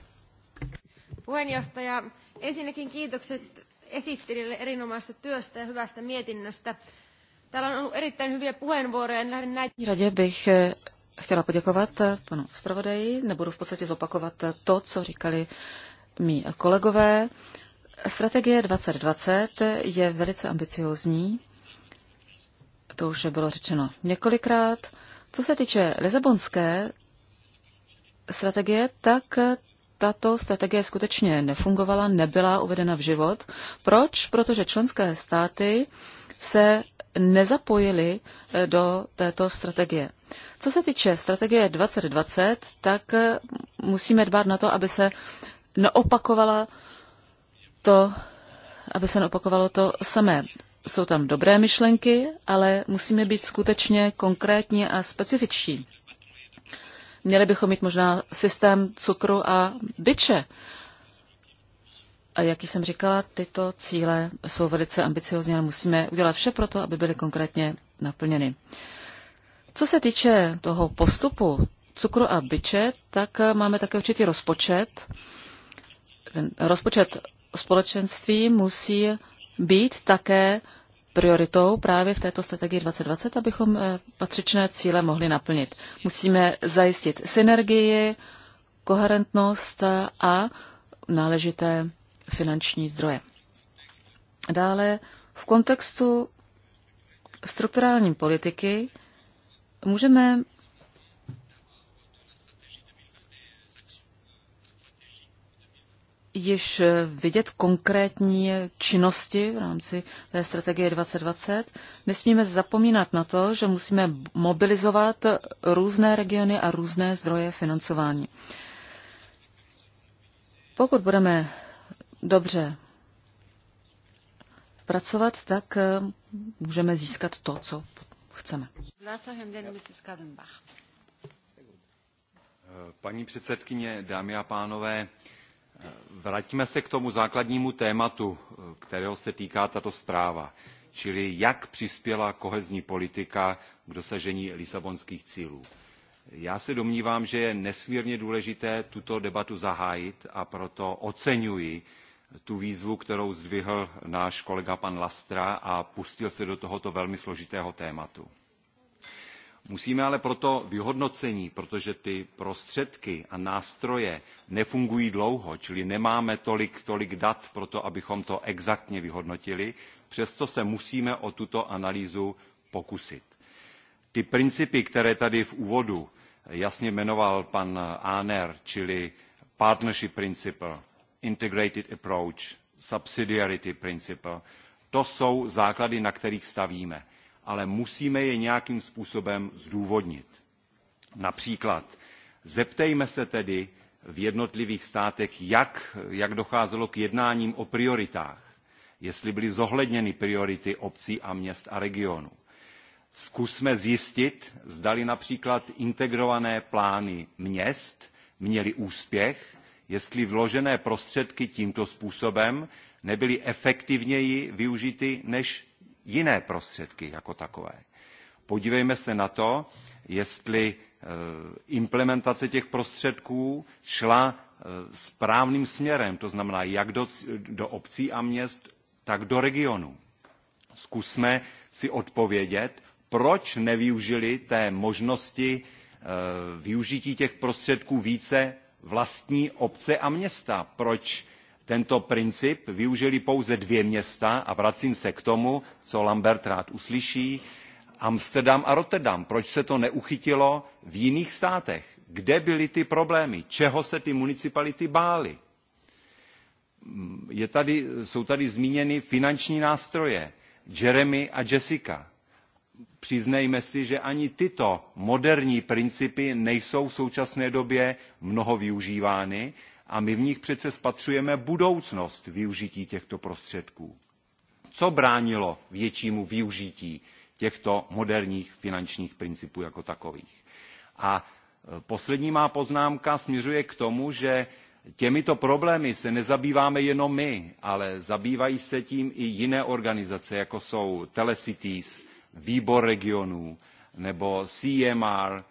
Puheenjohtaja, ensinnäkin kiitokset esittelijälle erinomaisesta työstä ja hyvästä mietinnöstä. Täällä on ollut erittäin hyviä puheenvuoroja. En lähde näitä... Řadě bych eh, chtěla poděkovat eh, panu zpravodaji. Nebudu v podstatě zopakovat eh, to, co říkali mý kolegové. Strategie 2020 je velice ambiciozní, to už bylo řečeno několikrát. Co se týče Lisabonské strategie, tak tato strategie skutečně nefungovala, nebyla uvedena v život. Proč? Protože členské státy se nezapojili eh, do této strategie. Co se týče strategie 2020, tak musíme dbát na to, aby se neopakovala to, aby se neopakovalo to samé. Jsou tam dobré myšlenky, ale musíme být skutečně konkrétní a specifičtí. Měli bychom mít možná systém cukru a byče. A jak jsem říkala, tyto cíle jsou velice ambiciozní a musíme udělat vše pro to, aby byly konkrétně naplněny. Co se týče toho postupu cukru a byče, tak máme také určitý rozpočet. Ten rozpočet společenství musí být také prioritou právě v této strategii 2020, abychom eh, patřičné cíle mohli naplnit. Musíme zajistit synergii, koherentnost a náležité finanční zdroje. Dále v kontextu strukturální politiky můžeme již eh, vidět konkrétní činnosti v rámci té strategie 2020. Nesmíme zapomínat na to, že musíme mobilizovat různé regiony a různé zdroje financování. Pokud budeme dobře pracovat, tak eh, můžeme získat to, co chceme. Paní předsedkyně, dámy a pánové, Vraťme se k tomu základnímu tématu, kterého se týká tato zpráva, čili jak přispěla kohezní politika k dosažení lisabonských cílů. Já se domnívám, že je nesmírně důležité tuto debatu zahájit a proto oceňuji tu výzvu, kterou zdvihl náš kolega pan Lastra a pustil se do tohoto velmi složitého tématu. Musíme ale proto vyhodnocení, protože ty prostředky a nástroje nefungují dlouho, čili nemáme tolik, tolik dat pro to, abychom to exaktně vyhodnotili, přesto se musíme o tuto analýzu pokusit. Ty principy, které tady v úvodu jasně jmenoval pan Áner, čili partnership principle, integrated approach, subsidiarity principle, to jsou základy, na kterých stavíme ale musíme je nějakým způsobem zdůvodnit. Například zeptejme se tedy v jednotlivých státech, jak, jak docházelo k jednáním o prioritách, jestli byly zohledněny priority obcí a měst a regionů. Zkusme zjistit, zdali například integrované plány měst měly úspěch, jestli vložené prostředky tímto způsobem nebyly efektivněji využity než jiné prostředky jako takové. Podívejme se na to, jestli e, implementace těch prostředků šla e, správným směrem, to znamená jak do, do obcí a měst, tak do regionů. Zkusme si odpovědět, proč nevyužili té možnosti e, využití těch prostředků více vlastní obce a města. Proč tento princip využili pouze dvě města a vracím se k tomu, co Lambert rád uslyší, Amsterdam a Rotterdam. Proč se to neuchytilo v jiných státech? Kde byly ty problémy? Čeho se ty municipality bály? Je tady, jsou tady zmíněny finanční nástroje Jeremy a Jessica. Přiznejme si, že ani tyto moderní principy nejsou v současné době mnoho využívány a my v nich přece spatřujeme budoucnost využití těchto prostředků. Co bránilo většímu využití těchto moderních finančních principů jako takových? A e, poslední má poznámka směřuje k tomu, že Těmito problémy se nezabýváme jenom my, ale zabývají se tím i jiné organizace, jako jsou Telecities, Výbor regionů nebo CMR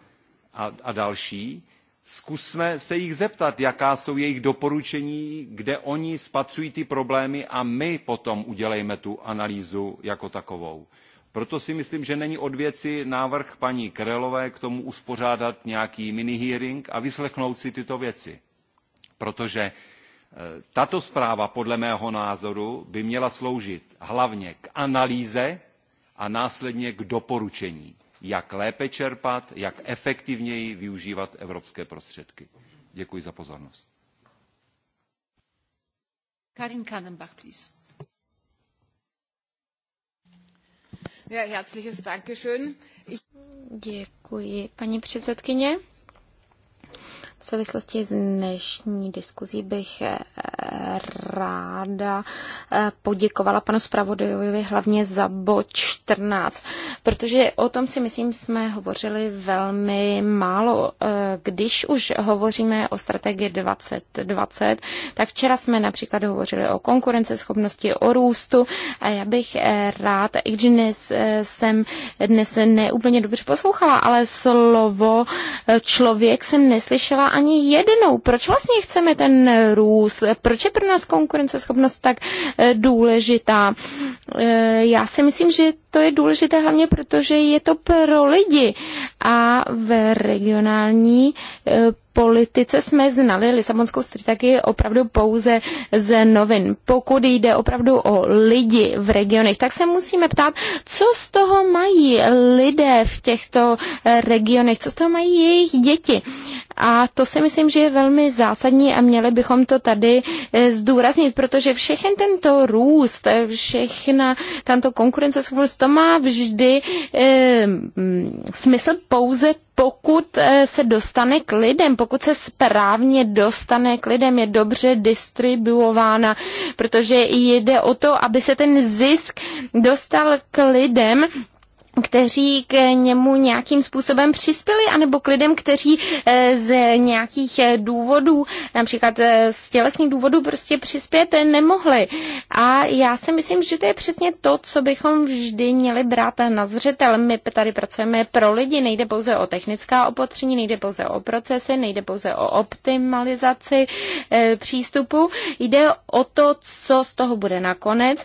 a, a další zkusme se jich zeptat, jaká jsou jejich doporučení, kde oni spatřují ty problémy a my potom udělejme tu analýzu jako takovou. Proto si myslím, že není od věci návrh paní Krelové k tomu uspořádat nějaký mini-hearing a vyslechnout si tyto věci. Protože eh, tato zpráva podle mého názoru by měla sloužit hlavně k analýze a následně k doporučení jak lépe čerpat, jak efektivněji využívat evropské prostředky. Děkuji za pozornost. Karin Kannenbach, please. Ja, herzliches Dankeschön. Ich... Děkuji, paní předsedkyně. V souvislosti s dnešní diskuzí bych eh, ráda eh, poděkovala panu zpravodajovi hlavně za bod 14, protože o tom si myslím jsme hovořili velmi málo. Eh, když už hovoříme o strategii 2020, tak včera jsme například hovořili o konkurenceschopnosti, o růstu a já bych rád, i když dnes jsem dnes neúplně dobře poslouchala, ale slovo člověk jsem neslyšela ani jednou. Proč vlastně chceme ten růst? Proč je pro nás konkurenceschopnost tak eh, důležitá? Eh, já si myslím, že to je důležité hlavně protože je to pro lidi. A v regionální e, politice jsme znali Lisabonskou strategii opravdu pouze z novin. Pokud jde opravdu o lidi v regionech, tak se musíme ptát, co z toho mají lidé v těchto e, regionech, co z toho mají jejich děti. A to si myslím, že je velmi zásadní a měli bychom to tady e, zdůraznit, protože všechen tento růst, všechna tato konkurenceschopnost, to má vždy e, smysl pouze pokud eh, se dostane k lidem, pokud se správně dostane k lidem, je dobře distribuována, protože jde o to, aby se ten zisk dostal k lidem, kteří k němu nějakým způsobem přispěli, anebo k lidem, kteří eh, z nějakých eh, důvodů, například eh, z tělesných důvodů, prostě přispět nemohli. A já si myslím, že to je přesně to, co bychom vždy měli brát na zřetel. My tady pracujeme pro lidi, nejde pouze o technická opatření, nejde pouze o procesy, nejde pouze o optimalizaci přístupu. Jde o to, co z toho bude nakonec,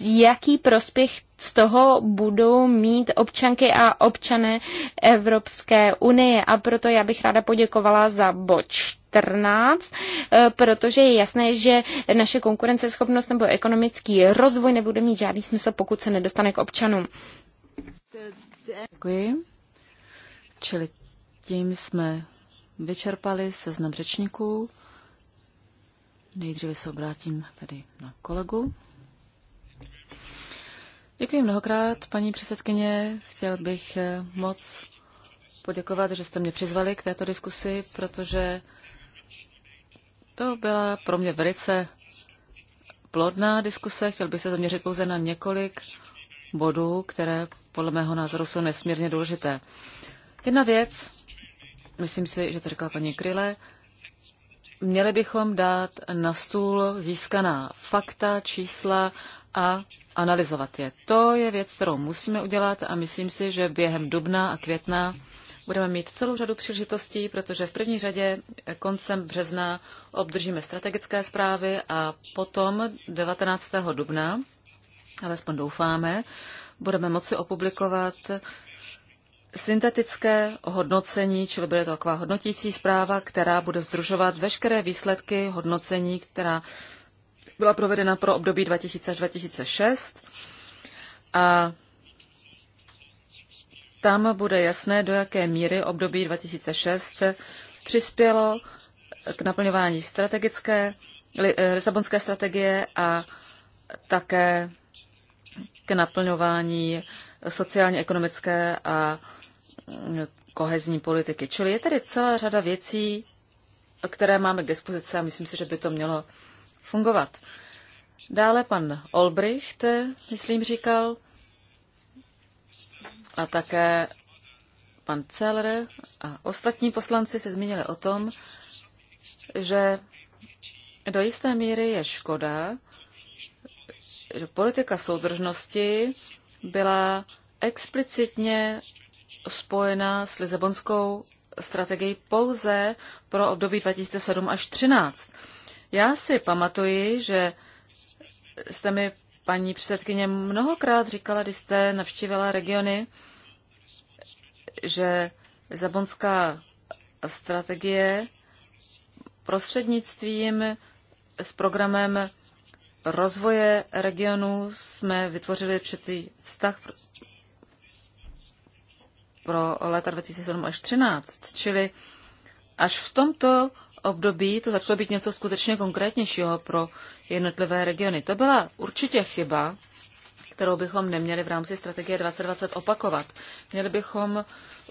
jaký prospěch z toho budou mít občanky a občané Evropské unie. A proto já bych ráda poděkovala za boč. 14, eh, protože je jasné, že naše konkurenceschopnost nebo ekonomický rozvoj nebude mít žádný smysl, pokud se nedostane k občanům. Děkuji. Čili tím jsme vyčerpali seznam řečníků. Nejdříve se obrátím tady na kolegu. Děkuji mnohokrát, paní předsedkyně. Chtěl bych eh, moc poděkovat, že jste mě přizvali k této diskusi, protože to byla pro mě velice plodná diskuse. Chtěl bych se zaměřit pouze na několik bodů, které podle mého názoru jsou nesmírně důležité. Jedna věc, myslím si, že to řekla paní Kryle, měli bychom dát na stůl získaná fakta, čísla a analyzovat je. To je věc, kterou musíme udělat a myslím si, že během dubna a května budeme mít celou řadu příležitostí, protože v první řadě koncem března obdržíme strategické zprávy a potom 19. dubna, alespoň doufáme, budeme moci opublikovat syntetické hodnocení, čili bude to taková hodnotící zpráva, která bude združovat veškeré výsledky hodnocení, která byla provedena pro období 2000 až 2006 a tam bude jasné, do jaké míry období 2006 přispělo k naplňování strategické, eh, Lisabonské strategie a také k naplňování sociálně-ekonomické a mm, kohezní politiky. Čili je tady celá řada věcí, které máme k dispozici a myslím si, že by to mělo fungovat. Dále pan Olbricht, myslím, říkal, a také pan Celer a ostatní poslanci se zmínili o tom, že do jisté míry je škoda, že politika soudržnosti byla explicitně spojena s Lizabonskou strategií pouze pro období 2007 až 2013. Já si pamatuji, že jste mi, paní předsedkyně, mnohokrát říkala, když jste navštívila regiony, že zabonská strategie prostřednictvím s programem rozvoje regionu jsme vytvořili určitý vztah pro léta 2007 až 2013, čili až v tomto období to začalo být něco skutečně konkrétnějšího pro jednotlivé regiony. To byla určitě chyba, kterou bychom neměli v rámci strategie 2020 opakovat. Měli bychom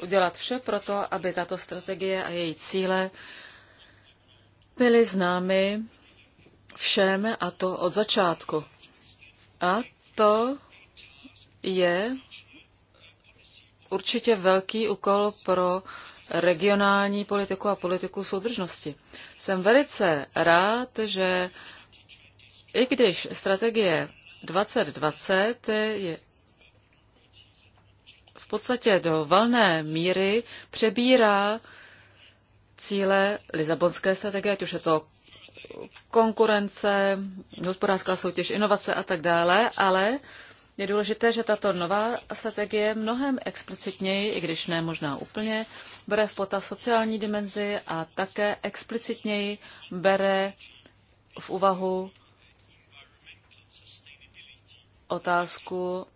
udělat vše pro to, aby tato strategie a její cíle byly známy všem a to od začátku. A to je určitě velký úkol pro regionální politiku a politiku soudržnosti. Jsem velice rád, že i když strategie 2020 je v podstatě do valné míry přebírá cíle Lisabonské strategie, ať už je to konkurence, hospodářská soutěž, inovace a tak dále, ale je důležité, že tato nová strategie mnohem explicitněji, i když ne možná úplně, bere v pota sociální dimenzi a také explicitněji bere v úvahu otázku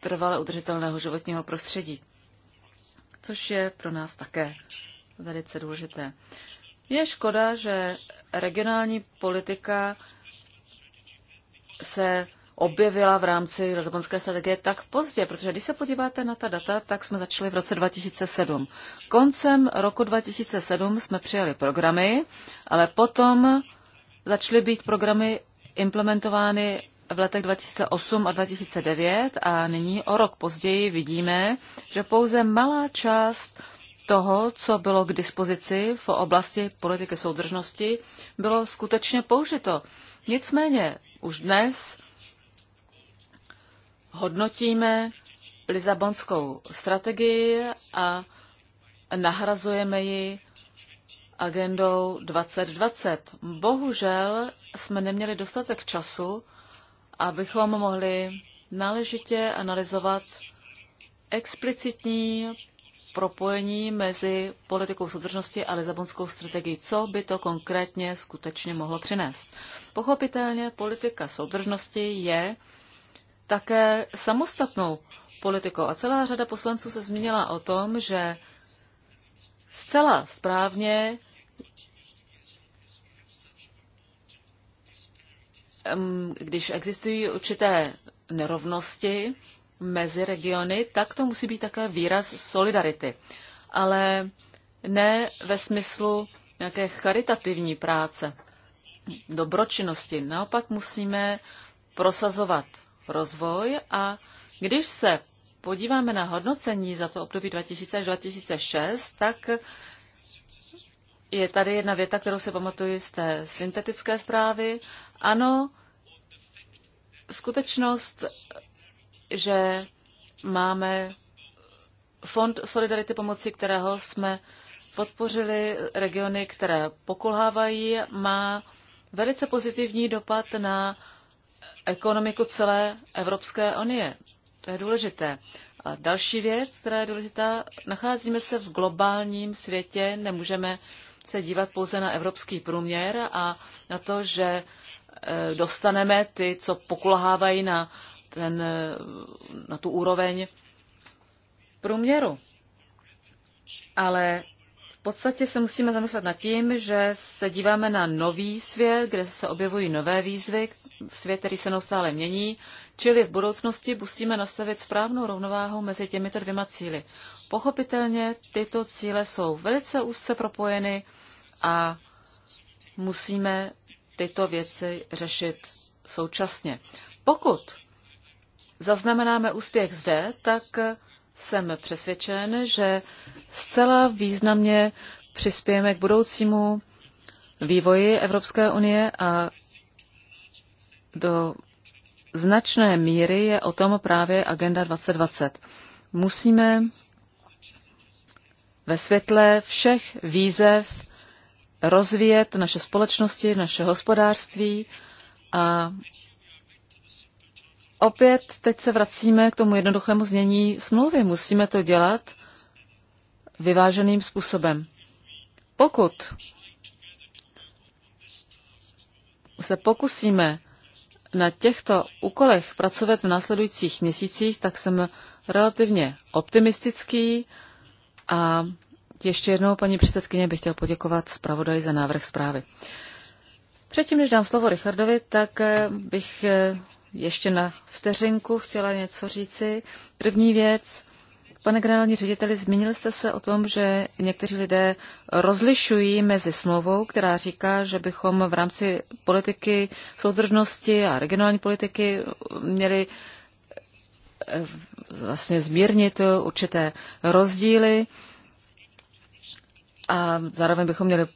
trvale udržitelného životního prostředí, což je pro nás také velice důležité. Je škoda, že regionální politika se objevila v rámci Lisabonské strategie tak pozdě, protože když se podíváte na ta data, tak jsme začali v roce 2007. Koncem roku 2007 jsme přijali programy, ale potom začaly být programy implementovány v letech 2008 a 2009 a nyní o rok později vidíme, že pouze malá část toho, co bylo k dispozici v oblasti politiky soudržnosti, bylo skutečně použito. Nicméně už dnes hodnotíme Lizabonskou strategii a nahrazujeme ji agendou 2020. Bohužel jsme neměli dostatek času, abychom mohli náležitě analyzovat explicitní propojení mezi politikou soudržnosti a Lizabonskou strategií. Co by to konkrétně skutečně mohlo přinést? Pochopitelně politika soudržnosti je také samostatnou politikou. A celá řada poslanců se zmínila o tom, že zcela správně když existují určité nerovnosti mezi regiony, tak to musí být také výraz solidarity. Ale ne ve smyslu nějaké charitativní práce, dobročinnosti. Naopak musíme prosazovat rozvoj a když se podíváme na hodnocení za to období 2000 až 2006, tak je tady jedna věta, kterou se pamatuju z té syntetické zprávy. Ano, skutečnost, že máme fond Solidarity pomoci, kterého jsme podpořili regiony, které pokulhávají, má velice pozitivní dopad na ekonomiku celé Evropské unie. To je důležité. A další věc, která je důležitá, nacházíme se v globálním světě, nemůžeme se dívat pouze na evropský průměr a na to, že e, dostaneme ty, co pokulhávají na, ten, e, na tu úroveň průměru. Ale v podstatě se musíme zamyslet nad tím, že se díváme na nový svět, kde se objevují nové výzvy, svět, který se neustále mění, čili v budoucnosti musíme nastavit správnou rovnováhu mezi těmito dvěma cíly. Pochopitelně tyto cíle jsou velice úzce propojeny a musíme tyto věci řešit současně. Pokud zaznamenáme úspěch zde, tak jsem přesvědčen, že zcela významně přispějeme k budoucímu vývoji Evropské unie a do značné míry je o tom právě Agenda 2020. Musíme ve světle všech výzev rozvíjet naše společnosti, naše hospodářství a opět teď se vracíme k tomu jednoduchému znění smlouvy. Musíme to dělat vyváženým způsobem. Pokud se pokusíme na těchto úkolech pracovat v následujících měsících, tak jsem relativně optimistický a ještě jednou, paní předsedkyně, bych chtěl poděkovat zpravodaji za návrh zprávy. Předtím, než dám slovo Richardovi, tak eh, bych eh, ještě na vteřinku chtěla něco říci. První věc, Pane generální řediteli, zmínil jste se o tom, že někteří lidé rozlišují mezi smlouvou, která říká, že bychom v rámci politiky soudržnosti a regionální politiky měli eh, vlastně zmírnit určité rozdíly a zároveň bychom měli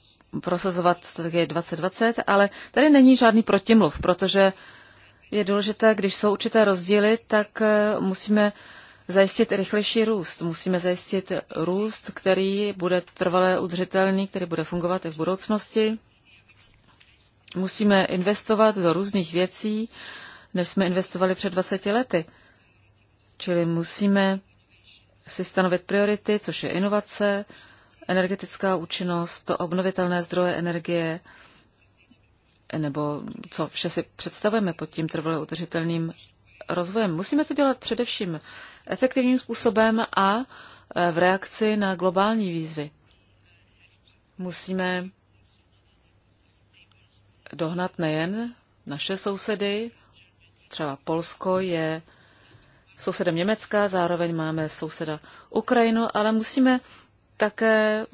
prosazovat strategie 2020, ale tady není žádný protimluv, protože je důležité, když jsou určité rozdíly, tak eh, musíme zajistit rychlejší růst. Musíme zajistit růst, který bude trvale udržitelný, který bude fungovat i v budoucnosti. Musíme investovat do různých věcí, než jsme investovali před 20 lety. Čili musíme si stanovit priority, což je inovace, energetická účinnost, to obnovitelné zdroje energie, nebo co vše si představujeme pod tím trvale udržitelným rozvojem. Musíme to dělat především efektivním způsobem a e, v reakci na globální výzvy. Musíme dohnat nejen naše sousedy, třeba Polsko je sousedem Německa, zároveň máme souseda Ukrajinu, ale musíme také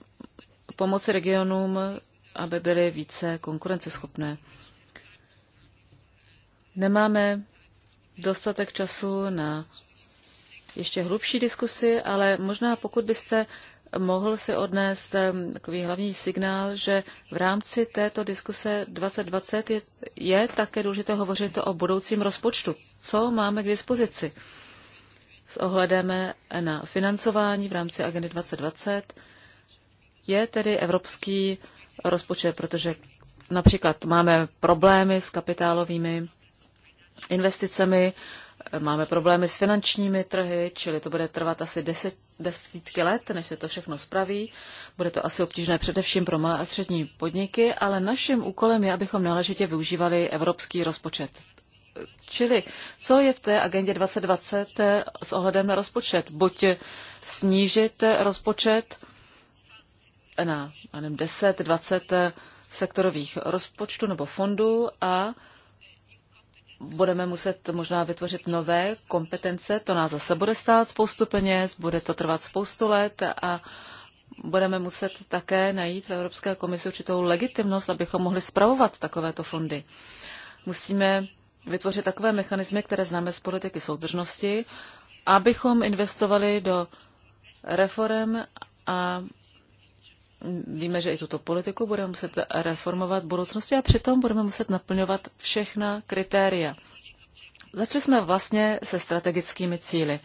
pomoci regionům, aby byly více konkurenceschopné. Nemáme dostatek času na ještě hlubší diskusy, ale možná pokud byste mohl si odnést takový hlavní signál, že v rámci této diskuse 2020 je, je také důležité hovořit o budoucím rozpočtu. Co máme k dispozici s ohledem na financování v rámci agendy 2020? Je tedy evropský rozpočet, protože například máme problémy s kapitálovými investicemi, máme problémy s finančními trhy, čili to bude trvat asi deset, desítky let, než se to všechno spraví. Bude to asi obtížné především pro malé a střední podniky, ale naším úkolem je, abychom náležitě využívali evropský rozpočet. Čili co je v té agendě 2020 s ohledem na rozpočet? Buď snížit rozpočet na 10-20 sektorových rozpočtů nebo fondů a budeme muset možná vytvořit nové kompetence, to nás zase bude stát spoustu peněz, bude to trvat spoustu let a budeme muset také najít v Evropské komisi určitou legitimnost, abychom mohli spravovat takovéto fondy. Musíme vytvořit takové mechanismy, které známe z politiky soudržnosti, abychom investovali do reform a Víme, že i tuto politiku budeme muset reformovat v budoucnosti a přitom budeme muset naplňovat všechna kritéria. Začali jsme vlastně se strategickými cíly.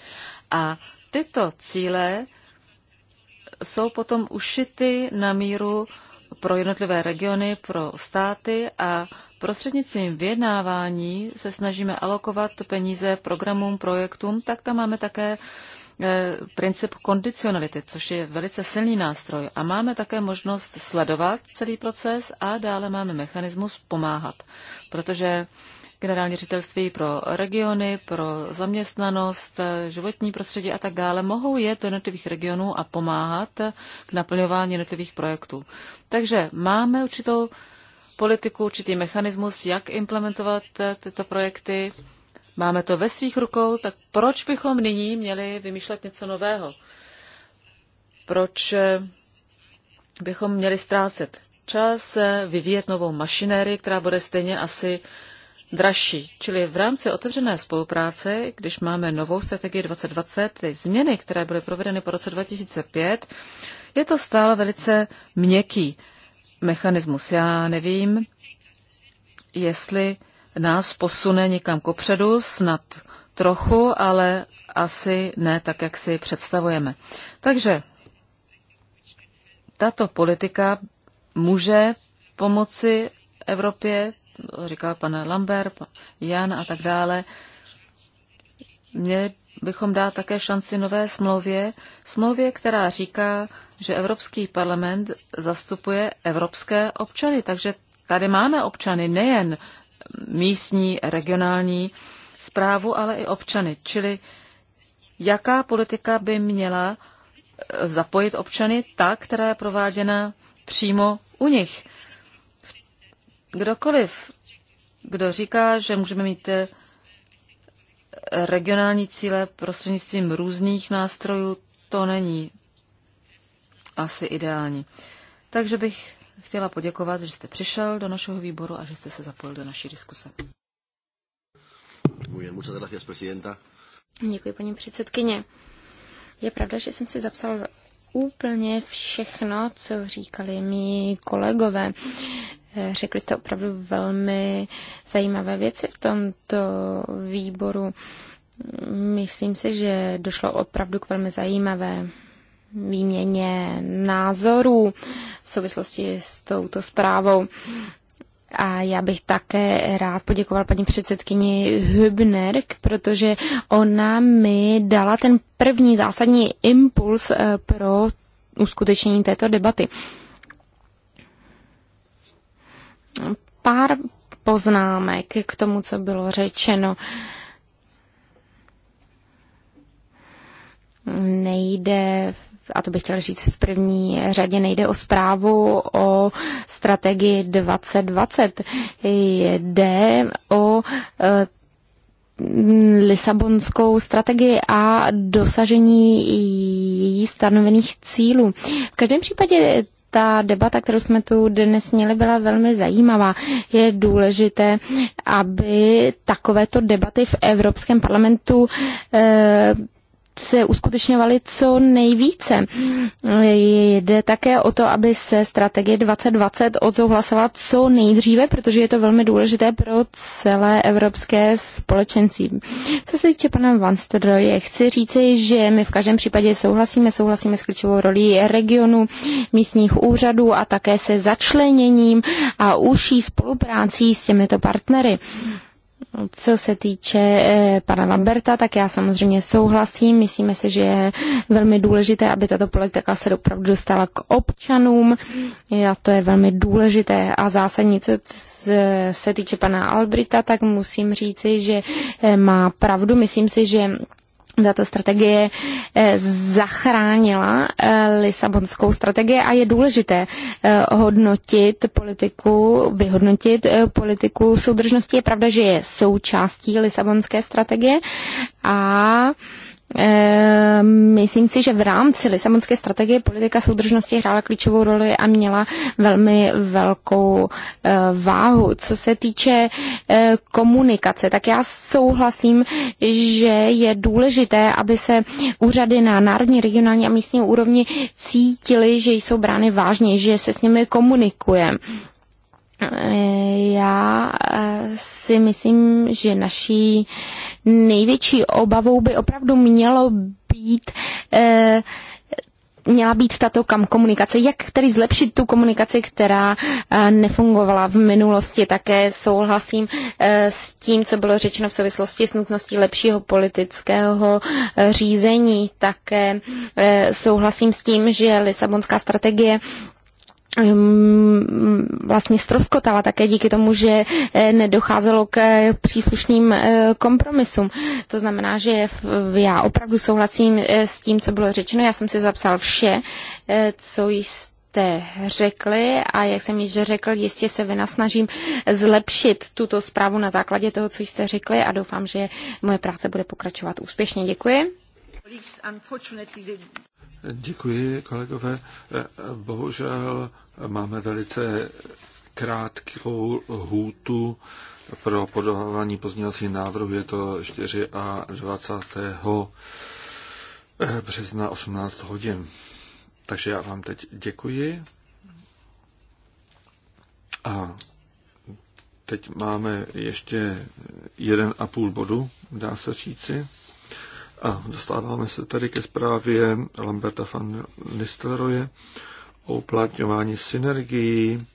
A tyto cíle jsou potom ušity na míru pro jednotlivé regiony, pro státy a prostřednictvím vyjednávání se snažíme alokovat peníze programům, projektům, tak tam máme také uh, Eh, princip kondicionality, což je velice silný nástroj. A máme také možnost sledovat celý proces a dále máme mechanismus pomáhat, protože generální ředitelství pro regiony, pro zaměstnanost, eh, životní prostředí a tak dále mohou jet do jednotlivých regionů a pomáhat k naplňování jednotlivých projektů. Takže máme určitou politiku, určitý mechanismus, jak implementovat eh, tyto projekty máme to ve svých rukou, tak proč bychom nyní měli vymýšlet něco nového? Proč eh, bychom měli ztrácet čas, eh, vyvíjet novou mašinérii, která bude stejně asi dražší. Čili v rámci otevřené spolupráce, když máme novou strategii 2020, ty změny, které byly provedeny po roce 2005, je to stále velice měkký mechanismus. Já nevím, jestli nás posune někam kopředu, snad trochu, ale asi ne tak, jak si představujeme. Takže tato politika může pomoci Evropě, říkal pan Lambert, pan Jan a tak dále. Měli bychom dát také šanci nové smlouvě, smlouvě, která říká, že Evropský parlament zastupuje evropské občany, takže tady máme občany nejen místní, regionální zprávu, ale i občany. Čili jaká politika by měla eh, zapojit občany, ta, která je prováděna přímo u nich. Kdokoliv, kdo říká, že můžeme mít eh, regionální cíle prostřednictvím různých nástrojů, to není asi ideální. Takže bych chtěla poděkovat, že jste přišel do našeho výboru a že jste se zapojil do naší diskuse. Muy bien, muchas gracias, presidenta. Děkuji, paní předsedkyně. Je pravda, že jsem si zapsal úplně všechno, co říkali mi kolegové. Eh, řekli jste opravdu velmi zajímavé věci v tomto výboru. Myslím si, že došlo opravdu k velmi zajímavé výměně názorů v souvislosti s touto zprávou. A já bych také rád poděkoval paní předsedkyni Hübner, protože ona mi dala ten první zásadní impuls eh, pro uskutečnění této debaty. Pár poznámek k tomu, co bylo řečeno. Nejde a to bych chtěl říct v první řadě, nejde o zprávu o strategii 2020. Jde o eh, Lisabonskou strategii a dosažení její stanovených cílů. V každém případě ta debata, kterou jsme tu dnes měli, byla velmi zajímavá. Je důležité, aby takovéto debaty v Evropském parlamentu e, se uskutečňovaly co nejvíce. Jde také o to, aby se strategie 2020 odsouhlasila co nejdříve, protože je to velmi důležité pro celé evropské společenství. Co se týče pana Van Stroje, chci říci, že my v každém případě souhlasíme, souhlasíme s klíčovou rolí regionu, místních úřadů a také se začleněním a užší spoluprácí s těmito partnery. Co se týče eh, pana Lamberta, tak já samozřejmě souhlasím. Myslíme si, že je velmi důležité, aby tato politika se opravdu dostala k občanům. A to je velmi důležité a zásadní. Co se týče pana Albrita, tak musím říci, že eh, má pravdu. Myslím si, že tato strategie eh, zachránila eh, Lisabonskou strategii a je důležité eh, hodnotit politiku, vyhodnotit politiku soudržnosti. Je pravda, že je součástí Lisabonské strategie a Eh, myslím si, že v rámci Lisabonské strategie politika soudržnosti hrála klíčovou roli a měla velmi velkou eh, váhu. Co se týče eh, komunikace, tak já souhlasím, že je důležité, aby se úřady na národní, regionální a místní úrovni cítily, že jsou brány vážně, že se s nimi komunikuje já eh, si myslím, že naší největší obavou by opravdu mělo být eh, měla být tato kam komunikace. Jak tedy zlepšit tu komunikaci, která eh, nefungovala v minulosti? Také souhlasím s tím, co bylo řečeno v souvislosti s nutností lepšího politického řízení. Také souhlasím s tím, že Lisabonská strategie Ehm, vlastně stroskotala také díky tomu, že eh, nedocházelo k eh, příslušným eh, kompromisům. To znamená, že já opravdu souhlasím s tím, co bylo řečeno. Já jsem si zapsal vše, co jste řekli a jak jsem již řekl, jistě se vynasnažím zlepšit tuto zprávu na základě toho, co jste řekli a doufám, že moje práce bude pokračovat úspěšně. Děkuji. Děkuji, kolegové. Bohužel máme velice krátkou hůtu pro podávání pozměňovacích návrhů. Je to 24. března 18 hodin. Takže já vám teď děkuji. A teď máme ještě jeden a půl bodu, dá se říci. A dostáváme se tedy ke zprávě Lamberta van Nistelrooye o uplatňování synergií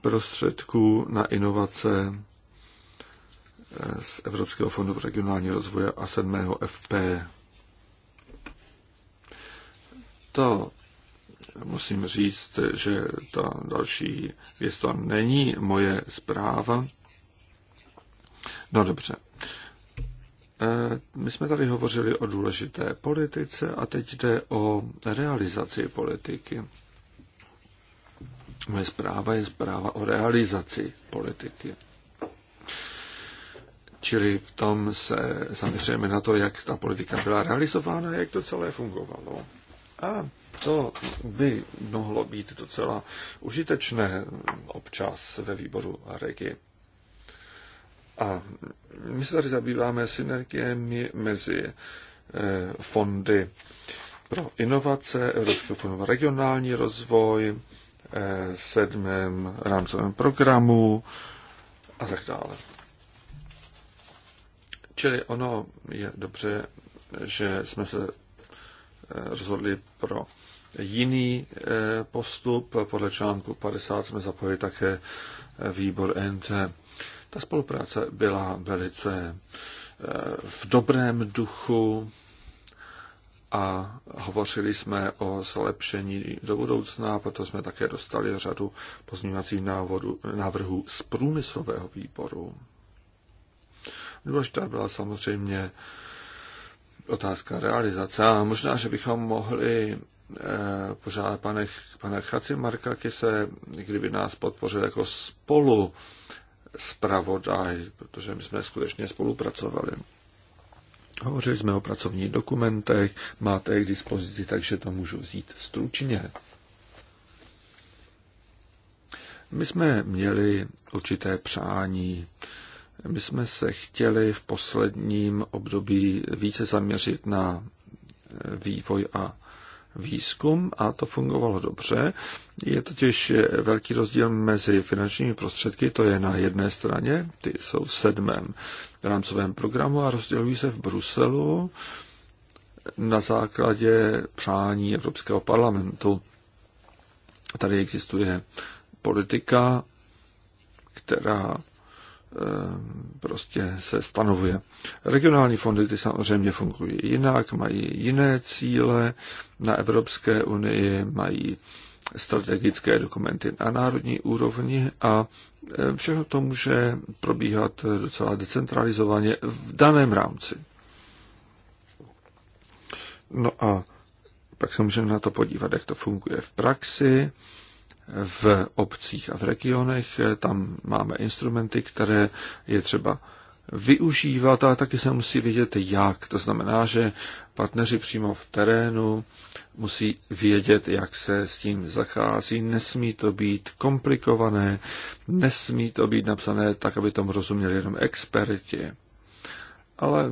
prostředků na inovace eh, z Evropského fondu pro regionální rozvoj a 7. FP. To musím říct, že ta další věc to není moje zpráva. No dobře, Eh, my jsme tady hovořili o důležité politice a teď jde o realizaci politiky. Moje zpráva je zpráva o realizaci politiky. Čili v tom se zaměřujeme na to, jak ta politika byla realizována, jak to celé fungovalo. A to by mohlo být docela užitečné občas ve výboru Regi. A my se tady zabýváme synergiemi mezi eh, fondy pro inovace, Evropského fondu pro regionální rozvoj, eh, sedmém rámcovém programu a tak dále. Čili ono je dobře, že jsme se eh, rozhodli pro jiný postup. Podle článku 50 jsme zapojili také výbor NT. Ta spolupráce byla velice eh, v dobrém duchu a hovořili jsme o zlepšení do budoucna, proto jsme také dostali řadu pozměňovacích návrhů z průmyslového výboru. Důležitá byla samozřejmě otázka realizace. A možná, že bychom mohli eh, požádat pane, pana Chacimarka, kdyby nás podpořil jako spolu zpravodaj, protože my jsme skutečně spolupracovali. Hovořili jsme o pracovních dokumentech, máte je k dispozici, takže to můžu vzít stručně. My jsme měli určité přání. My jsme se chtěli v posledním období více zaměřit na vývoj a výzkum a to fungovalo dobře. Je totiž velký rozdíl mezi finančními prostředky, to je na jedné straně, ty jsou v sedmém rámcovém programu a rozdělují se v Bruselu na základě přání Evropského parlamentu. Tady existuje politika, která Eh, prostě se stanovuje. Regionální fondy ty samozřejmě fungují jinak, mají jiné cíle na Evropské unii, mají strategické dokumenty na národní úrovni a eh, všechno to může probíhat docela decentralizovaně v daném rámci. No a pak se můžeme na to podívat, jak to funguje v praxi v obcích a v regionech. Tam máme instrumenty, které je třeba využívat, ale taky se musí vědět jak. To znamená, že partneři přímo v terénu musí vědět, jak se s tím zachází. Nesmí to být komplikované, nesmí to být napsané tak, aby tomu rozuměli jenom experti ale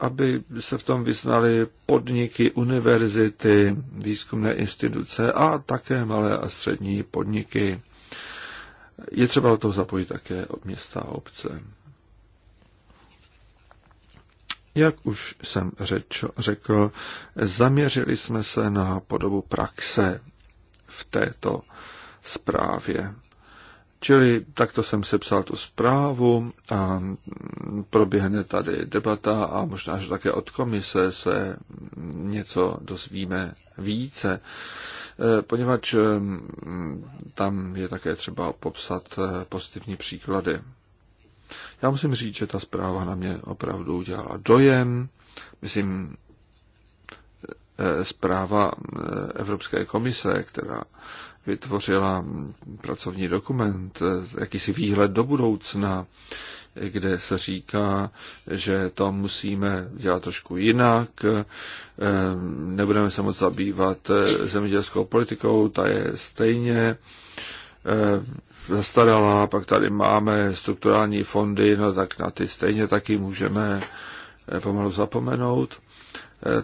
aby se v tom vyznali podniky, univerzity, výzkumné instituce a také malé a střední podniky. Je třeba o tom zapojit také od města a obce. Jak už jsem řečo, řekl, zaměřili jsme se na podobu praxe v této zprávě. Čili takto jsem sepsal tu zprávu a proběhne tady debata a možná, že také od komise se něco dozvíme více, e, poněvadž e, tam je také třeba popsat e, pozitivní příklady. Já musím říct, že ta zpráva na mě opravdu udělala dojem. Myslím, zpráva Evropské komise, která vytvořila pracovní dokument, eh, jakýsi výhled do budoucna, kde se říká, že to musíme dělat trošku jinak, eh, nebudeme se moc zabývat eh, zemědělskou politikou, ta je stejně zastarala, pak tady máme strukturální fondy, no tak na ty stejně taky můžeme pomalu zapomenout.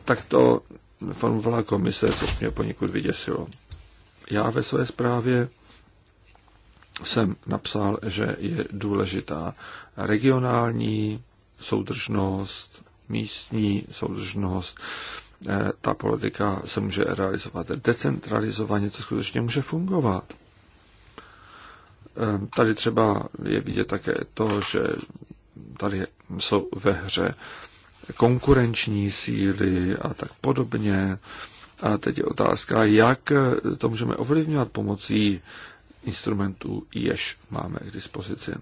Tak to formovala komise, což mě poněkud vyděsilo. Já ve své zprávě jsem napsal, že je důležitá regionální soudržnost, místní soudržnost. Eh, ta politika se může realizovat decentralizovaně, to skutečně může fungovat. Eh, tady třeba je vidět také to, že tady jsou ve hře konkurenční síly a tak podobně. A teď je otázka, jak to můžeme ovlivňovat pomocí instrumentů, jež máme k dispozici.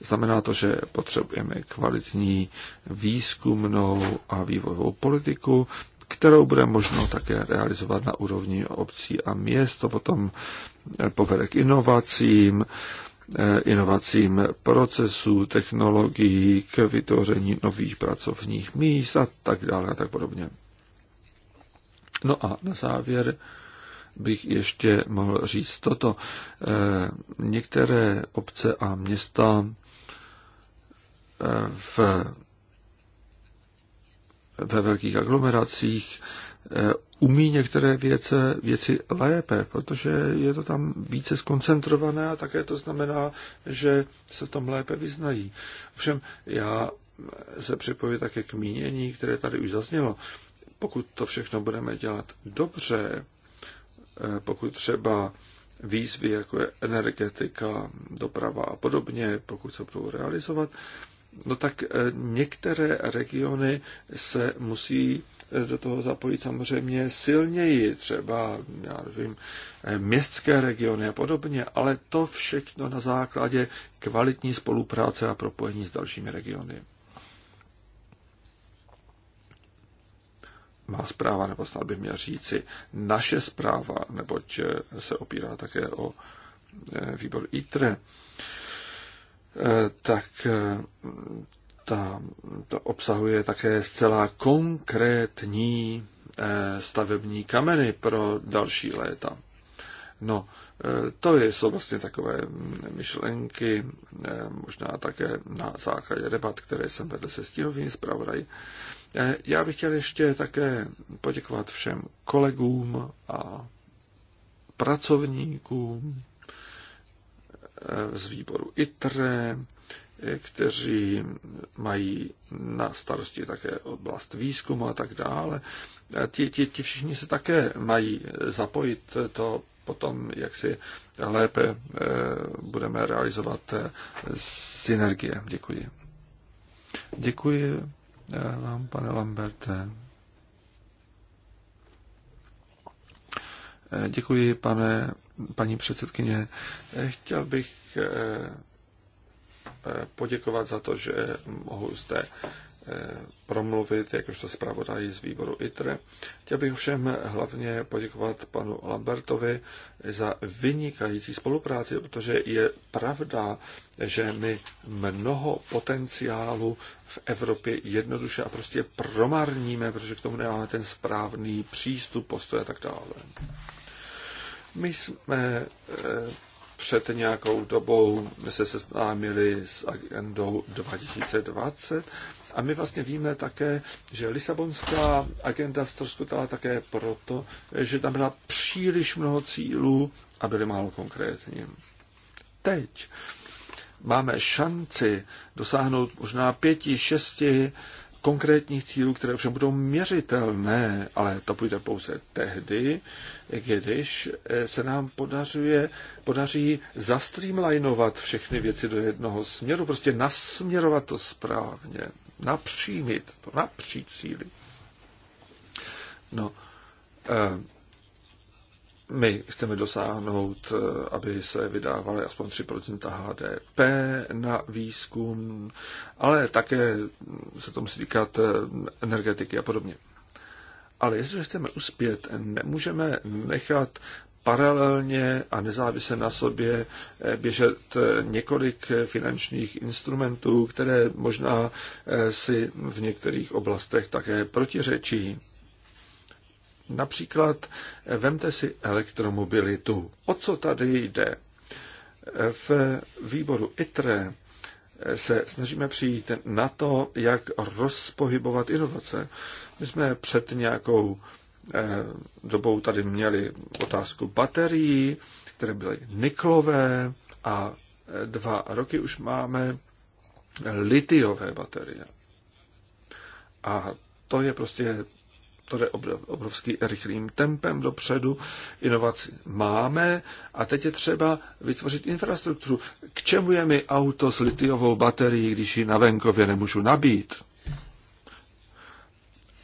Znamená to, že potřebujeme kvalitní výzkumnou a vývojovou politiku, kterou bude možno také realizovat na úrovni obcí a měst. To potom povede k inovacím, eh, inovacím procesů, technologií, k vytvoření nových pracovních míst a tak dále a tak podobně. No a na závěr bych ještě mohl říct toto. Eh, některé obce a města eh, v, ve velkých aglomeracích eh, umí některé věce, věci lépe, protože je to tam více skoncentrované a také to znamená, že se v tom lépe vyznají. Ovšem já se připojuji také k mínění, které tady už zaznělo pokud to všechno budeme dělat dobře, eh, pokud třeba výzvy, jako je energetika, doprava a podobně, pokud se budou realizovat, no tak eh, některé regiony se musí eh, do toho zapojit samozřejmě silněji, třeba, já nevím, městské regiony a podobně, ale to všechno na základě kvalitní spolupráce a propojení s dalšími regiony. má zpráva, nebo snad bych měl říci, naše zpráva, neboť eh, se opírá také o eh, výbor ITRE, eh, tak ta, to obsahuje také zcela konkrétní stavební kameny pro další léta. No, to jsou vlastně takové mm, myšlenky, možná také na základě debat, které jsem vedl se stínovým zpravodají. Eh, já bych chtěl ještě také poděkovat všem kolegům a pracovníkům eh, z výboru ITRE, eh, kteří mají na starosti také oblast výzkumu a tak dále. Ti, ti, ti všichni se také mají zapojit to potom, jak si lépe budeme realizovat synergie. Děkuji. Děkuji vám, pane Lamberte. Eh, děkuji, pane, paní předsedkyně. Eh, chtěl bych eh, poděkovat za to, že mohu zde Eh, promluvit, jakožto zpravodaj z výboru ITRE. Chtěl bych všem hlavně poděkovat panu Lambertovi za vynikající spolupráci, protože je pravda, že my mnoho potenciálu v Evropě jednoduše a prostě promarníme, protože k tomu nemáme ten správný přístup, postoj a tak dále. My jsme eh, před nějakou dobou se seznámili s agendou 2020 a my vlastně víme také, že Lisabonská agenda ztroskotala také proto, že tam byla příliš mnoho cílů a byly málo konkrétní. Teď máme šanci dosáhnout možná pěti, šesti konkrétních cílů, které všem budou měřitelné, ale to půjde pouze tehdy, když se nám podařuje, podaří zastreamlinovat všechny věci do jednoho směru, prostě nasměrovat to správně napřímit, to napřít síly. No, eh, my chceme dosáhnout, eh, aby se vydávaly aspoň 3% HDP na výzkum, ale také se to musí týkat eh, energetiky a podobně. Ale jestliže chceme uspět, nemůžeme nechat paralelně a nezávisle na sobě eh, běžet eh, několik finančních instrumentů, které možná eh, si v některých oblastech také protiřečí. Například vemte si elektromobilitu. O co tady jde? V výboru ITRE se snažíme přijít na to, jak rozpohybovat inovace. My jsme před nějakou Eh, dobou tady měli otázku baterií, které byly niklové a eh, dva roky už máme litiové baterie. A to je prostě to jde obrovský rychlým tempem dopředu. Inovaci máme a teď je třeba vytvořit infrastrukturu. K čemu je mi auto s litiovou baterií, když ji na venkově nemůžu nabít?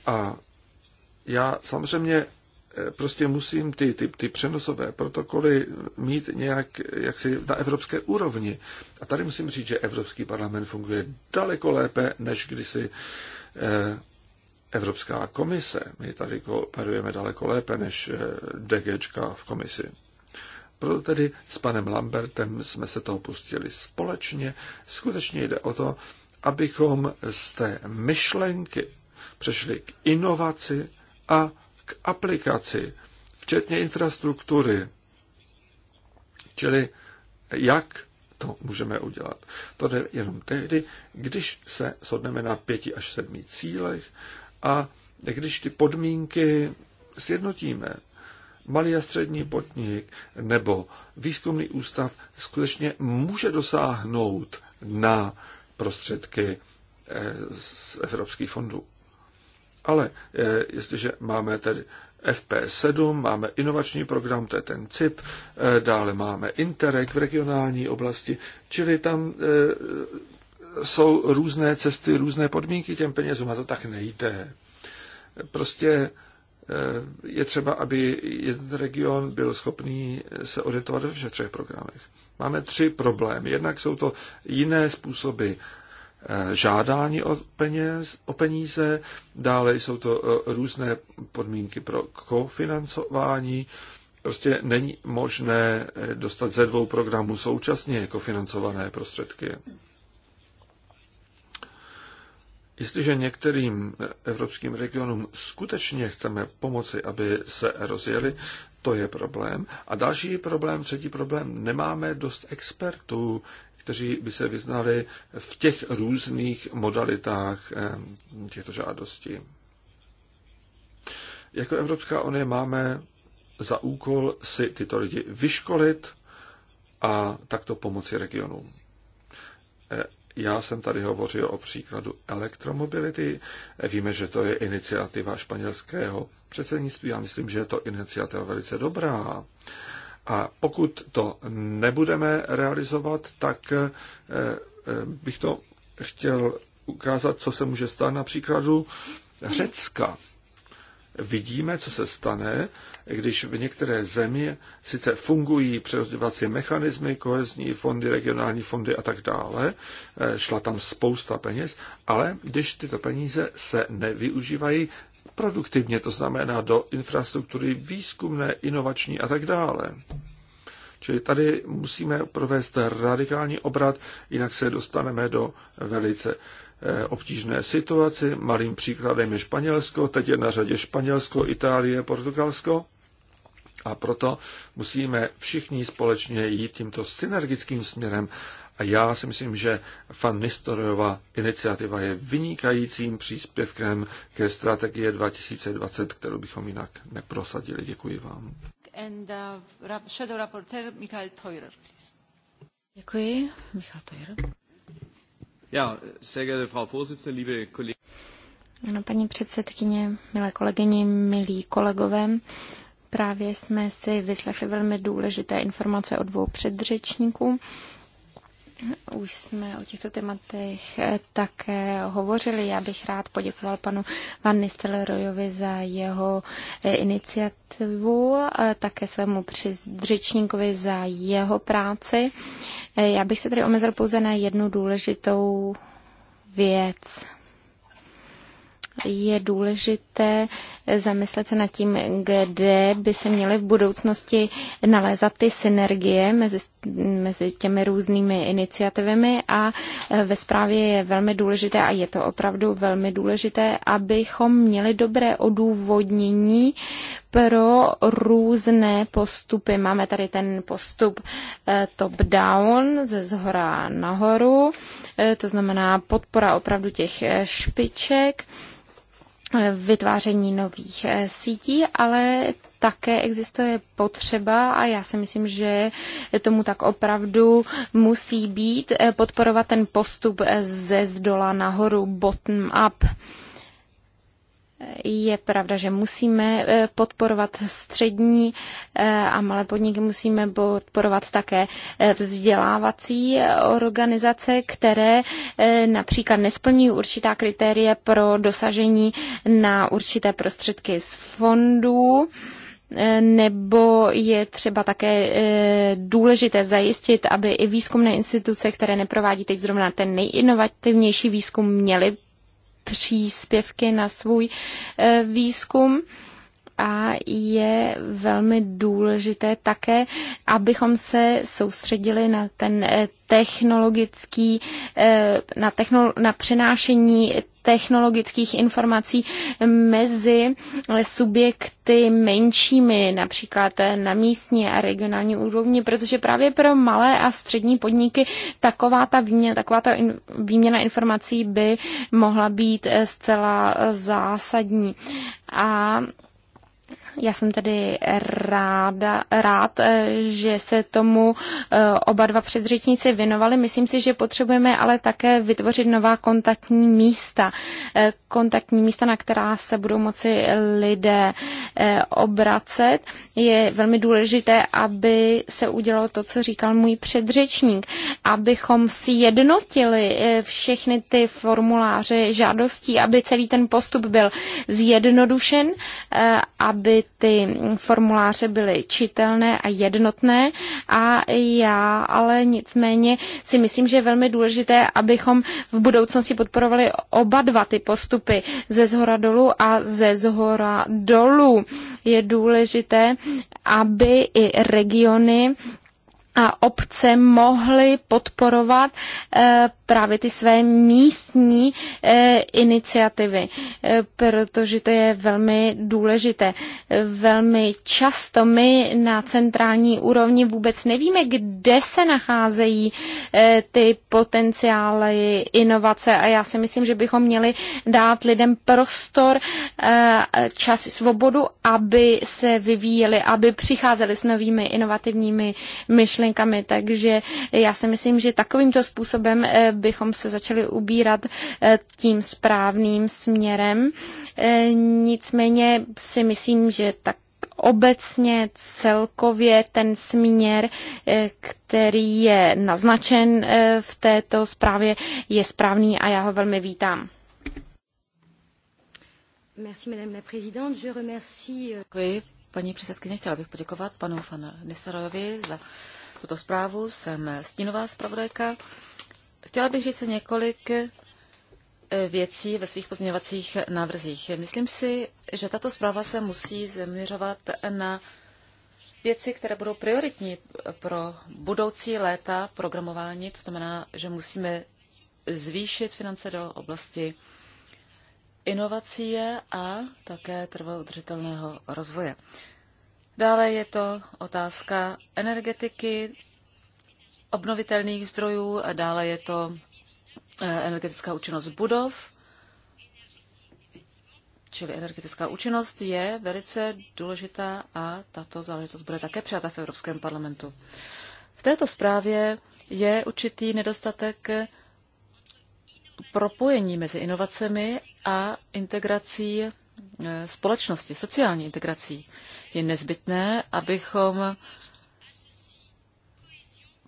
A já samozřejmě eh, prostě musím ty, ty, ty přenosové protokoly mít nějak jaksi na evropské úrovni. A tady musím říct, že Evropský parlament funguje daleko lépe, než kdysi eh, Evropská komise. My tady kooperujeme daleko lépe než eh, DGčka v komisi. Proto tedy s panem Lambertem jsme se toho pustili společně. Skutečně jde o to, abychom z té myšlenky přešli k inovaci, a k aplikaci, včetně infrastruktury. Čili jak to můžeme udělat? To jde jenom tehdy, když se shodneme na pěti až sedmi cílech a když ty podmínky sjednotíme, malý a střední podnik nebo výzkumný ústav skutečně může dosáhnout na prostředky eh, z evropských fondů. Ale eh, jestliže máme tedy FP7, máme inovační program, to je ten CIP, eh, dále máme Interreg v regionální oblasti, čili tam eh, jsou různé cesty, různé podmínky těm penězům a to tak nejde. Prostě je třeba, aby jeden region byl schopný se orientovat ve všech třech programech. Máme tři problémy. Jednak jsou to jiné způsoby Eh, žádání o, peněz, o peníze, dále jsou to eh, různé podmínky pro kofinancování. Prostě není možné eh, dostat ze dvou programů současně kofinancované prostředky. Jestliže některým evropským regionům skutečně chceme pomoci, aby se rozjeli, to je problém. A další problém, třetí problém, nemáme dost expertů, kteří by se vyznali v těch různých modalitách eh, těchto žádostí. Jako Evropská unie máme za úkol si tyto lidi vyškolit a takto pomoci regionům. Eh, já jsem tady hovořil o příkladu elektromobility. Eh, víme, že to je iniciativa španělského předsednictví. Já myslím, že je to iniciativa velice dobrá. A pokud to nebudeme realizovat, tak eh, eh, bych to chtěl ukázat, co se může stát na příkladu Řecka. Vidíme, co se stane, když v některé zemi sice fungují přerozdělovací mechanismy, kohezní fondy, regionální fondy a tak dále, eh, šla tam spousta peněz, ale když tyto peníze se nevyužívají produktivně, to znamená do infrastruktury výzkumné, inovační a tak dále. Čili tady musíme provést radikální obrat, jinak se dostaneme do velice eh, obtížné situaci. Malým příkladem je Španělsko, teď je na řadě Španělsko, Itálie, Portugalsko. A proto musíme všichni společně jít tímto synergickým směrem a já si myslím, že Fan Nistorova iniciativa je vynikajícím příspěvkem ke strategie 2020, kterou bychom jinak neprosadili. Děkuji vám. And, uh, shadow rapporteur Michael Teurer, Děkuji. Michal Teurer. Ja, sehr geehrte Frau Vorsitzende, liebe Kollegen. Ano, paní předsedkyně, milé kolegyně, milí kolegové, právě jsme si vyslechli velmi důležité informace od dvou předřečníků. Už jsme o těchto tématech eh, také hovořili. Já bych rád poděkoval panu Van Nistelrojovi za jeho eh, iniciativu, také svému předřečníkovi za jeho práci. Eh, já bych se tedy omezil pouze na jednu důležitou věc. Je důležité zamyslet se nad tím, kde by se měly v budoucnosti nalézat ty synergie mezi, mezi těmi různými iniciativami a eh, ve zprávě je velmi důležité a je to opravdu velmi důležité, abychom měli dobré odůvodnění pro různé postupy. Máme tady ten postup eh, top-down ze zhora nahoru, eh, to znamená podpora opravdu těch špiček, vytváření nových eh, sítí, ale také existuje potřeba a já si myslím, že tomu tak opravdu musí být eh, podporovat ten postup eh, ze zdola nahoru, bottom up. Je pravda, že musíme eh, podporovat střední eh, a malé podniky, musíme podporovat také eh, vzdělávací organizace, které například nesplňují určitá kritéria pro dosažení na určité prostředky z fondů nebo je třeba také důležité zajistit, aby i výzkumné instituce, které neprovádí teď zrovna ten nejinovativnější výzkum, měly příspěvky na svůj eh, výzkum a je velmi důležité také, abychom se soustředili na ten eh, technologický, eh, na, technolo, na přenášení technologických informací mezi eh, subjekty menšími, například na místní a regionální úrovni, protože právě pro malé a střední podniky taková ta výměna, taková ta výměna informací by mohla být zcela zásadní. A já jsem tedy ráda, rád, eh, že se tomu eh, oba dva předřečníci věnovali. Myslím si, že potřebujeme ale také vytvořit nová kontaktní místa. Eh, kontaktní místa, na která se budou moci lidé obracet. Je velmi důležité, aby se udělalo to, co říkal můj předřečník, abychom jednotili všechny ty formuláře žádostí, aby celý ten postup byl zjednodušen, aby aby ty formuláře byly čitelné a jednotné a já ale nicméně si myslím, že je velmi důležité, abychom v budoucnosti podporovali oba dva ty postupy ze zhora dolů a ze zhora dolů. Je důležité, aby i regiony a obce mohly podporovat eh, právě ty své místní eh, iniciativy, eh, protože to je velmi důležité. Velmi často my na centrální úrovni vůbec nevíme, kde se nacházejí ty potenciály inovace a já si myslím, že bychom měli dát lidem prostor, čas, svobodu, aby se vyvíjeli, aby přicházeli s novými inovativními myšlenkami myšlenkami, takže já si myslím, že takovýmto způsobem eh, bychom se začali ubírat eh, tím správným směrem. Eh, nicméně si myslím, že tak obecně celkově ten směr, který je naznačen v této zprávě, je správný a já ho velmi vítám. Merci, madame la présidente. Je remercie... Euh, Děkuji, paní předsedkyně. Chtěla bych poděkovat panu Fan Nisterovi za tuto zprávu. Jsem stínová zpravodajka. Chtěla bych říct několik eh, věcí ve svých pozměňovacích návrzích. Myslím si, že tato zpráva se musí zaměřovat na věci, které budou prioritní pro budoucí léta programování. To znamená, že musíme zvýšit finance do oblasti inovací a také trvalo udržitelného rozvoje. Dále je to otázka energetiky, obnovitelných zdrojů a dále je to eh, energetická účinnost budov. Čili energetická účinnost je velice důležitá a tato záležitost bude také přijata v Evropském parlamentu. V této zprávě je určitý nedostatek propojení mezi inovacemi a integrací eh, společnosti, sociální integrací je nezbytné, abychom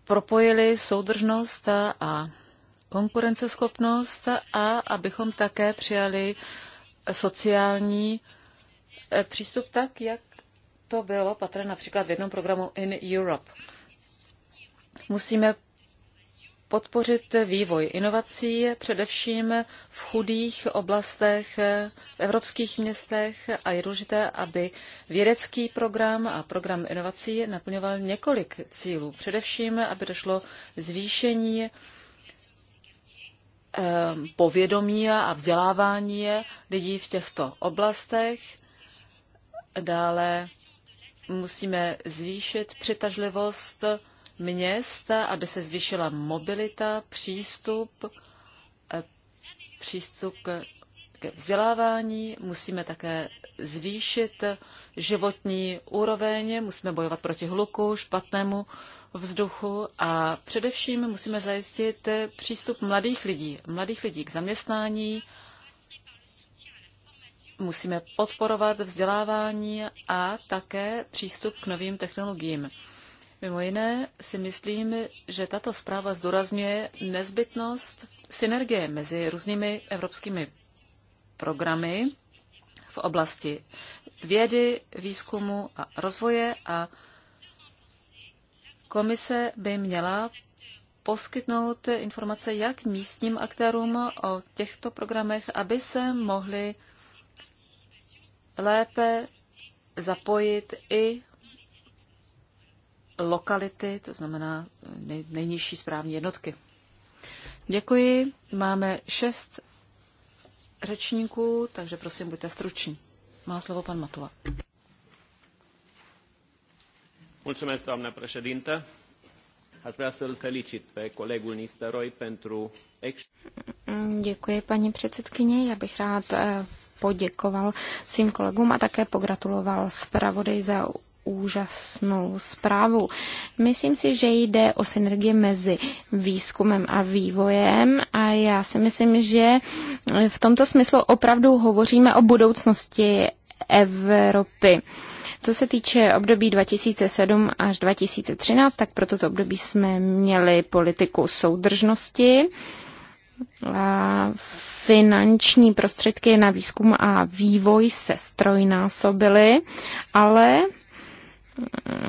propojili soudržnost a konkurenceschopnost a abychom také přijali sociální eh, přístup tak, jak to bylo patrné například v jednom programu In Europe. Musíme podpořit vývoj inovací, především v chudých oblastech, v evropských městech a je důležité, aby vědecký program a program inovací naplňoval několik cílů. Především, aby došlo zvýšení eh, povědomí a vzdělávání lidí v těchto oblastech. Dále musíme zvýšit přitažlivost měst, aby se zvýšila mobilita, přístup, eh, přístup ke vzdělávání, musíme také zvýšit životní úroveň, musíme bojovat proti hluku, špatnému vzduchu a především musíme zajistit přístup mladých lidí, mladých lidí k zaměstnání, musíme podporovat vzdělávání a také přístup k novým technologiím. Mimo jiné si myslím, že tato zpráva zdůrazňuje nezbytnost synergie mezi různými evropskými programy v oblasti vědy, výzkumu a rozvoje a komise by měla poskytnout informace jak místním aktérům o těchto programech, aby se mohli lépe zapojit i lokality, to znamená eh, nej, nejnižší správní jednotky. Děkuji. Máme šest řečníků, takže prosím, buďte struční. Má slovo pan Matula. Mulțumesc, doamnă președintă. Aș vrea să-l felicit pe colegul Nisteroi pentru... Děkuji, paní předsedkyně. Já bych rád eh, poděkoval svým kolegům a také pogratuloval zpravodaj za úžasnou zprávu. Myslím si, že jde o synergie mezi výzkumem a vývojem a já si myslím, že v tomto smyslu opravdu hovoříme o budoucnosti Evropy. Co se týče období 2007 až 2013, tak pro toto období jsme měli politiku soudržnosti, finanční prostředky na výzkum a vývoj se strojnásobily, ale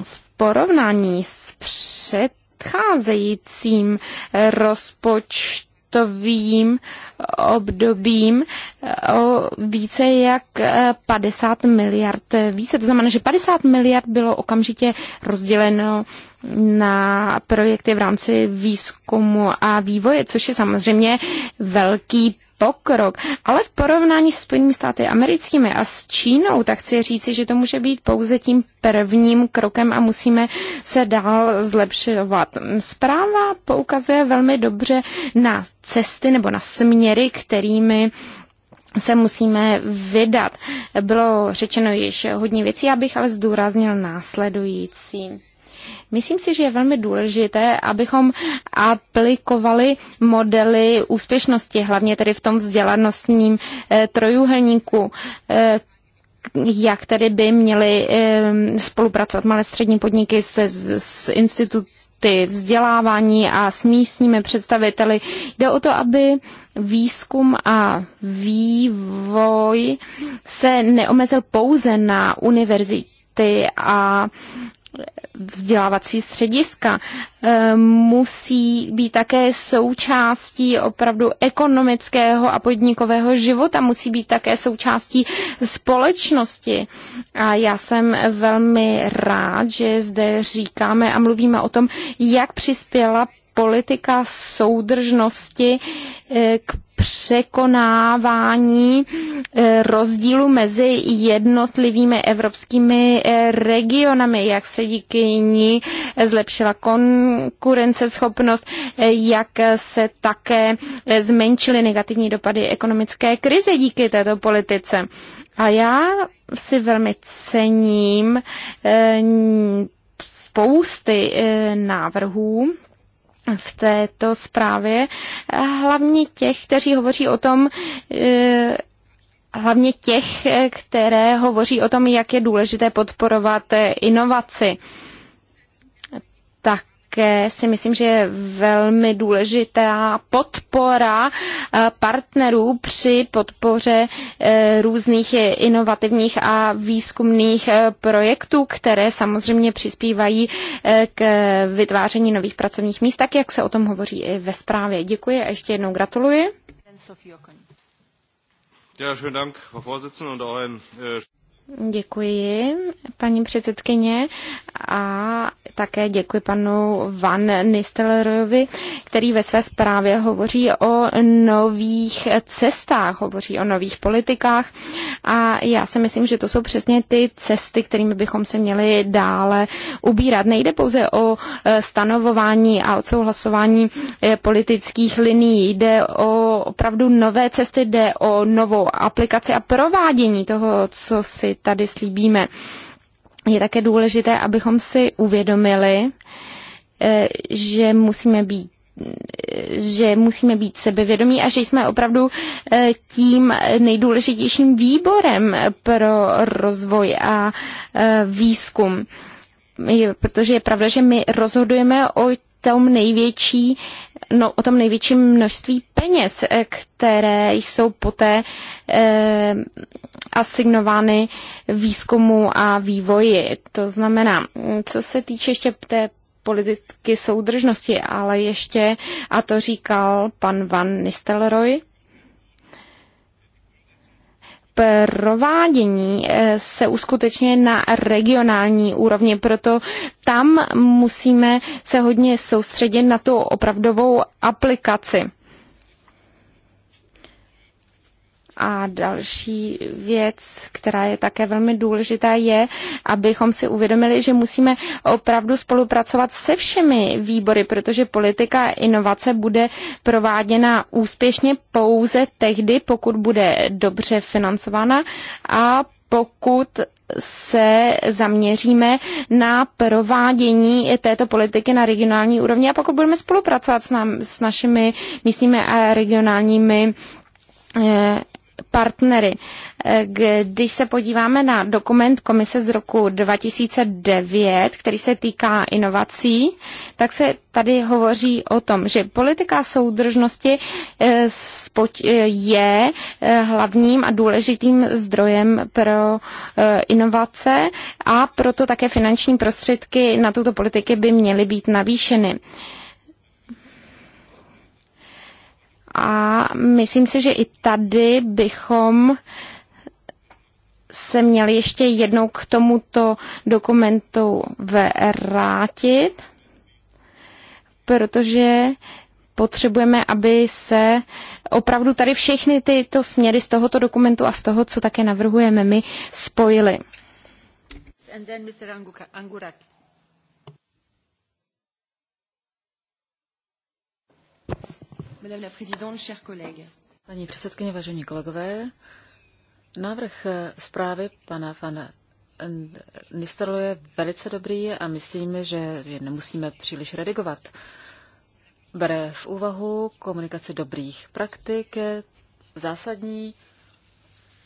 v porovnání s předcházejícím rozpočtovým obdobím o více jak 50 miliard více. To znamená, že 50 miliard bylo okamžitě rozděleno na projekty v rámci výzkumu a vývoje, což je samozřejmě velký pokrok, ale v porovnání s Spojenými státy americkými a s Čínou, tak chci říci, že to může být pouze tím prvním krokem a musíme se dál zlepšovat. Zpráva poukazuje velmi dobře na cesty nebo na směry, kterými se musíme vydat. Bylo řečeno již hodně věcí, abych ale zdůraznil následující. Myslím si, že je velmi důležité, abychom aplikovali modely úspěšnosti, hlavně tedy v tom vzdělanostním eh, trojuhelníku, eh, jak tedy by měly eh, spolupracovat malé střední podniky se, s instituty vzdělávání a s místními představiteli. Jde o to, aby výzkum a vývoj se neomezil pouze na univerzity a vzdělávací střediska eh, musí být také součástí opravdu ekonomického a podnikového života, musí být také součástí společnosti. A já jsem velmi rád, že zde říkáme a mluvíme o tom, jak přispěla politika soudržnosti eh, k překonávání eh, rozdílu mezi jednotlivými evropskými eh, regionami, jak se díky ní zlepšila konkurenceschopnost, jak se také zmenšily negativní dopady ekonomické krize díky této politice. A já si velmi cením spousty návrhů, v této zprávě, hlavně těch, kteří hovoří o tom, e, hlavně těch, které hovoří o tom, jak je důležité podporovat e, inovaci. Tak také si myslím, že je velmi důležitá podpora eh, partnerů při podpoře eh, různých inovativních a výzkumných eh, projektů, které samozřejmě přispívají k vytváření nových pracovních míst, tak jak se o tom hovoří i ve zprávě. Děkuji a ještě jednou gratuluji. Ja, schönen Dank, Frau Vorsitzende, und auch ein äh Děkuji, paní předsedkyně, a také děkuji panu Van Nistelrojovi, který ve své zprávě hovoří o nových cestách, hovoří o nových politikách a já si myslím, že to jsou přesně ty cesty, kterými bychom se měli dále ubírat. Nejde pouze o e, stanovování a odsouhlasování e, politických linií, jde o opravdu nové cesty, jde o novou aplikaci a provádění toho, co si tady slíbíme. Je také důležité, abychom si uvědomili, eh, že musíme být že musíme být sebevědomí a že jsme opravdu eh, tím nejdůležitějším výborem pro rozvoj a eh, výzkum. Protože je pravda, že my rozhodujeme o tom největší, no, o tom největším množství peněz, eh, které jsou poté eh, asignovány výzkumu a vývoji. To znamená, co se týče ještě té politiky soudržnosti, ale ještě, a to říkal pan Van Nistelrooy, provádění eh, se uskutečňuje na regionální úrovni, proto tam musíme se hodně soustředit na tu opravdovou aplikaci. A další věc, která je také velmi důležitá, je, abychom si uvědomili, že musíme opravdu spolupracovat se všemi výbory, protože politika inovace bude prováděna úspěšně pouze tehdy, pokud bude dobře financována a pokud se zaměříme na provádění této politiky na regionální úrovni a pokud budeme spolupracovat s, nám, s našimi místními a regionálními eh, partnery. Eh, když se podíváme na dokument komise z roku 2009, který se týká inovací, tak se tady hovoří o tom, že politika soudržnosti eh, eh, je hlavním a důležitým zdrojem pro inovace a proto také finanční prostředky na tuto politiky by měly být navýšeny. A myslím si, že i tady bychom se měli ještě jednou k tomuto dokumentu vrátit, protože potřebujeme, aby se opravdu tady všechny tyto směry z tohoto dokumentu a z toho, co také navrhujeme my, spojily. Madame la présidente, chers collègues. Paní předsedkyně, vážení kolegové, návrh eh, zprávy pana van Nistelrooy je velice dobrý a myslím, že je nemusíme příliš redigovat. Bere v úvahu komunikaci dobrých praktik, eh, zásadní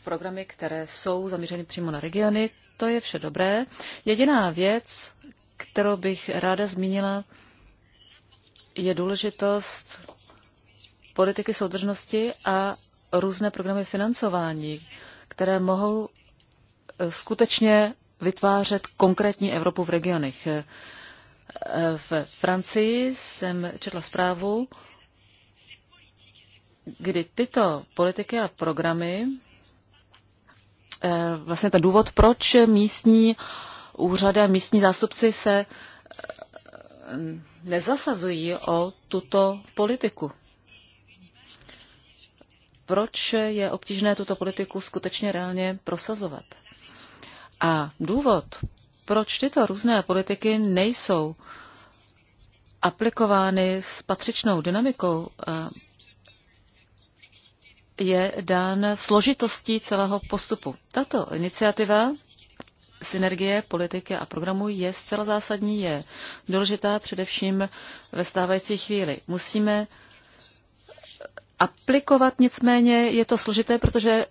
programy, které jsou zaměřeny přímo na regiony. To je vše dobré. Jediná věc, kterou bych ráda zmínila, je důležitost politiky soudržnosti a různé programy financování, které mohou eh, skutečně vytvářet konkrétní Evropu v regionech. Eh, v Francii jsem četla zprávu, kdy tyto politiky a programy, eh, vlastně ten důvod, proč místní úřady a místní zástupci se nezasazují o tuto politiku proč je obtížné tuto politiku skutečně reálně prosazovat. A důvod, proč tyto různé politiky nejsou aplikovány s patřičnou dynamikou, eh, je dán složitostí celého postupu. Tato iniciativa synergie politiky a programu je zcela zásadní, je důležitá především ve stávající chvíli. Musíme aplikovat, nicméně je to složité, protože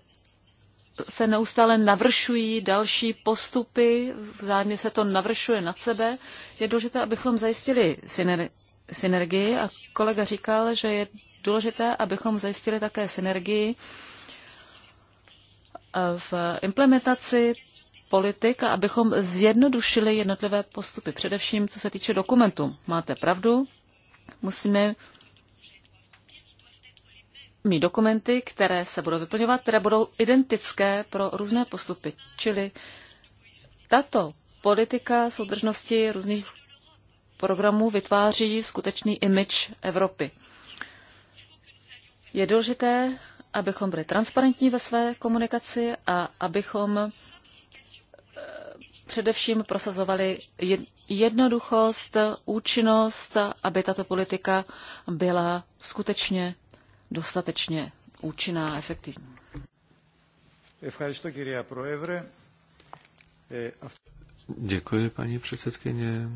se neustále navršují další postupy, vzájemně se to navršuje nad sebe. Je důležité, abychom zajistili syner- synergii a kolega říkal, že je důležité, abychom zajistili také synergii eh, v implementaci politik a abychom zjednodušili jednotlivé postupy, především co se týče dokumentů. Máte pravdu, musíme mít dokumenty, které se budou vyplňovat, které budou identické pro různé postupy. Čili tato politika soudržnosti různých programů vytváří skutečný image Evropy. Je důležité, abychom byli transparentní ve své komunikaci a abychom eh, především prosazovali jednoduchost, účinnost, aby tato politika byla skutečně dostatečně účinná a efektivní. E, Děkuji, paní předsedkyně.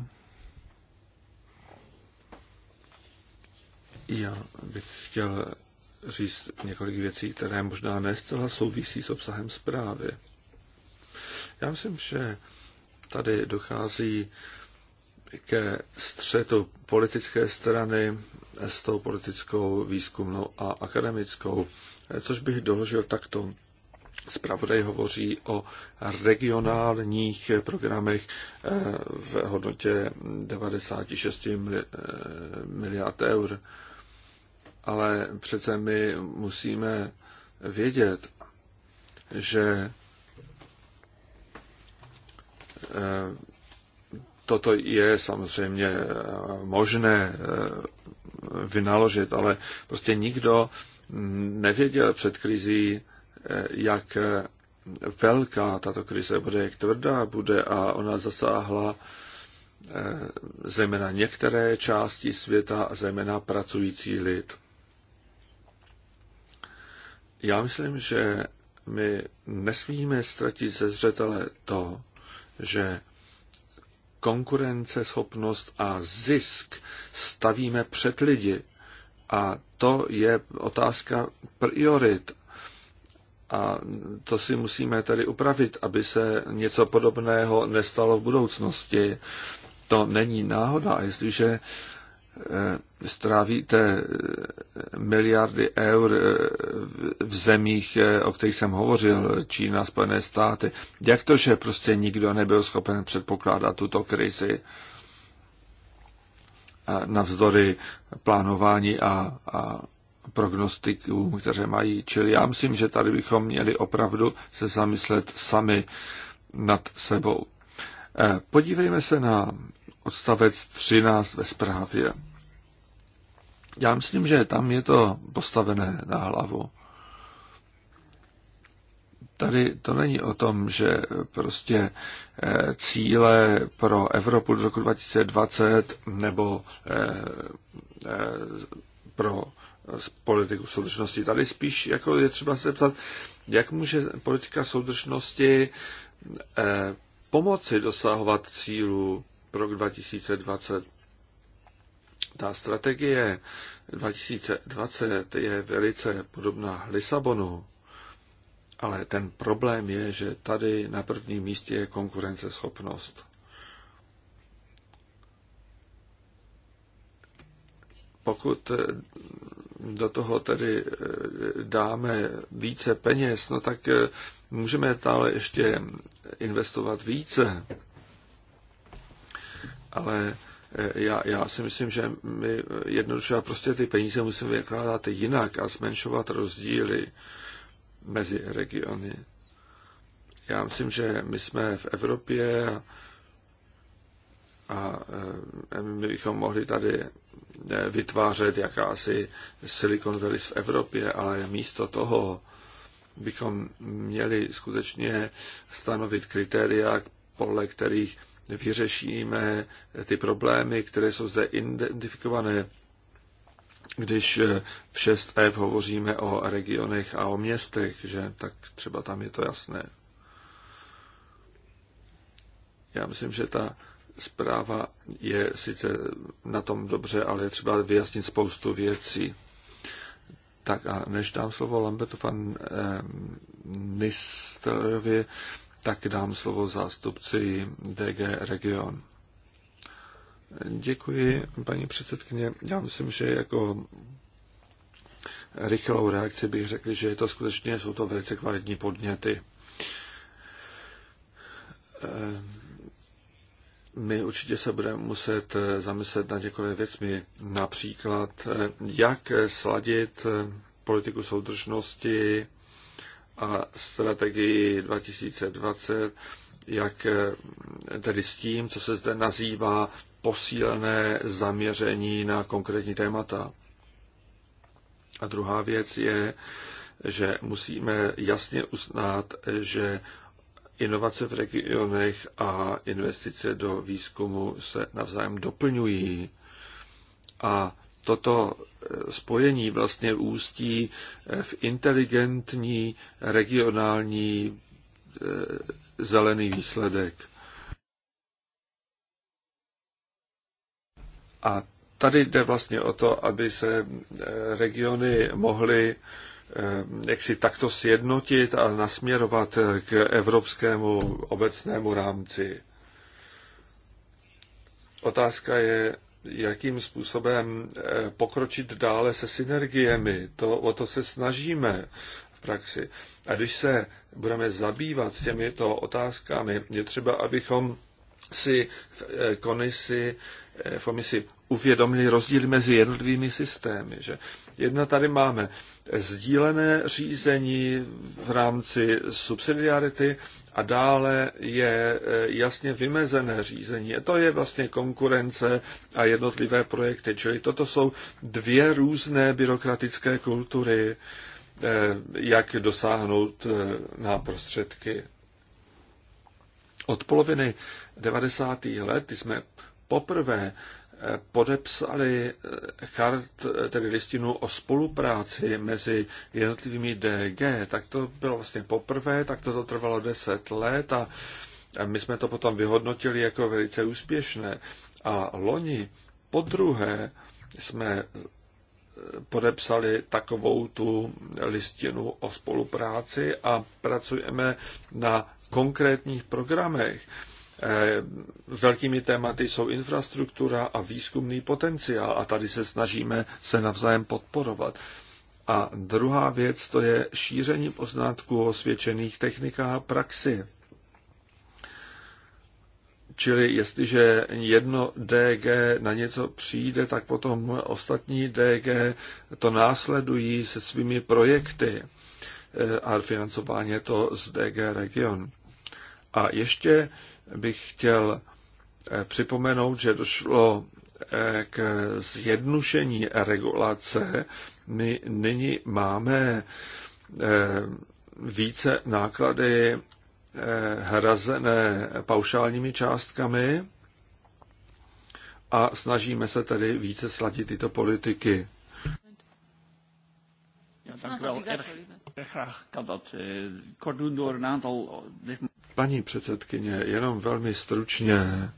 Já bych chtěl říct několik věcí, které možná ne zcela souvisí s obsahem zprávy. Já myslím, že tady dochází ke střetu politické strany s tou politickou, výzkumnou a akademickou, což bych doložil takto. Zpravodaj hovoří o regionálních programech eh, v hodnotě 96 eh, miliard eur. Ale přece my musíme vědět, že eh, toto je samozřejmě eh, možné eh, vynaložit, ale prostě nikdo mm, nevěděl před krizí, eh, jak velká tato krize bude, jak tvrdá bude a ona zasáhla zejména některé části světa a zejména pracující lid. Já myslím, že my nesmíme ztratit ze zřetele to, že konkurenceschopnost a zisk stavíme před lidi. A to je otázka priorit. A to si musíme tedy upravit, aby se něco podobného nestalo v budoucnosti. To není náhoda. A jestliže Eh, strávíte eh, miliardy eur eh, v zemích, o kterých jsem hovořil, Čína, Spojené státy. Jak to, že prostě nikdo nebyl schopen předpokládat tuto krizi navzdory plánování a, a prognostikům, které mají. Čili já myslím, že tady bychom měli opravdu se zamyslet sami nad sebou. Podívejme se na odstavec 13 ve zprávě. Já myslím, že tam je to postavené na hlavu. Tady to není o tom, že prostě eh, cíle pro Evropu do roku 2020 nebo eh, eh, pro politiku soudržnosti. Tady spíš jako je třeba se ptat, jak může politika soudržnosti pomoci dosahovat cílů pro 2020. Ta strategie 2020 je velice podobná Lisabonu, ale ten problém je, že tady na prvním místě je konkurenceschopnost. Pokud do toho tedy dáme více peněz, no tak můžeme dále ještě investovat více. Ale Eh, já, já si myslím, že my eh, jednoduše prostě ty peníze musíme vykládat jinak a zmenšovat rozdíly mezi regiony. Já myslím, že my jsme v Evropě a, a eh, my bychom mohli tady vytvářet jakási Silicon Valley v Evropě, ale místo toho bychom měli skutečně stanovit kritéria, podle kterých vyřešíme ty problémy, které jsou zde identifikované, když v 6F hovoříme o regionech a o městech, že tak třeba tam je to jasné. Já myslím, že ta zpráva je sice na tom dobře, ale je třeba vyjasnit spoustu věcí. Tak a než dám slovo Lambertu van eh, Nisterovi, tak dám slovo zástupci DG Region. Děkuji, paní předsedkyně. Já myslím, že jako rychlou reakci bych řekl, že je to skutečně, jsou to velice kvalitní podněty. Eh, my určitě se budeme muset eh, zamyslet na několik věcmi, například eh, jak sladit politiku soudržnosti a strategii 2020, jak eh, tedy s tím, co se zde nazývá posílené zaměření na konkrétní témata. A druhá věc je, že musíme jasně uznat, že inovace v regionech a investice do výzkumu se navzájem doplňují. A toto spojení vlastně ústí v inteligentní regionální eh, zelený výsledek. A tady jde vlastně o to, aby se eh, regiony mohly eh, jak si takto sjednotit a nasměrovat k evropskému obecnému rámci. Otázka je, jakým způsobem eh, pokročit dále se synergiemi. To, o to se snažíme v praxi. A když se budeme zabývat těmito otázkami, je třeba, abychom si v eh, komisi, eh, v komisi uvědomili rozdíl mezi jednotlivými systémy. Že jedna tady máme sdílené řízení v rámci subsidiarity a dále je eh, jasně vymezené řízení. To je vlastně konkurence a jednotlivé projekty. Čili toto jsou dvě různé byrokratické kultury, eh, jak dosáhnout eh, na prostředky. Od poloviny 90. let jsme poprvé podepsali eh, chart, eh, tedy listinu o spolupráci mezi jednotlivými DG, tak to bylo vlastně poprvé, tak to trvalo deset let a my jsme to potom vyhodnotili jako velice úspěšné. A loni po druhé jsme eh, podepsali takovou tu listinu o spolupráci a pracujeme na konkrétních programech. Eh, velkými tématy jsou infrastruktura a výzkumný potenciál a tady se snažíme se navzájem podporovat. A druhá věc to je šíření poznatků o osvědčených technikách a praxi. Čili jestliže jedno DG na něco přijde, tak potom ostatní DG to následují se svými projekty eh, a financování je to z DG Region. A ještě bych chtěl eh, připomenout, že došlo eh, k zjednušení regulace. My nyní máme eh, více náklady hrazené paušálními částkami a snažíme se tedy více sladit tyto politiky. Já doen Paní předsedkyně, jenom velmi stručně,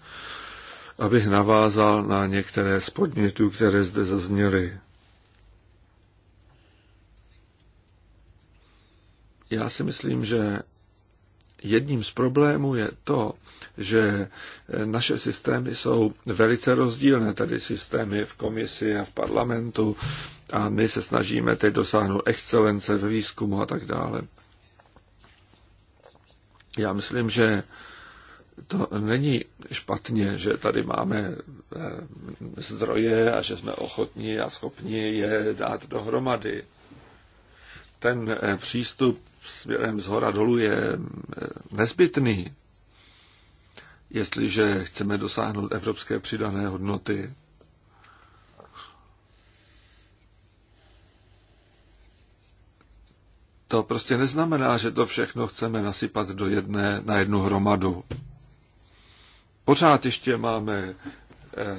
abych navázal na některé z podnětů, které zde zazněly. Já si myslím, že jedním z problémů je to, že naše systémy jsou velice rozdílné, tedy systémy v komisi a v parlamentu a my se snažíme teď dosáhnout excelence ve výzkumu a tak dále. Já myslím, že to není špatně, že tady máme eh, zdroje a že jsme ochotní a schopni je dát dohromady. Ten eh, přístup směrem z hora dolů je eh, nezbytný, jestliže chceme dosáhnout evropské přidané hodnoty. To prostě neznamená, že to všechno chceme nasypat do jedné, na jednu hromadu. Pořád ještě máme eh,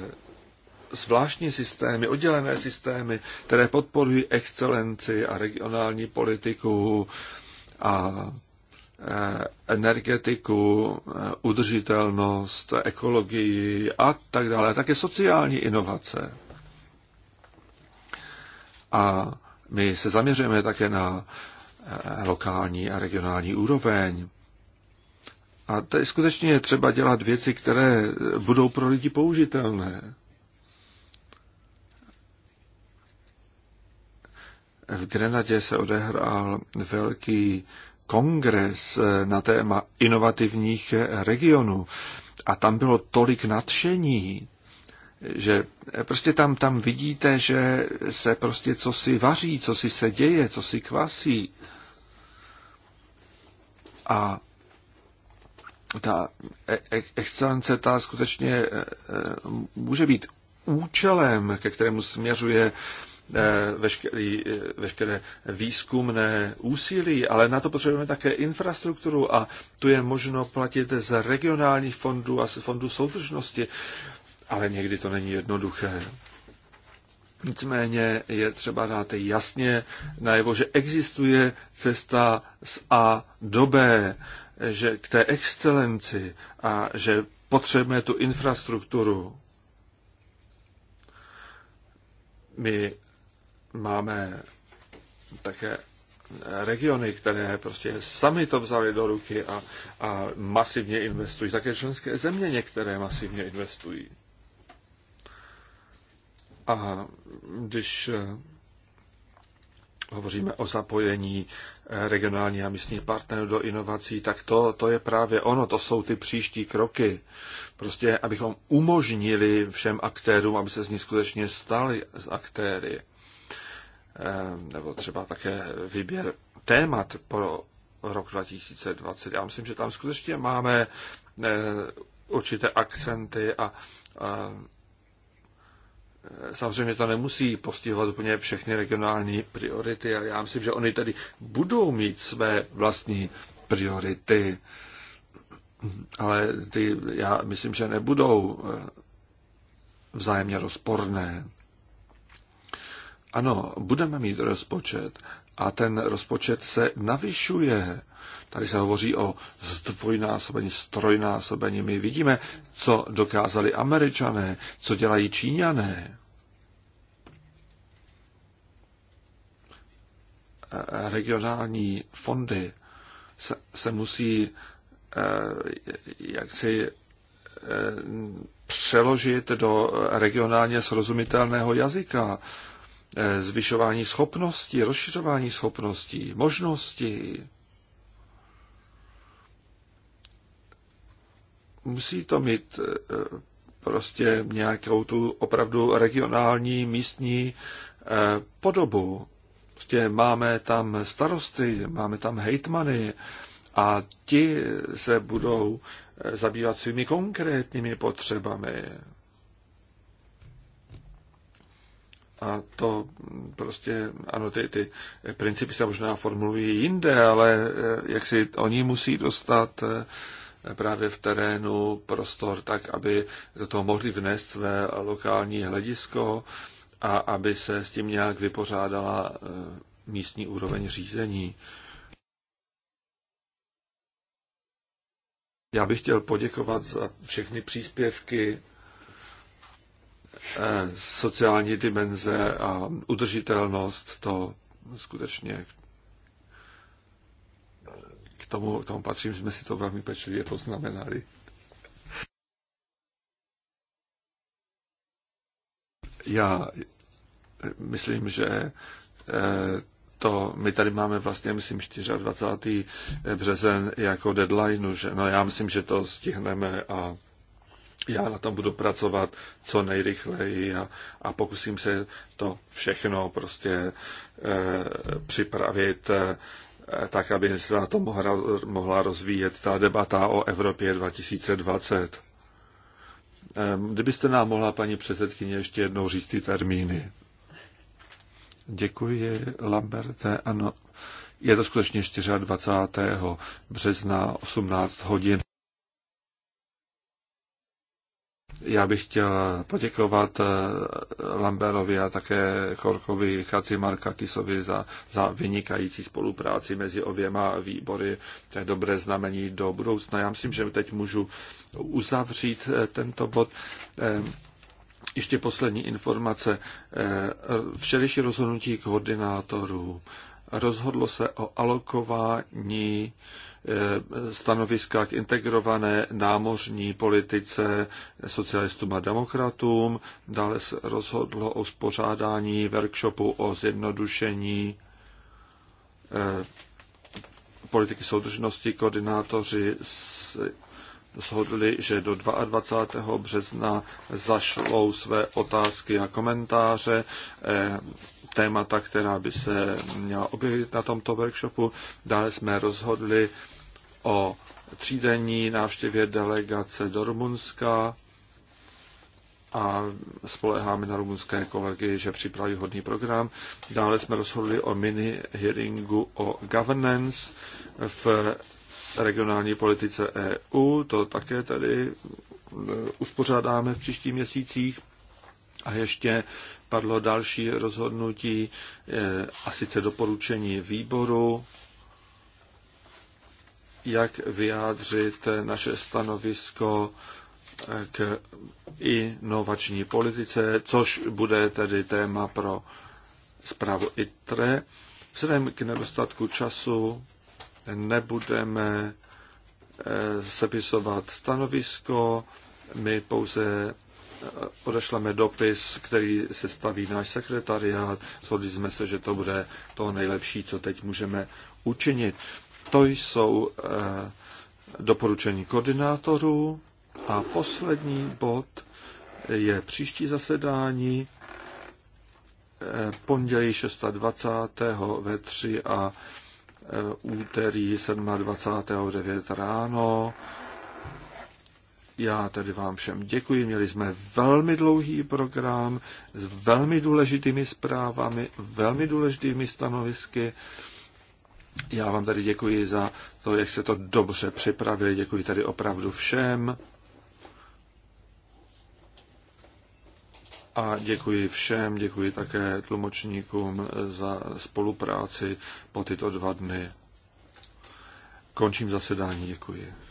zvláštní systémy, oddělené systémy, které podporují excelenci a regionální politiku a eh, energetiku, eh, udržitelnost, ekologii a tak dále, také sociální inovace. A my se zaměřujeme také na lokální a regionální úroveň. A tady skutečně je třeba dělat věci, které budou pro lidi použitelné. V Grenadě se odehrál velký kongres na téma inovativních regionů. A tam bylo tolik nadšení, že prostě tam, tam vidíte, že se prostě co si vaří, co si se děje, co si kvasí. A ta e- e- excelence, ta skutečně e- může být účelem, ke kterému směřuje veškerý, veškeré výzkumné úsilí, ale na to potřebujeme také infrastrukturu a tu je možno platit z regionálních fondů a z fondů soudržnosti, ale někdy to není jednoduché. Nicméně je třeba dát jasně najevo, že existuje cesta z A do B, že k té excelenci a že potřebujeme tu infrastrukturu. My máme také regiony, které prostě sami to vzali do ruky a, a masivně investují. Také členské země některé masivně investují. A když eh, hovoříme o zapojení eh, regionálních a místních partnerů do inovací, tak to, to je právě ono, to jsou ty příští kroky. Prostě, abychom umožnili všem aktérům, aby se z ní skutečně stali aktéry. Eh, nebo třeba také výběr témat pro rok 2020. Já myslím, že tam skutečně máme určité akcenty a, a samozřejmě to nemusí postihovat úplně všechny regionální priority, ale já myslím, že oni tady budou mít své vlastní priority. Ale ty, já myslím, že nebudou eh, vzájemně rozporné. Ano, budeme mít rozpočet a ten rozpočet se navyšuje Tady se hovoří o zdvojnásobení, strojnásobení. My vidíme, co dokázali američané, co dělají číňané. Eh, regionální fondy se, se musí eh, jak si eh, přeložit do regionálně srozumitelného jazyka, zvyšování schopností, rozšiřování schopností, možností. musí to mít eh, prostě nějakou tu opravdu regionální, místní eh, podobu. Prostě máme tam starosty, máme tam hejtmany a ti se budou eh, zabývat svými konkrétními potřebami. A to mm, prostě, ano, ty, ty principy se možná formulují jinde, ale jak si oni musí dostat právě v terénu prostor tak, aby do toho mohli vnést své lokální hledisko a aby se s tím nějak vypořádala eh, místní úroveň řízení. Já bych chtěl poděkovat za všechny příspěvky eh, sociální dimenze a udržitelnost. To skutečně tomu, tomu patřím, jsme si to velmi pečlivě poznamenali. Já myslím, že eh, to, my tady máme vlastně, myslím, 24. Eh, březen jako deadline, že no já myslím, že to stihneme a já na tom budu pracovat co nejrychleji a, a pokusím se to všechno prostě e, připravit Eh, tak aby se na to mohla, mohla rozvíjet ta debata o Evropě 2020. Kdybyste nám mohla, paní předsedkyně, ještě jednou říct ty termíny. Děkuji, Lamberte. Ano, je to skutečně 24. března 18 hodin. Já bych chtěl poděkovat eh, Lamberovi a také Chorkovi Kacimarka Kisovi za, za vynikající spolupráci mezi oběma výbory. To je dobré znamení do budoucna. Já myslím, že teď můžu uzavřít eh, tento bod. Eh, ještě poslední informace. Včerejší rozhodnutí koordinátorů rozhodlo se o alokování stanoviska k integrované námořní politice socialistům a demokratům. Dále se rozhodlo o spořádání workshopu o zjednodušení eh, politiky soudržnosti. Koordinátoři shodli, že do 22. března zašlou své otázky a komentáře eh, témata, která by se měla objevit na tomto workshopu. Dále jsme rozhodli o třídenní návštěvě delegace do Rumunska a spoleháme na rumunské kolegy, že připraví hodný program. Dále jsme rozhodli o mini-hearingu o governance v regionální politice EU. To také tady e, uspořádáme v příštích měsících. A ještě padlo další rozhodnutí, e, a sice doporučení výboru jak vyjádřit naše stanovisko k inovační politice, což bude tedy téma pro zprávu ITRE. Vzhledem k nedostatku času nebudeme eh, sepisovat stanovisko, my pouze eh, odešleme dopis, který se staví náš sekretariát. Shodli jsme se, že to bude to nejlepší, co teď můžeme učinit. To jsou eh, doporučení koordinátorů. A poslední bod je příští zasedání eh, pondělí 26. ve 3 a eh, úterý 27. ráno. Já tedy vám všem děkuji. Měli jsme velmi dlouhý program s velmi důležitými zprávami, velmi důležitými stanovisky. Já vám tady děkuji za to, jak se to dobře připravili. Děkuji tady opravdu všem. A děkuji všem, děkuji také tlumočníkům za spolupráci po tyto dva dny. Končím zasedání, děkuji.